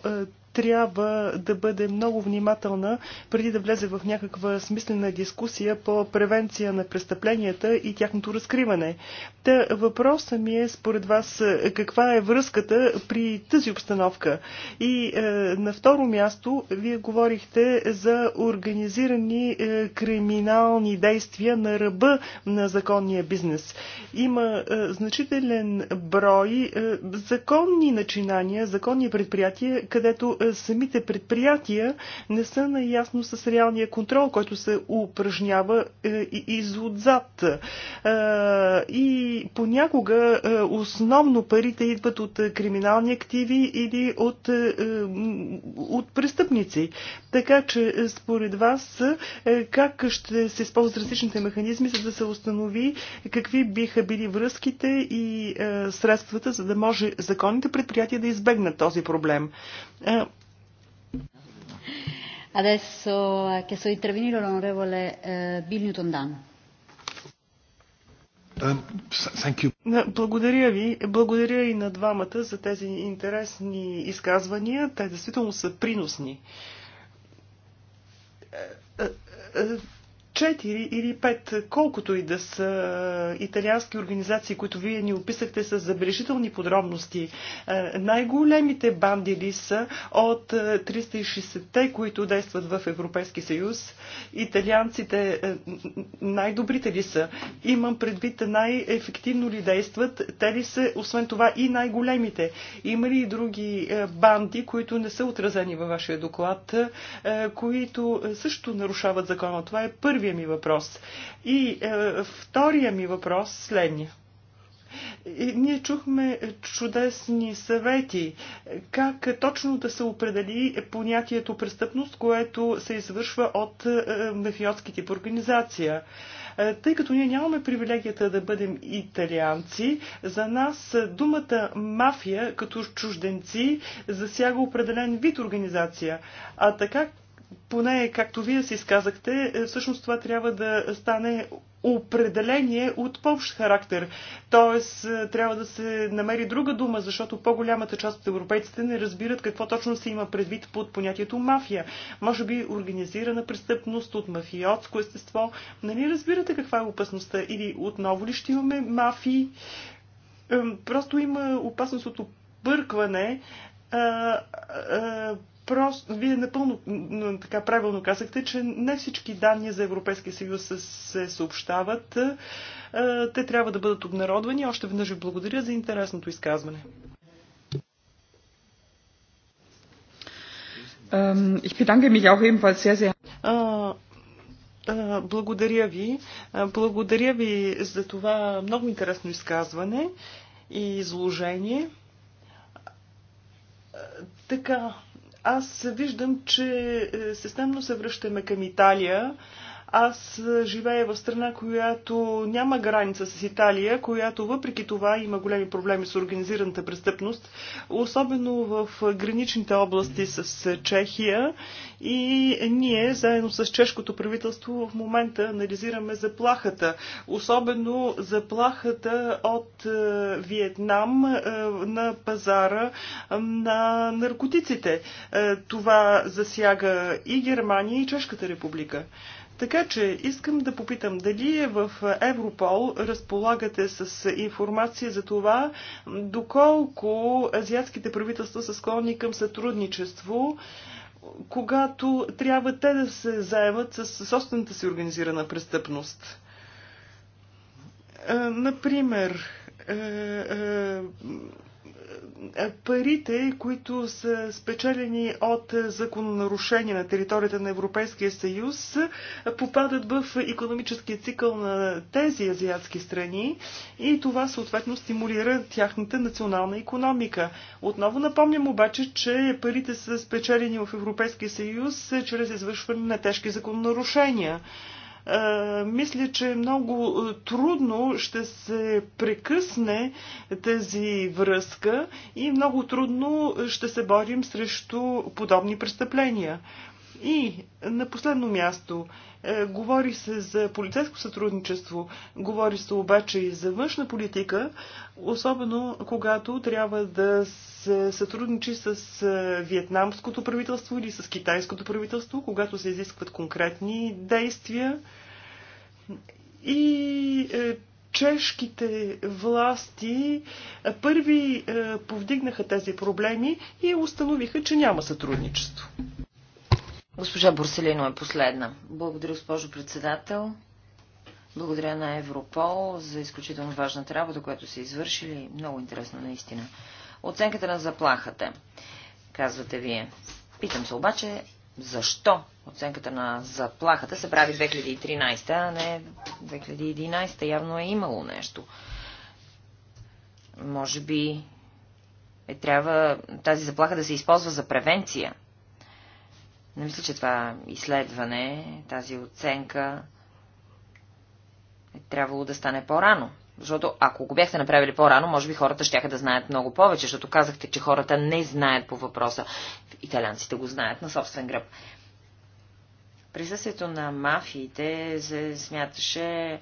трябва да бъде много внимателна преди да влезе в някаква смислена дискусия по превенция на престъпленията и тяхното разкриване. Та въпросът ми е според вас каква е връзката при тази обстановка? И е, на второ място, вие говорихте за организирани е, криминални действия на ръба на законния бизнес. Има е, значителен брой е, законни начинания, законни предприятия, където е, самите предприятия не са наясно с реалния контрол, който се упражнява е, изотзад. Е, и понякога основно парите идват от криминални активи или от, от престъпници. Така че според вас как ще се използват различните механизми, за да се установи какви биха били връзките и средствата, за да може законните предприятия да избегнат този проблем. Eh, Adesso ha eh, chiesto di intervenire l'onorevole eh, Bill Newton Dunn. Um, благодаря ви. Благодаря и на двамата за тези интересни изказвания. Те действително са приносни е, е, е, 4 или 5, колкото и да са италиански организации, които вие ни описахте с забележителни подробности, е, най-големите банди ли са от 360-те, е, които действат в Европейски съюз? Италианците е, най-добрите ли са? Имам предвид най-ефективно ли действат? Те ли са, освен това, и най-големите? Има ли и други банди, които не са отразени във вашия доклад, които също нарушават закона? Това е първи първия ми въпрос. И е, втория ми въпрос следния. Ние чухме чудесни съвети как точно да се определи понятието престъпност, което се извършва от мафиотските е, тип организация. Е, тъй като ние нямаме привилегията да бъдем италианци, за нас думата мафия като чужденци засяга определен вид организация. А така поне както вие си изказахте, е, всъщност това трябва да стане определение от общ характер. Тоест, е, трябва да се намери друга дума, защото по-голямата част от европейците не разбират какво точно се има предвид под понятието мафия. Може би организирана престъпност от мафиотско естество. Нали разбирате каква е опасността? Или отново ли ще имаме мафии? Просто има опасност от объркване Просто, вие напълно така правилно казахте, че не всички данни за Европейския съюз се, съобщават. Е, те трябва да бъдат обнародвани. Още веднъж ви благодаря за интересното изказване. Благодаря ви. Благодаря ви за това много интересно изказване и изложение. Така, аз виждам, че е, системно се връщаме към Италия. Аз е, живея в страна, която няма граница с Италия, която въпреки това има големи проблеми с организираната престъпност, особено в граничните области с е, Чехия. И ние, заедно с чешкото правителство, в момента анализираме заплахата, особено заплахата от е, Виетнам на пазара на наркотиците. Това засяга и Германия, и Чешката република. Така че искам да попитам дали е в Европол разполагате с информация за това, доколко азиатските правителства са склонни към сътрудничество, когато трябва те да се заемат с собствената си организирана престъпност. Е, например, е, е, парите, които са спечелени от закононарушения на територията на Европейския съюз, попадат в економическия цикъл на тези азиатски страни и това съответно стимулира тяхната национална економика. Отново напомням обаче, че парите са спечелени в Европейския съюз чрез извършване на тежки закононарушения. Е, мисля, че много е, трудно ще се прекъсне тази връзка и много трудно ще се борим срещу подобни престъпления. И на последно място, е, говори се за полицейско сътрудничество, говори се обаче и за външна политика, особено когато трябва да се сътрудничи с е, вьетнамското правителство или с китайското правителство, когато се изискват конкретни действия. И е, чешките власти е, първи е, повдигнаха тези проблеми и установиха, че няма сътрудничество. Госпожа Борселино е последна. Благодаря, госпожо председател. Благодаря на Европол за изключително важната работа, която са извършили. Много интересно, наистина. Оценката на заплахата, казвате вие. Питам се обаче, защо оценката на заплахата се прави 2013, а не 2011. Явно е имало нещо. Може би е трябва тази заплаха да се използва за превенция. Не мисля, че това изследване, тази оценка е трябвало да стане по-рано. Защото ако го бяхте направили по-рано, може би хората ще да знаят много повече, защото казахте, че хората не знаят по въпроса. Италянците го знаят на собствен гръб. Присъствието на мафиите се смяташе,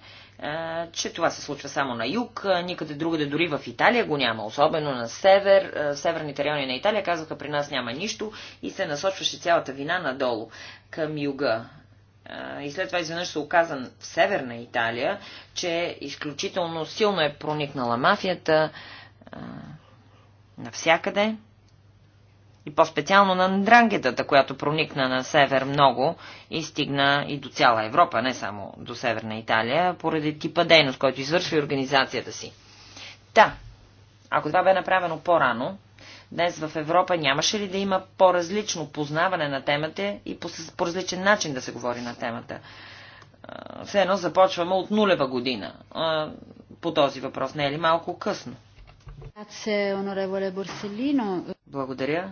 че това се случва само на юг, никъде другаде, дори в Италия го няма, особено на север. Северните райони на Италия казаха, при нас няма нищо и се насочваше цялата вина надолу, към юга. И след това изведнъж се оказа в северна Италия, че изключително силно е проникнала мафията навсякъде и по-специално на Ндрангетата, която проникна на север много и стигна и до цяла Европа, не само до северна Италия, поради типа дейност, който извършва организацията си. Та, да, ако това бе направено по-рано, днес в Европа нямаше ли да има по-различно познаване на темата и по различен начин да се говори на темата? Все едно започваме от нулева година. По този въпрос не е ли малко късно? Благодаря,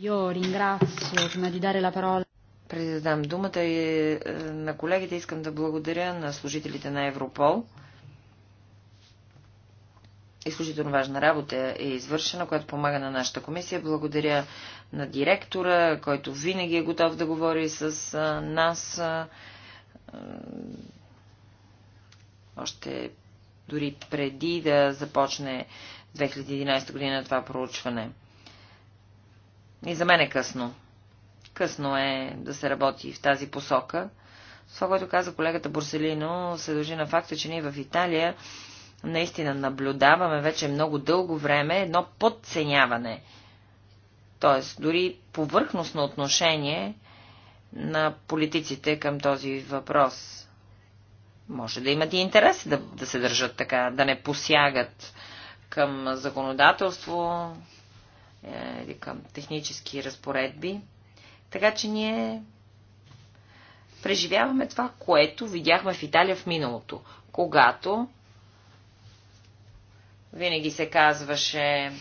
Йо, ringrazio prima di dare la parola. Преди да дам думата и е, на колегите, искам да благодаря на служителите на Европол. Изключително важна работа е извършена, която помага на нашата комисия. Благодаря на директора, който винаги е готов да говори с е, нас. Е, още дори преди да започне 2011 година това проучване. И за мен е късно. Късно е да се работи в тази посока. Това, което каза колегата Борселино, се дължи на факта, че ние в Италия наистина наблюдаваме вече много дълго време едно подценяване. Тоест, дори повърхностно отношение на политиците към този въпрос. Може да имат и интерес да, да се държат така, да не посягат към законодателство, разпоредби, към технически разпоредби. Така че ние преживяваме това, което видяхме в Италия в миналото, когато винаги се казваше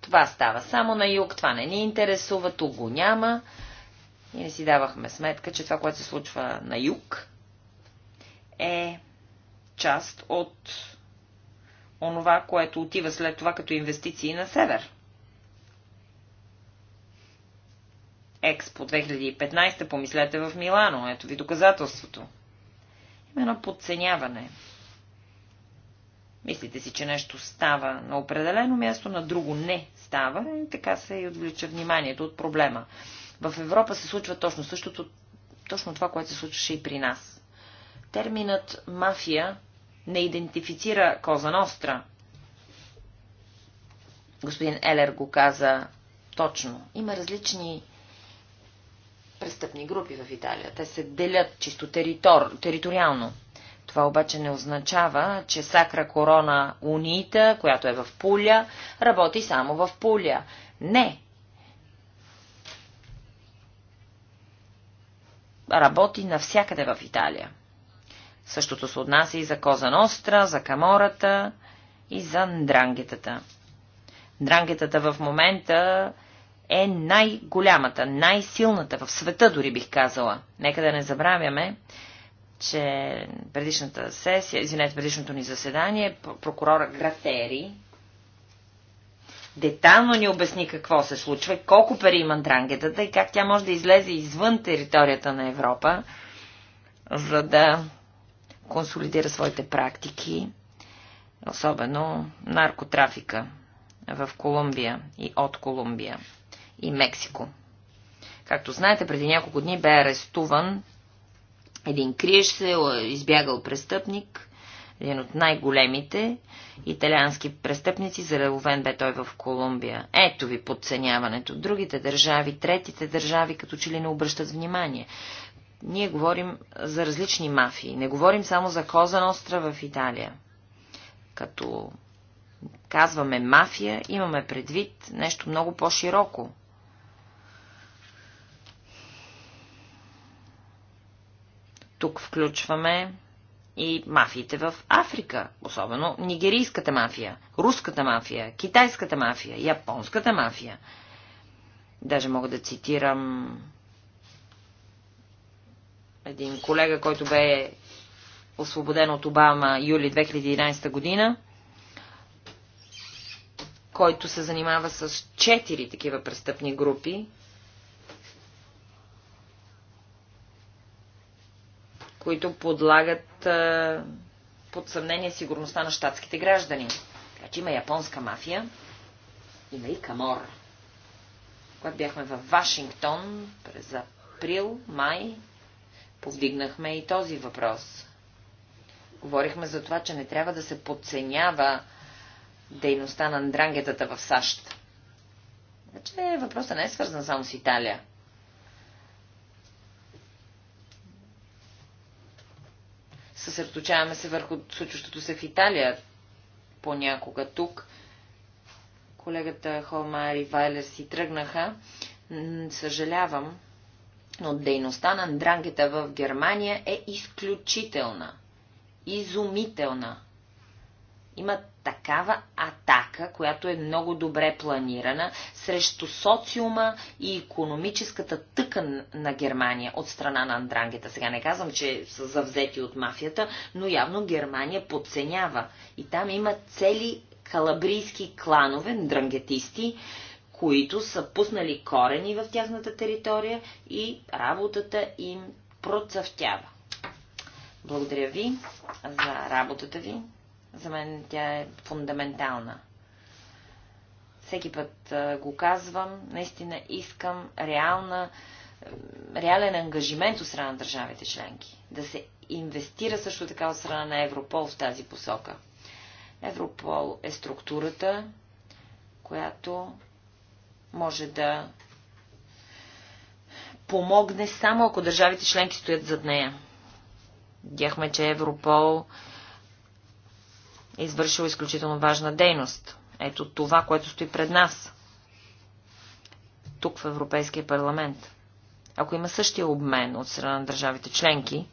това става само на юг, това не ни интересува, тук го няма. И не си давахме сметка, че това, което се случва на юг, е част от онова, което отива след това като инвестиции на север. Експо 2015, помислете в Милано. Ето ви доказателството. Има едно подценяване. Мислите си, че нещо става на определено място, на друго не става и така се и отвлича вниманието от проблема. В Европа се случва точно същото, точно това, което се случваше и при нас. Терминът мафия не идентифицира Коза Ностра. Господин Елер го каза точно. Има различни престъпни групи в Италия. Те се делят чисто територ, териториално. Това обаче не означава, че Сакра Корона Унита, която е в Пуля, работи само в Пуля. Не. Работи навсякъде в Италия. Същото се отнася и за Коза Ностра, за Камората и за Ндрангетата. Дрангетата в момента е най-голямата, най-силната в света, дори бих казала. Нека да не забравяме, че предишната сесия, извинете, предишното ни заседание, прокурора Гратери детално ни обясни какво се случва и колко пари има дрангетата и как тя може да излезе извън територията на Европа, за да консолидира своите практики, особено наркотрафика в Колумбия и от Колумбия и Мексико. Както знаете, преди няколко дни бе арестуван един криеш се, избягал престъпник, един от най-големите италиански престъпници, заловен бе той в Колумбия. Ето ви подценяването. Другите държави, третите държави, като че ли не обръщат внимание. Ние говорим за различни мафии. Не говорим само за Коза Ностра в Италия. Като казваме мафия, имаме предвид нещо много по-широко. Тук включваме и мафиите в Африка, особено нигерийската мафия, руската мафия, китайската мафия, японската мафия. Даже мога да цитирам един колега, който бе освободен от Обама юли 2011 година, който се занимава с четири такива престъпни групи, които подлагат а, под съмнение сигурността на щатските граждани. Така че има японска мафия, има и Камор. Когато бяхме в Вашингтон през април, май, повдигнахме и този въпрос. Говорихме за това, че не трябва да се подценява дейността на дрангетата в САЩ. Значи въпросът не е свързан само с Италия. Съсредоточаваме се върху случващото се в Италия понякога тук. Колегата Холмайер и Вайлер си тръгнаха. Съжалявам, но дейността на дрангета в Германия е изключителна. Изумителна. Има такава атака, която е много добре планирана срещу социума и економическата тъкан на Германия от страна на Андрангета. Сега не казвам, че са завзети от мафията, но явно Германия подценява. И там има цели калабрийски кланове, дрангетисти, които са пуснали корени в тяхната територия и работата им процъфтява. Благодаря ви за работата ви. За мен тя е фундаментална. Всеки път го казвам, наистина искам реална, реален ангажимент от страна на държавите членки. Да се инвестира също така от страна на Европол в тази посока. Европол е структурата, която може да помогне само ако държавите членки стоят зад нея. Дяхме, че Европол е извършил изключително важна дейност. Ето това, което стои пред нас. Тук в Европейския парламент. Ако има същия обмен от страна на държавите членки,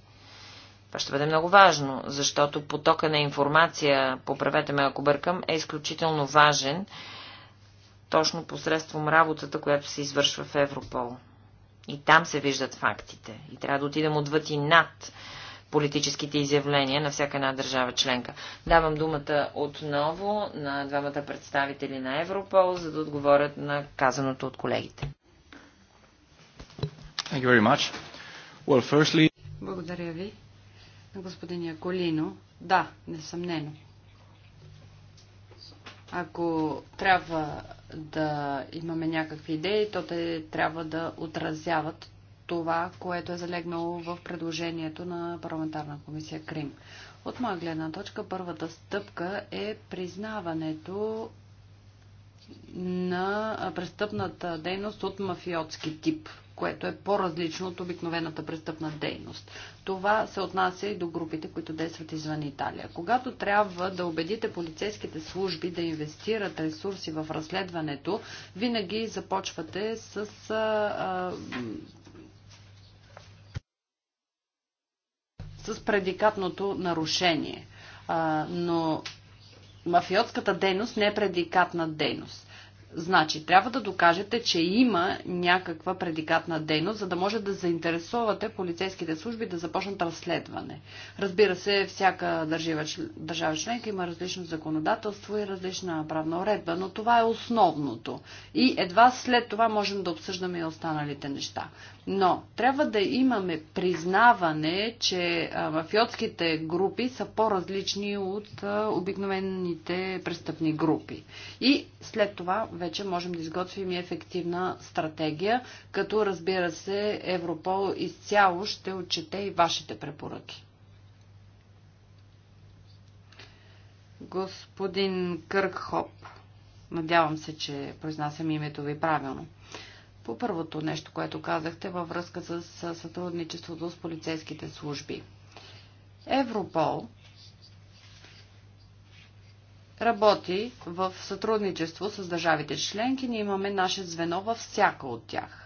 това ще бъде много важно, защото потока на информация, поправете ме ако бъркам, е изключително важен точно посредством работата, която се извършва в Европол. И там се виждат фактите. И трябва да отидем отвъд и над политическите изявления на всяка една държава членка. Давам думата отново на двамата представители на Европол, за да отговорят на казаното от колегите. Well, firstly... Благодаря ви. На господин Яколино, да, несъмнено. Ако трябва да имаме някакви идеи, то те трябва да отразяват това, което е залегнало в предложението на парламентарна комисия Крим. От моя гледна точка, първата стъпка е признаването на престъпната дейност от мафиотски тип, което е по-различно от обикновената престъпна дейност. Това се отнася и до групите, които действат извън Италия. Когато трябва да убедите полицейските служби да инвестират ресурси в разследването, винаги започвате с а, а, с предикатното нарушение. А, но мафиотската дейност не е предикатна дейност. Значи, трябва да докажете, че има някаква предикатна дейност, за да може да заинтересувате полицейските служби да започнат разследване. Разбира се, всяка държава членка има различно законодателство и различна правна уредба, но това е основното. И едва след това можем да обсъждаме и останалите неща. Но трябва да имаме признаване, че мафиотските групи са по-различни от обикновените престъпни групи. И след това вече можем да изготвим и ефективна стратегия, като разбира се Европол изцяло ще отчете и вашите препоръки. Господин Къркхоп, надявам се, че произнасям името ви правилно. По първото нещо, което казахте във връзка с сътрудничеството с полицейските служби. Европол работи в сътрудничество с държавите членки. Ние имаме наше звено във всяка от тях.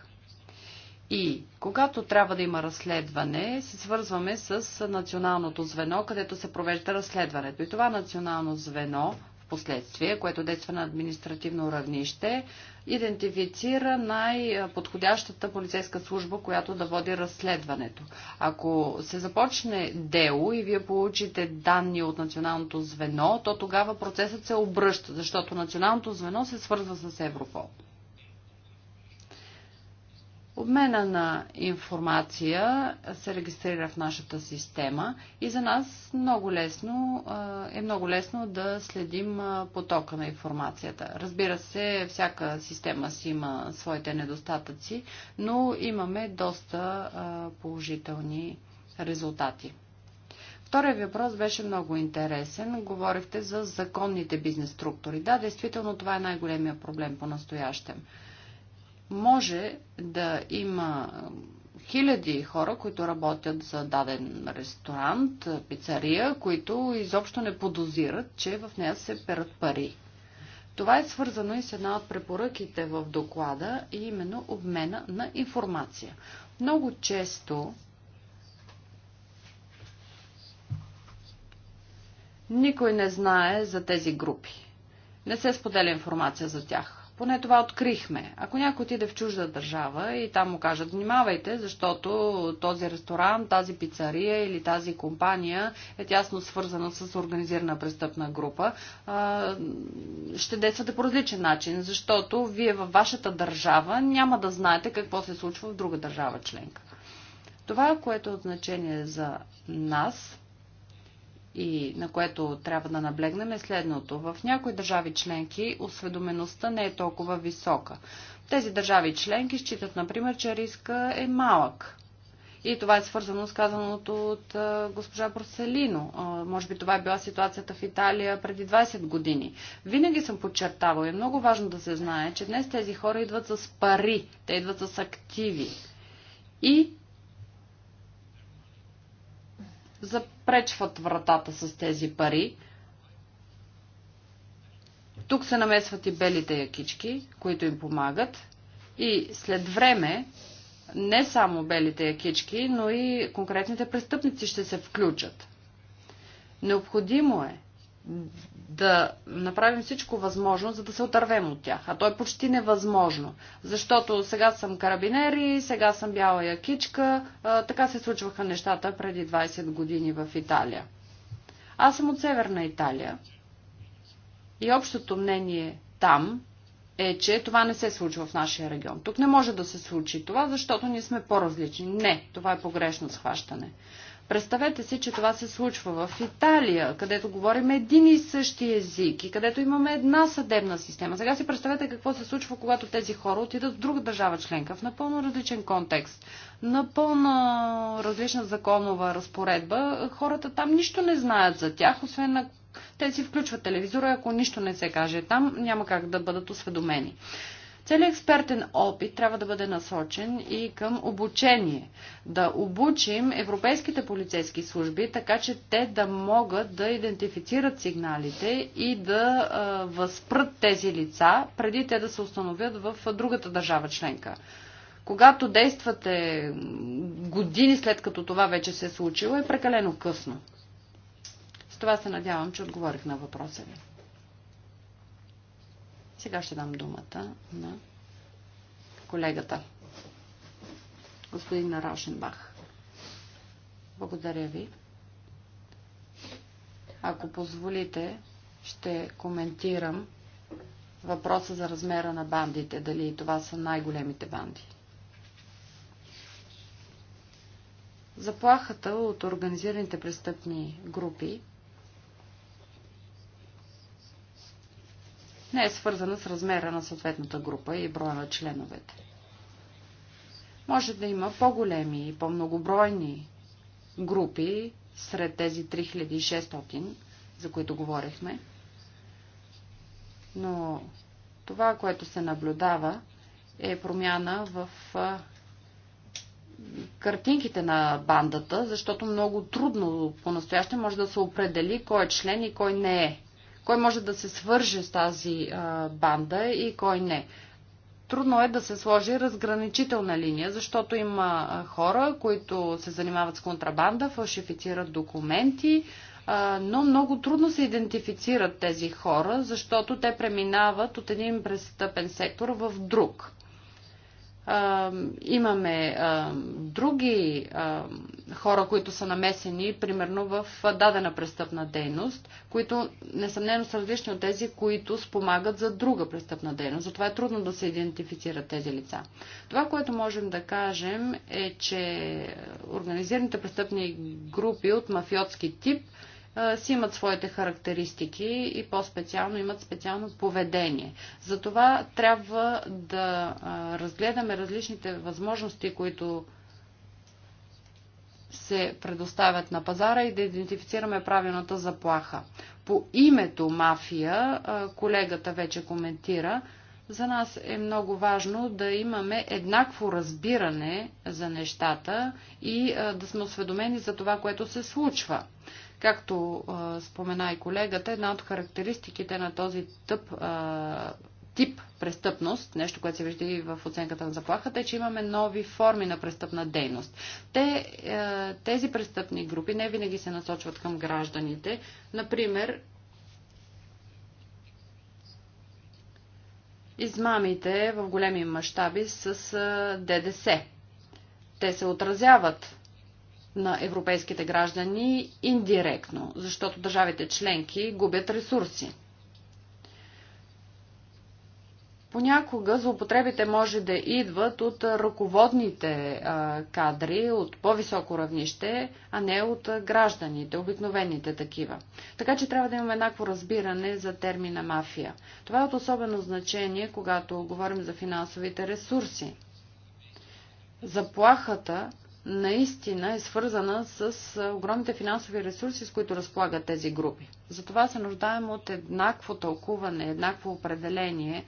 И когато трябва да има разследване, се свързваме с националното звено, където се провежда разследването. И това национално звено последствие, което действа на административно равнище, идентифицира най-подходящата полицейска служба, която да води разследването. Ако се започне дело и вие получите данни от националното звено, то тогава процесът се обръща, защото националното звено се свързва с Европол. Обмена на информация се регистрира в нашата система и за нас много лесно, е много лесно да следим потока на информацията. Разбира се, всяка система си има своите недостатъци, но имаме доста положителни резултати. Вторият въпрос беше много интересен. Говорихте за законните бизнес структури. Да, действително това е най-големия проблем по настоящем. Може да има хиляди хора, които работят за даден ресторант, пицария, които изобщо не подозират, че в нея се перат пари. Това е свързано и с една от препоръките в доклада и именно обмена на информация. Много често никой не знае за тези групи. Не се споделя информация за тях. Поне това открихме. Ако някой отиде в чужда държава и там му кажат, внимавайте, защото този ресторант, тази пицария или тази компания е тясно свързана с организирана престъпна група, ще действате по различен начин, защото вие във вашата държава няма да знаете какво се случва в друга държава членка. Това, което е от значение за нас, и на което трябва да наблегнем е следното. В някои държави членки осведомеността не е толкова висока. Тези държави членки считат, например, че риска е малък. И това е свързано с казаното от госпожа Борселино. Може би това е била ситуацията в Италия преди 20 години. Винаги съм подчертавал и е много важно да се знае, че днес тези хора идват с пари, те идват с активи. И запречват вратата с тези пари. Тук се намесват и белите якички, които им помагат. И след време не само белите якички, но и конкретните престъпници ще се включат. Необходимо е да направим всичко възможно, за да се отървем от тях. А то е почти невъзможно. Защото сега съм карабинери, сега съм бяла якичка. А, така се случваха нещата преди 20 години в Италия. Аз съм от Северна Италия. И общото мнение там е, че това не се случва в нашия регион. Тук не може да се случи това, защото ние сме по-различни. Не, това е погрешно схващане. Представете си, че това се случва в Италия, където говорим един и същи език и където имаме една съдебна система. Сега си представете какво се случва, когато тези хора отидат в друга държава членка, в напълно различен контекст, напълно различна законова разпоредба. Хората там нищо не знаят за тях, освен на те си включват телевизора, ако нищо не се каже там, няма как да бъдат осведомени. Целият експертен опит трябва да бъде насочен и към обучение. Да обучим европейските полицейски служби, така че те да могат да идентифицират сигналите и да а, възпрат тези лица, преди те да се установят в другата държава членка. Когато действате години след като това вече се е случило, е прекалено късно. С това се надявам, че отговорих на въпроса ви. Сега ще дам думата на колегата, господин Раушенбах. Благодаря ви. Ако позволите, ще коментирам въпроса за размера на бандите, дали това са най-големите банди. Заплахата от организираните престъпни групи не е свързана с размера на съответната група и броя на членовете. Може да има по-големи и по-многобройни групи сред тези 3600, за които говорихме, но това, което се наблюдава, е промяна в картинките на бандата, защото много трудно по-настояще може да се определи кой е член и кой не е. Кой може да се свърже с тази а, банда и кой не. Трудно е да се сложи разграничителна линия, защото има хора, които се занимават с контрабанда, фалшифицират документи, но много трудно се идентифицират тези хора, защото те преминават от един престъпен сектор в друг имаме други хора, които са намесени, примерно в дадена престъпна дейност, които несъмнено са различни от тези, които спомагат за друга престъпна дейност. Затова е трудно да се идентифицират тези лица. Това, което можем да кажем е, че организираните престъпни групи от мафиотски тип – си имат своите характеристики и по-специално имат специално поведение. Затова трябва да разгледаме различните възможности, които се предоставят на пазара и да идентифицираме правилната заплаха. По името мафия, колегата вече коментира, за нас е много важно да имаме еднакво разбиране за нещата и да сме осведомени за това, което се случва. Както а, спомена и колегата, една от характеристиките на този тъп, а, тип престъпност, нещо, което се вижда и в оценката на заплахата, е, че имаме нови форми на престъпна дейност. Те, а, тези престъпни групи не винаги се насочват към гражданите. Например, измамите в големи мащаби с ДДС. Те се отразяват на европейските граждани индиректно, защото държавите членки губят ресурси. Понякога злоупотребите може да идват от ръководните кадри, от по-високо равнище, а не от гражданите, обикновените такива. Така че трябва да имаме еднакво разбиране за термина мафия. Това е от особено значение, когато говорим за финансовите ресурси. Заплахата наистина е свързана с огромните финансови ресурси, с които разполагат тези групи. Затова се нуждаем от еднакво тълкуване, еднакво определение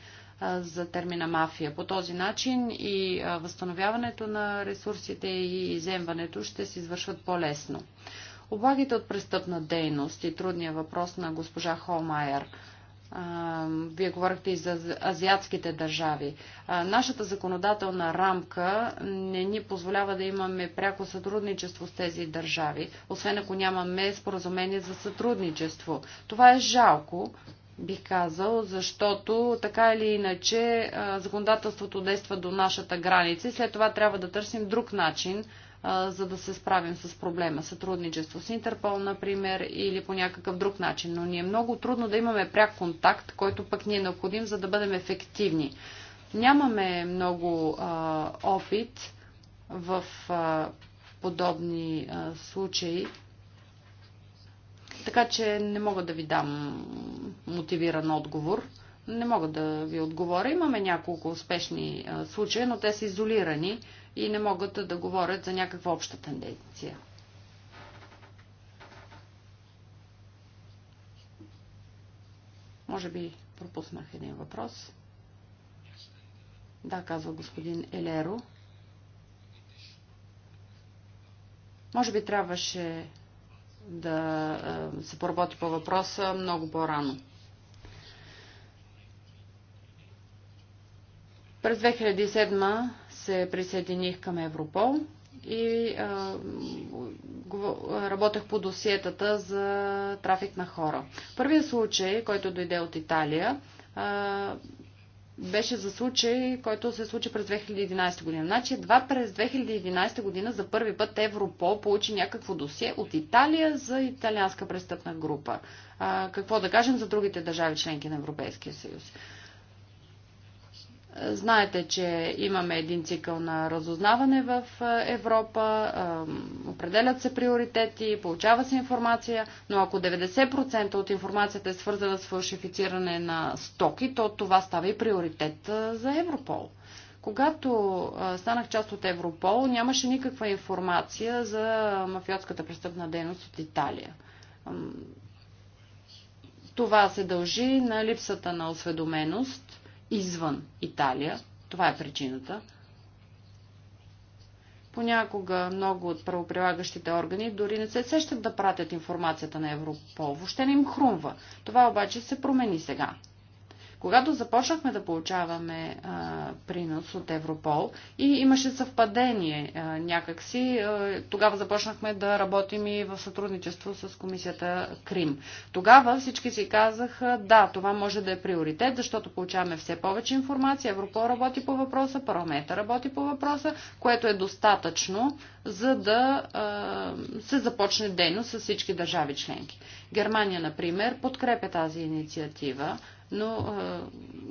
за термина мафия. По този начин и възстановяването на ресурсите и иземването ще се извършват по-лесно. Облагите от престъпна дейност и трудния въпрос на госпожа Холмайер – вие говорихте и за азиатските държави. Нашата законодателна рамка не ни позволява да имаме пряко сътрудничество с тези държави, освен ако нямаме споразумение за сътрудничество. Това е жалко, бих казал, защото така или иначе законодателството действа до нашата граница и след това трябва да търсим друг начин за да се справим с проблема. Сътрудничество с Интерпол, например, или по някакъв друг начин. Но ни е много трудно да имаме пряк контакт, който пък ни е необходим, за да бъдем ефективни. Нямаме много а, опит в а, подобни а, случаи, така че не мога да ви дам мотивиран отговор. Не мога да ви отговоря. Имаме няколко успешни случаи, но те са изолирани и не могат да говорят за някаква обща тенденция. Може би пропуснах един въпрос. Да, казва господин Елеро. Може би трябваше да се поработи по въпроса много по-рано. През 2007 се присъединих към Европол и работех по досиетата за трафик на хора. Първият случай, който дойде от Италия, беше за случай, който се случи през 2011 година. Значи едва през 2011 година за първи път Европол получи някакво досие от Италия за италианска престъпна група. А, какво да кажем за другите държави членки на Европейския съюз? Знаете, че имаме един цикъл на разузнаване в Европа, определят се приоритети, получава се информация, но ако 90% от информацията е свързана с фалшифициране на стоки, то това става и приоритет за Европол. Когато станах част от Европол, нямаше никаква информация за мафиотската престъпна дейност от Италия. Това се дължи на липсата на осведоменост – извън Италия. Това е причината. Понякога много от правоприлагащите органи дори не се сещат да пратят информацията на Европол. Въобще не им хрумва. Това обаче се промени сега. Когато започнахме да получаваме а, принос от Европол и имаше съвпадение а, някакси, а, тогава започнахме да работим и в сътрудничество с комисията Крим. Тогава всички си казаха, да, това може да е приоритет, защото получаваме все повече информация, Европол работи по въпроса, парламента работи по въпроса, което е достатъчно, за да а, се започне дейност с всички държави членки. Германия, например, подкрепя тази инициатива но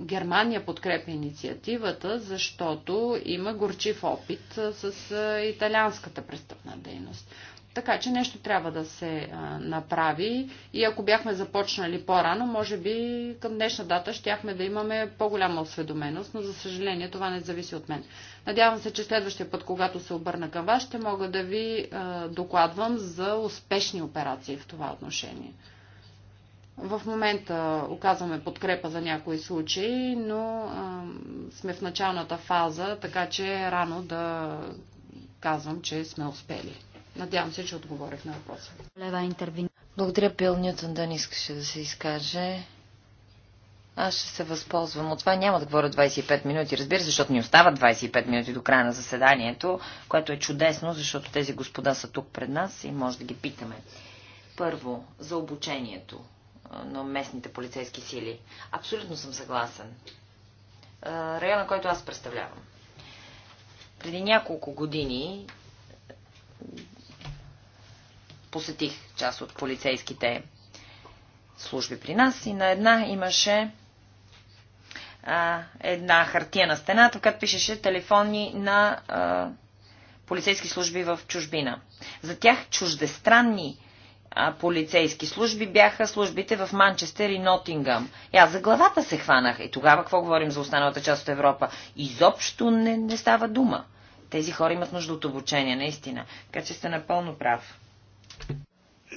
Германия подкрепя инициативата, защото има горчив опит с италианската престъпна дейност. Така че нещо трябва да се направи и ако бяхме започнали по-рано, може би към днешна дата щяхме да имаме по-голяма осведоменост, но за съжаление това не зависи от мен. Надявам се, че следващия път, когато се обърна към вас, ще мога да ви докладвам за успешни операции в това отношение. В момента оказваме подкрепа за някои случаи, но а, сме в началната фаза, така че е рано да казвам, че сме успели. Надявам се, че отговорих на въпроса. Лева интервю. Благодаря, Бил Нютон, да не искаше да се изкаже. Аз ще се възползвам от това. Няма да говоря 25 минути, разбира се, защото ни остават 25 минути до края на заседанието, което е чудесно, защото тези господа са тук пред нас и може да ги питаме. Първо, за обучението на местните полицейски сили. Абсолютно съм съгласен. Района, който аз представлявам. Преди няколко години посетих част от полицейските служби при нас и на една имаше а, една хартия на стената, в която пишеше телефони на а, полицейски служби в чужбина. За тях чуждестранни полицейски служби бяха службите в Манчестър и Нотингъм. И аз за главата се хванах. И е, тогава какво говорим за останалата част от Европа? Изобщо не, не става дума. Тези хора имат нужда от обучение, наистина. Така че сте напълно прав.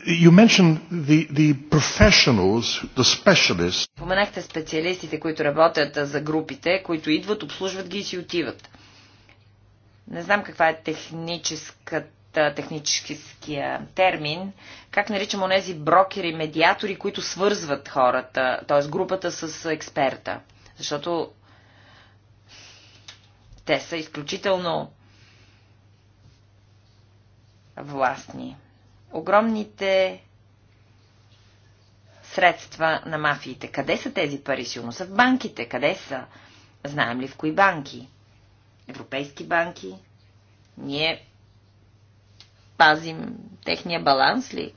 You mentioned the, the professionals, the specialists. Поменахте специалистите, които работят за групите, които идват, обслужват ги и си отиват. Не знам каква е техническата техническия термин, как наричам онези брокери, медиатори, които свързват хората, т.е. групата с експерта. Защото те са изключително властни. Огромните средства на мафиите. Къде са тези пари? Силно са в банките. Къде са? Знаем ли в кои банки? Европейски банки? Ние пазим техния баланс ли?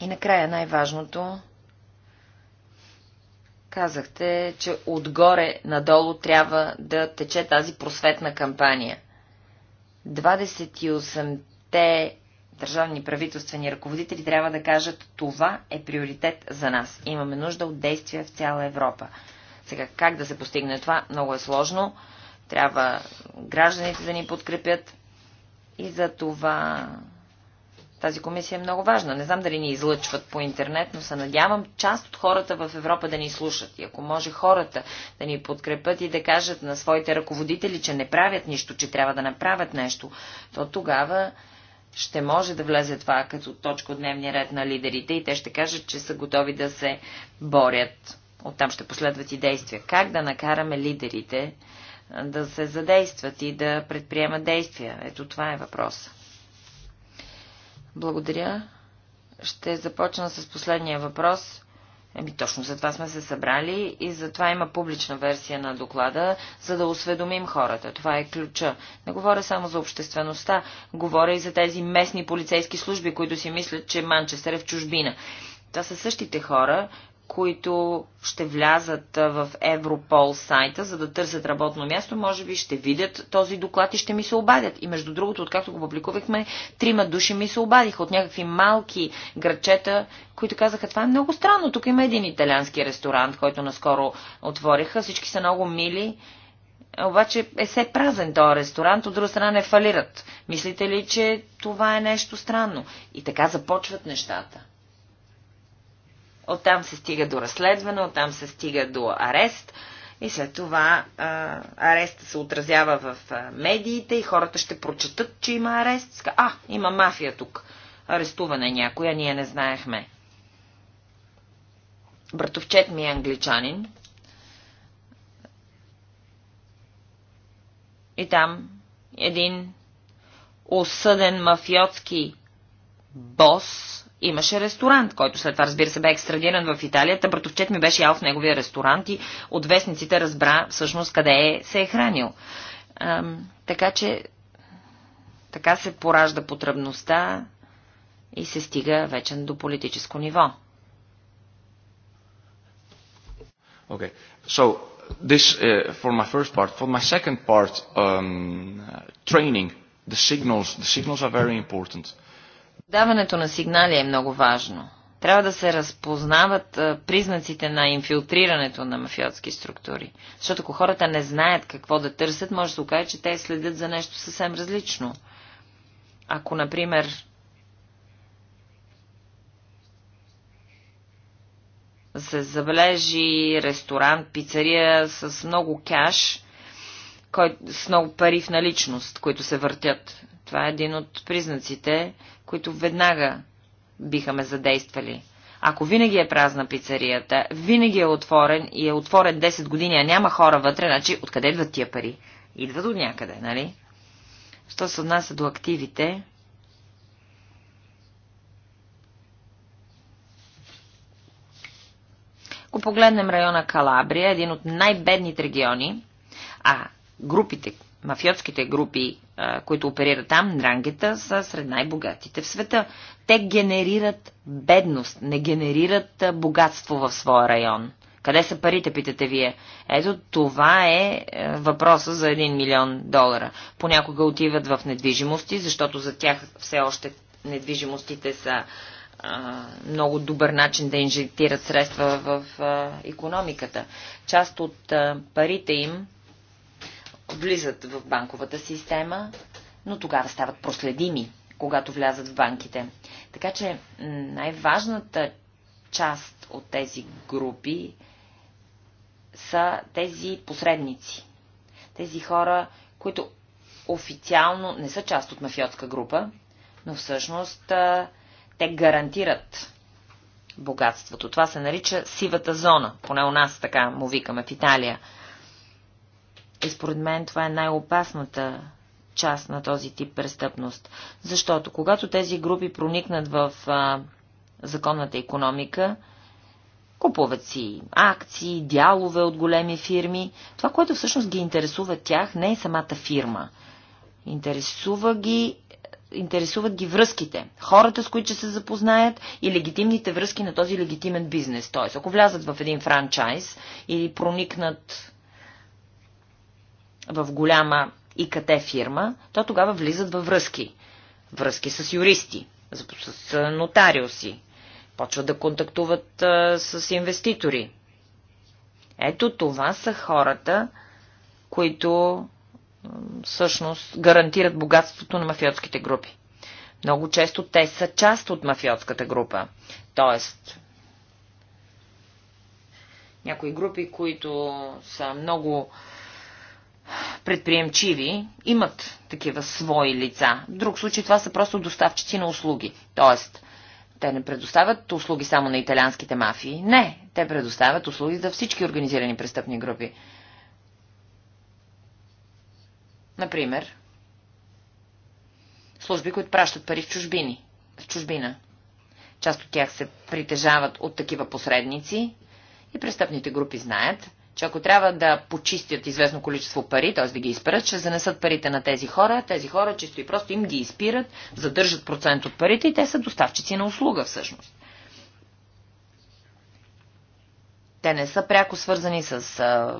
И накрая най-важното. Казахте, че отгоре надолу трябва да тече тази просветна кампания. 28-те държавни правителствени ръководители трябва да кажат, това е приоритет за нас. Имаме нужда от действия в цяла Европа. Сега, как да се постигне това? Много е сложно. Трябва гражданите да ни подкрепят. И за това тази комисия е много важна. Не знам дали ни излъчват по интернет, но се надявам част от хората в Европа да ни слушат. И ако може хората да ни подкрепят и да кажат на своите ръководители, че не правят нищо, че трябва да направят нещо, то тогава ще може да влезе това като точка от дневния ред на лидерите и те ще кажат, че са готови да се борят. Оттам ще последват и действия. Как да накараме лидерите да се задействат и да предприемат действия. Ето това е въпрос. Благодаря. Ще започна с последния въпрос. Еми, точно за това сме се събрали и за това има публична версия на доклада, за да осведомим хората. Това е ключа. Не говоря само за обществеността, говоря и за тези местни полицейски служби, които си мислят, че Манчестър е в чужбина. Това са същите хора, които ще влязат в Европол сайта, за да търсят работно място, може би ще видят този доклад и ще ми се обадят. И между другото, откакто го публикувахме, трима души ми се обадиха от някакви малки грачета, които казаха, това е много странно, тук има един италиански ресторант, който наскоро отвориха, всички са много мили, обаче е се празен този ресторант, от друга страна не фалират. Мислите ли, че това е нещо странно? И така започват нещата оттам се стига до разследване, оттам се стига до арест и след това а, се отразява в а, медиите и хората ще прочетат, че има арест. А, има мафия тук. Арестуване някоя, ние не знаехме. Братовчет ми е англичанин. И там един осъден мафиотски бос Имаше ресторант, който след това, разбира се, бе екстрадиран в Италия. Та братовчет ми беше ял в неговия ресторант и от вестниците разбра всъщност къде е, се е хранил. Ам, така че така се поражда потребността и се стига вече до политическо ниво. Okay. So this uh, for my first part. For my second part, um, uh, training. The signals. The signals are very important. Uh, Даването на сигнали е много важно. Трябва да се разпознават признаците на инфилтрирането на мафиотски структури. Защото ако хората не знаят какво да търсят, може да се окаже, че те следят за нещо съвсем различно. Ако, например, се забележи ресторант, пицария с много кеш, с много пари в наличност, които се въртят. Това е един от признаците, които веднага биха ме задействали. Ако винаги е празна пицарията, винаги е отворен и е отворен 10 години, а няма хора вътре, значи откъде идват тия пари? Идват от някъде, нали? Що се отнася до активите, Ако погледнем района Калабрия, един от най-бедните региони, а групите, мафиотските групи, които оперират там, дрангета, са сред най-богатите в света. Те генерират бедност, не генерират богатство в своя район. Къде са парите, питате вие? Ето това е, е въпроса за 1 милион долара. Понякога отиват в недвижимости, защото за тях все още недвижимостите са а, много добър начин да инжектират средства в а, економиката. Част от а, парите им влизат в банковата система, но тогава стават проследими, когато влязат в банките. Така че най-важната част от тези групи са тези посредници. Тези хора, които официално не са част от мафиотска група, но всъщност те гарантират богатството. Това се нарича сивата зона, поне у нас така му викаме в Италия – и според мен това е най-опасната част на този тип престъпност. Защото когато тези групи проникнат в а, законната економика, купуват си акции, дялове от големи фирми. Това, което всъщност ги интересува тях, не е самата фирма. Интересува ги интересуват ги връзките, хората с които ще се запознаят и легитимните връзки на този легитимен бизнес. Т.е. ако влязат в един франчайз или проникнат в голяма ИКТ фирма, то тогава влизат във връзки. Връзки с юристи, с нотариуси. Почват да контактуват а, с инвеститори. Ето това са хората, които всъщност гарантират богатството на мафиотските групи. Много често те са част от мафиотската група. Тоест, някои групи, които са много предприемчиви имат такива свои лица. В друг случай това са просто доставчици на услуги. Тоест, те не предоставят услуги само на италианските мафии. Не, те предоставят услуги за всички организирани престъпни групи. Например, служби, които пращат пари в чужбини, в чужбина. Част от тях се притежават от такива посредници и престъпните групи знаят, че ако трябва да почистят известно количество пари, т.е. да ги изпират, ще занесат парите на тези хора. Тези хора чисто и просто им ги изпират, задържат процент от парите и те са доставчици на услуга всъщност. Те не са пряко свързани с а,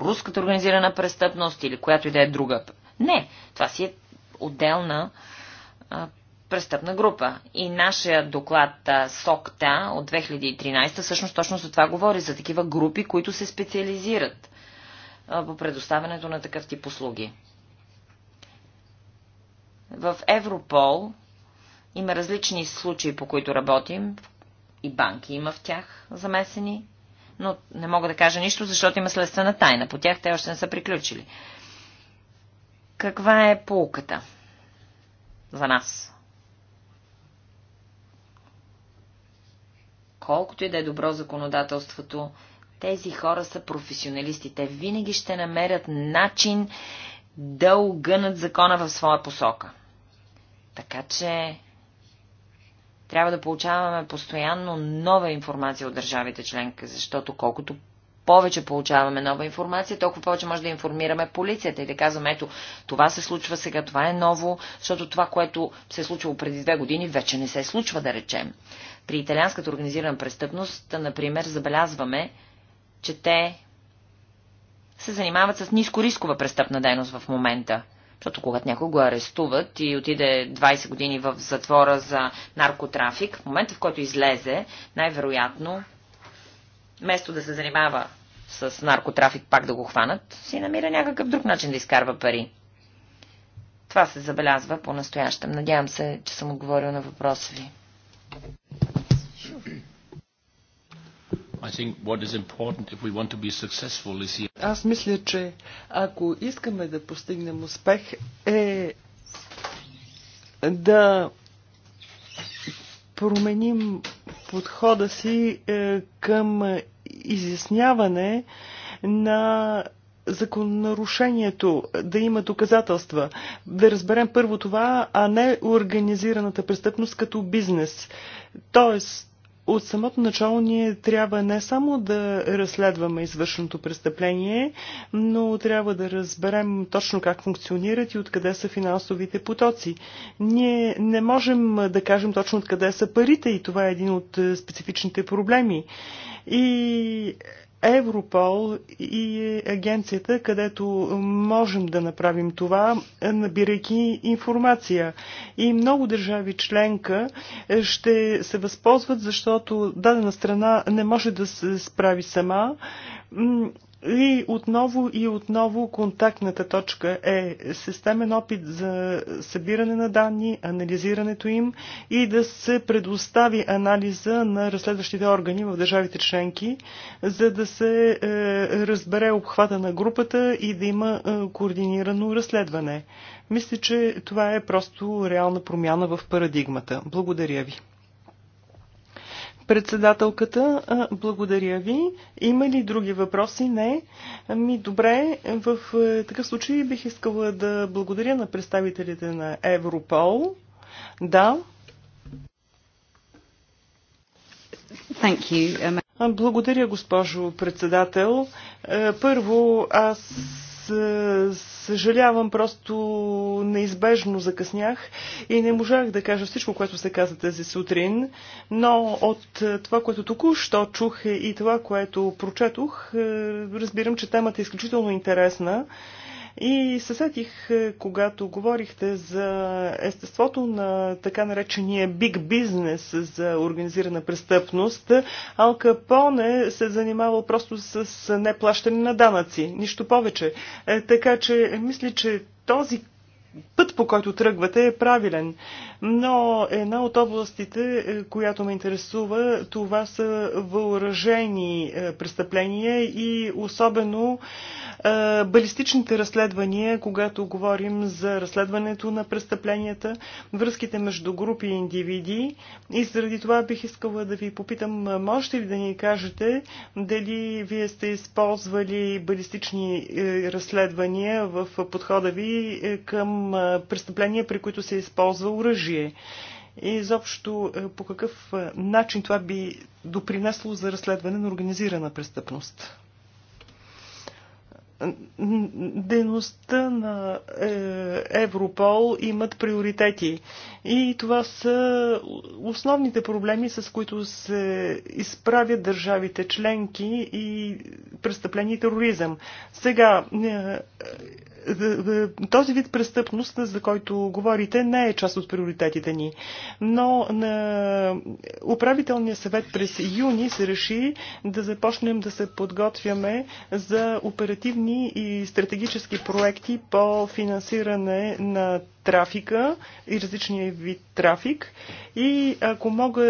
руската организирана престъпност или която и да е друга. Не, това си е отделна а, престъпна група. И нашия доклад СОКТА от 2013 всъщност точно за това говори, за такива групи, които се специализират по предоставянето на такъв тип услуги. В Европол има различни случаи, по които работим. И банки има в тях замесени. Но не мога да кажа нищо, защото има следствена тайна. По тях те още не са приключили. Каква е полуката за нас? колкото и да е добро законодателството, тези хора са професионалисти. Те винаги ще намерят начин да огънат закона в своя посока. Така че трябва да получаваме постоянно нова информация от държавите членки, защото колкото повече получаваме нова информация, толкова повече може да информираме полицията и да казваме, ето, това се случва сега, това е ново, защото това, което се е случило преди две години, вече не се случва, да речем. При италианската организирана престъпност, например, забелязваме, че те се занимават с нискорискова престъпна дейност в момента. Защото когато някой го арестуват и отиде 20 години в затвора за наркотрафик, в момента в който излезе, най-вероятно, вместо да се занимава с наркотрафик пак да го хванат, си намира някакъв друг начин да изкарва пари. Това се забелязва по-настоящем. Надявам се, че съм отговорил на въпроса ви. Аз мисля, че ако искаме да постигнем успех, е да променим подхода си е, към изясняване на закононарушението, да има доказателства, да разберем първо това, а не организираната престъпност като бизнес. Тоест, от самото начало ние трябва не само да разследваме извършеното престъпление, но трябва да разберем точно как функционират и откъде са финансовите потоци. Ние не можем да кажем точно откъде са парите и това е един от е, специфичните проблеми. И Европол и агенцията, където можем да направим това, набирайки информация. И много държави членка ще се възползват, защото дадена страна не може да се справи сама и отново и отново контактната точка е системен опит за събиране на данни, анализирането им и да се предостави анализа на разследващите органи в държавите членки, за да се е, разбере обхвата на групата и да има е, координирано разследване. Мисля, че това е просто реална промяна в парадигмата. Благодаря ви. Председателката, благодаря ви. Има ли други въпроси? Не. Ми добре, в е, такъв случай бих искала да благодаря на представителите на Европол. Да. Thank you. Um, благодаря, госпожо председател. Е, първо, аз е, Съжалявам, просто неизбежно закъснях и не можах да кажа всичко, което се каза тази сутрин, но от е, това, което току-що чух и това, което прочетох, е, разбирам, че темата е изключително интересна и се сетих, е, когато говорихте за естеството на така наречения биг бизнес за организирана престъпност, Ал Капоне се занимава просто с неплащане на данъци, нищо повече. Е, така че мисля, че този път, по който тръгвате, е правилен. Но една от областите, е, която ме интересува, това са въоръжени е, престъпления и особено е, балистичните разследвания, когато говорим за разследването на престъпленията, връзките между групи и индивиди. И заради това бих искала да ви попитам, можете ли да ни кажете дали вие сте използвали балистични разследвания в подхода ви към престъпления, при които се използва оръжие? оръжие. И изобщо е, по какъв е, начин това би допринесло за разследване на организирана престъпност? дейността на е, Европол имат приоритети. И това са основните проблеми, с които се изправят държавите членки и престъпление и тероризъм. Сега, е, е, този вид престъпност, за който говорите, не е част от приоритетите ни. Но на управителния съвет през юни се реши да започнем да се подготвяме за оперативни и стратегически проекти по финансиране на трафика и различния вид трафик. И ако мога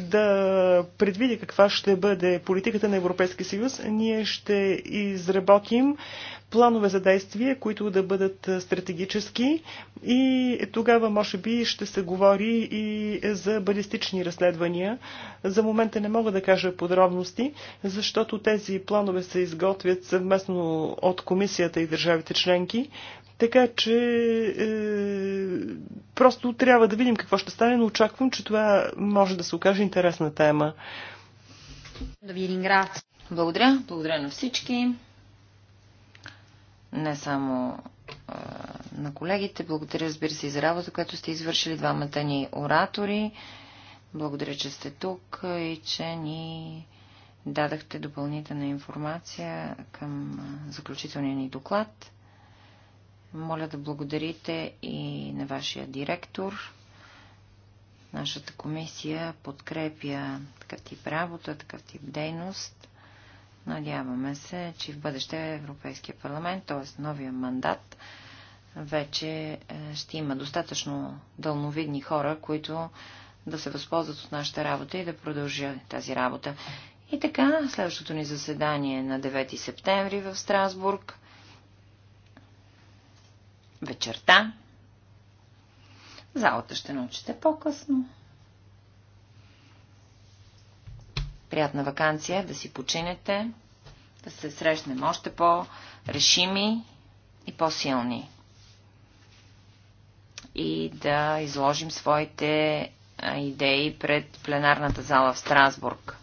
да предвидя каква ще бъде политиката на Европейския съюз, ние ще изработим планове за действие, които да бъдат стратегически и тогава може би ще се говори и за балистични разследвания. За момента не мога да кажа подробности, защото тези планове се изготвят съвместно от комисията и държавите членки, така че е, просто трябва да видим какво ще стане, но очаквам, че това може да се окаже интересна тема. Да ви Благодаря. Благодаря на всички. Не само е, на колегите. Благодаря, разбира се, и за работа, която сте извършили двамата ни оратори. Благодаря, че сте тук и че ни дадахте допълнителна информация към е, заключителния ни доклад. Моля да благодарите и на вашия директор. Нашата комисия подкрепя такъв тип работа, такъв тип дейност. Надяваме се, че в бъдеще Европейския парламент, т.е. новия мандат, вече е, ще има достатъчно дълновидни хора, които да се възползват от нашата работа и да продължа тази работа. И така, следващото ни заседание е на 9 септември в Страсбург вечерта. Залата ще научите по-късно. Приятна вакансия, да си починете, да се срещнем още по-решими и по-силни. И да изложим своите идеи пред пленарната зала в Страсбург.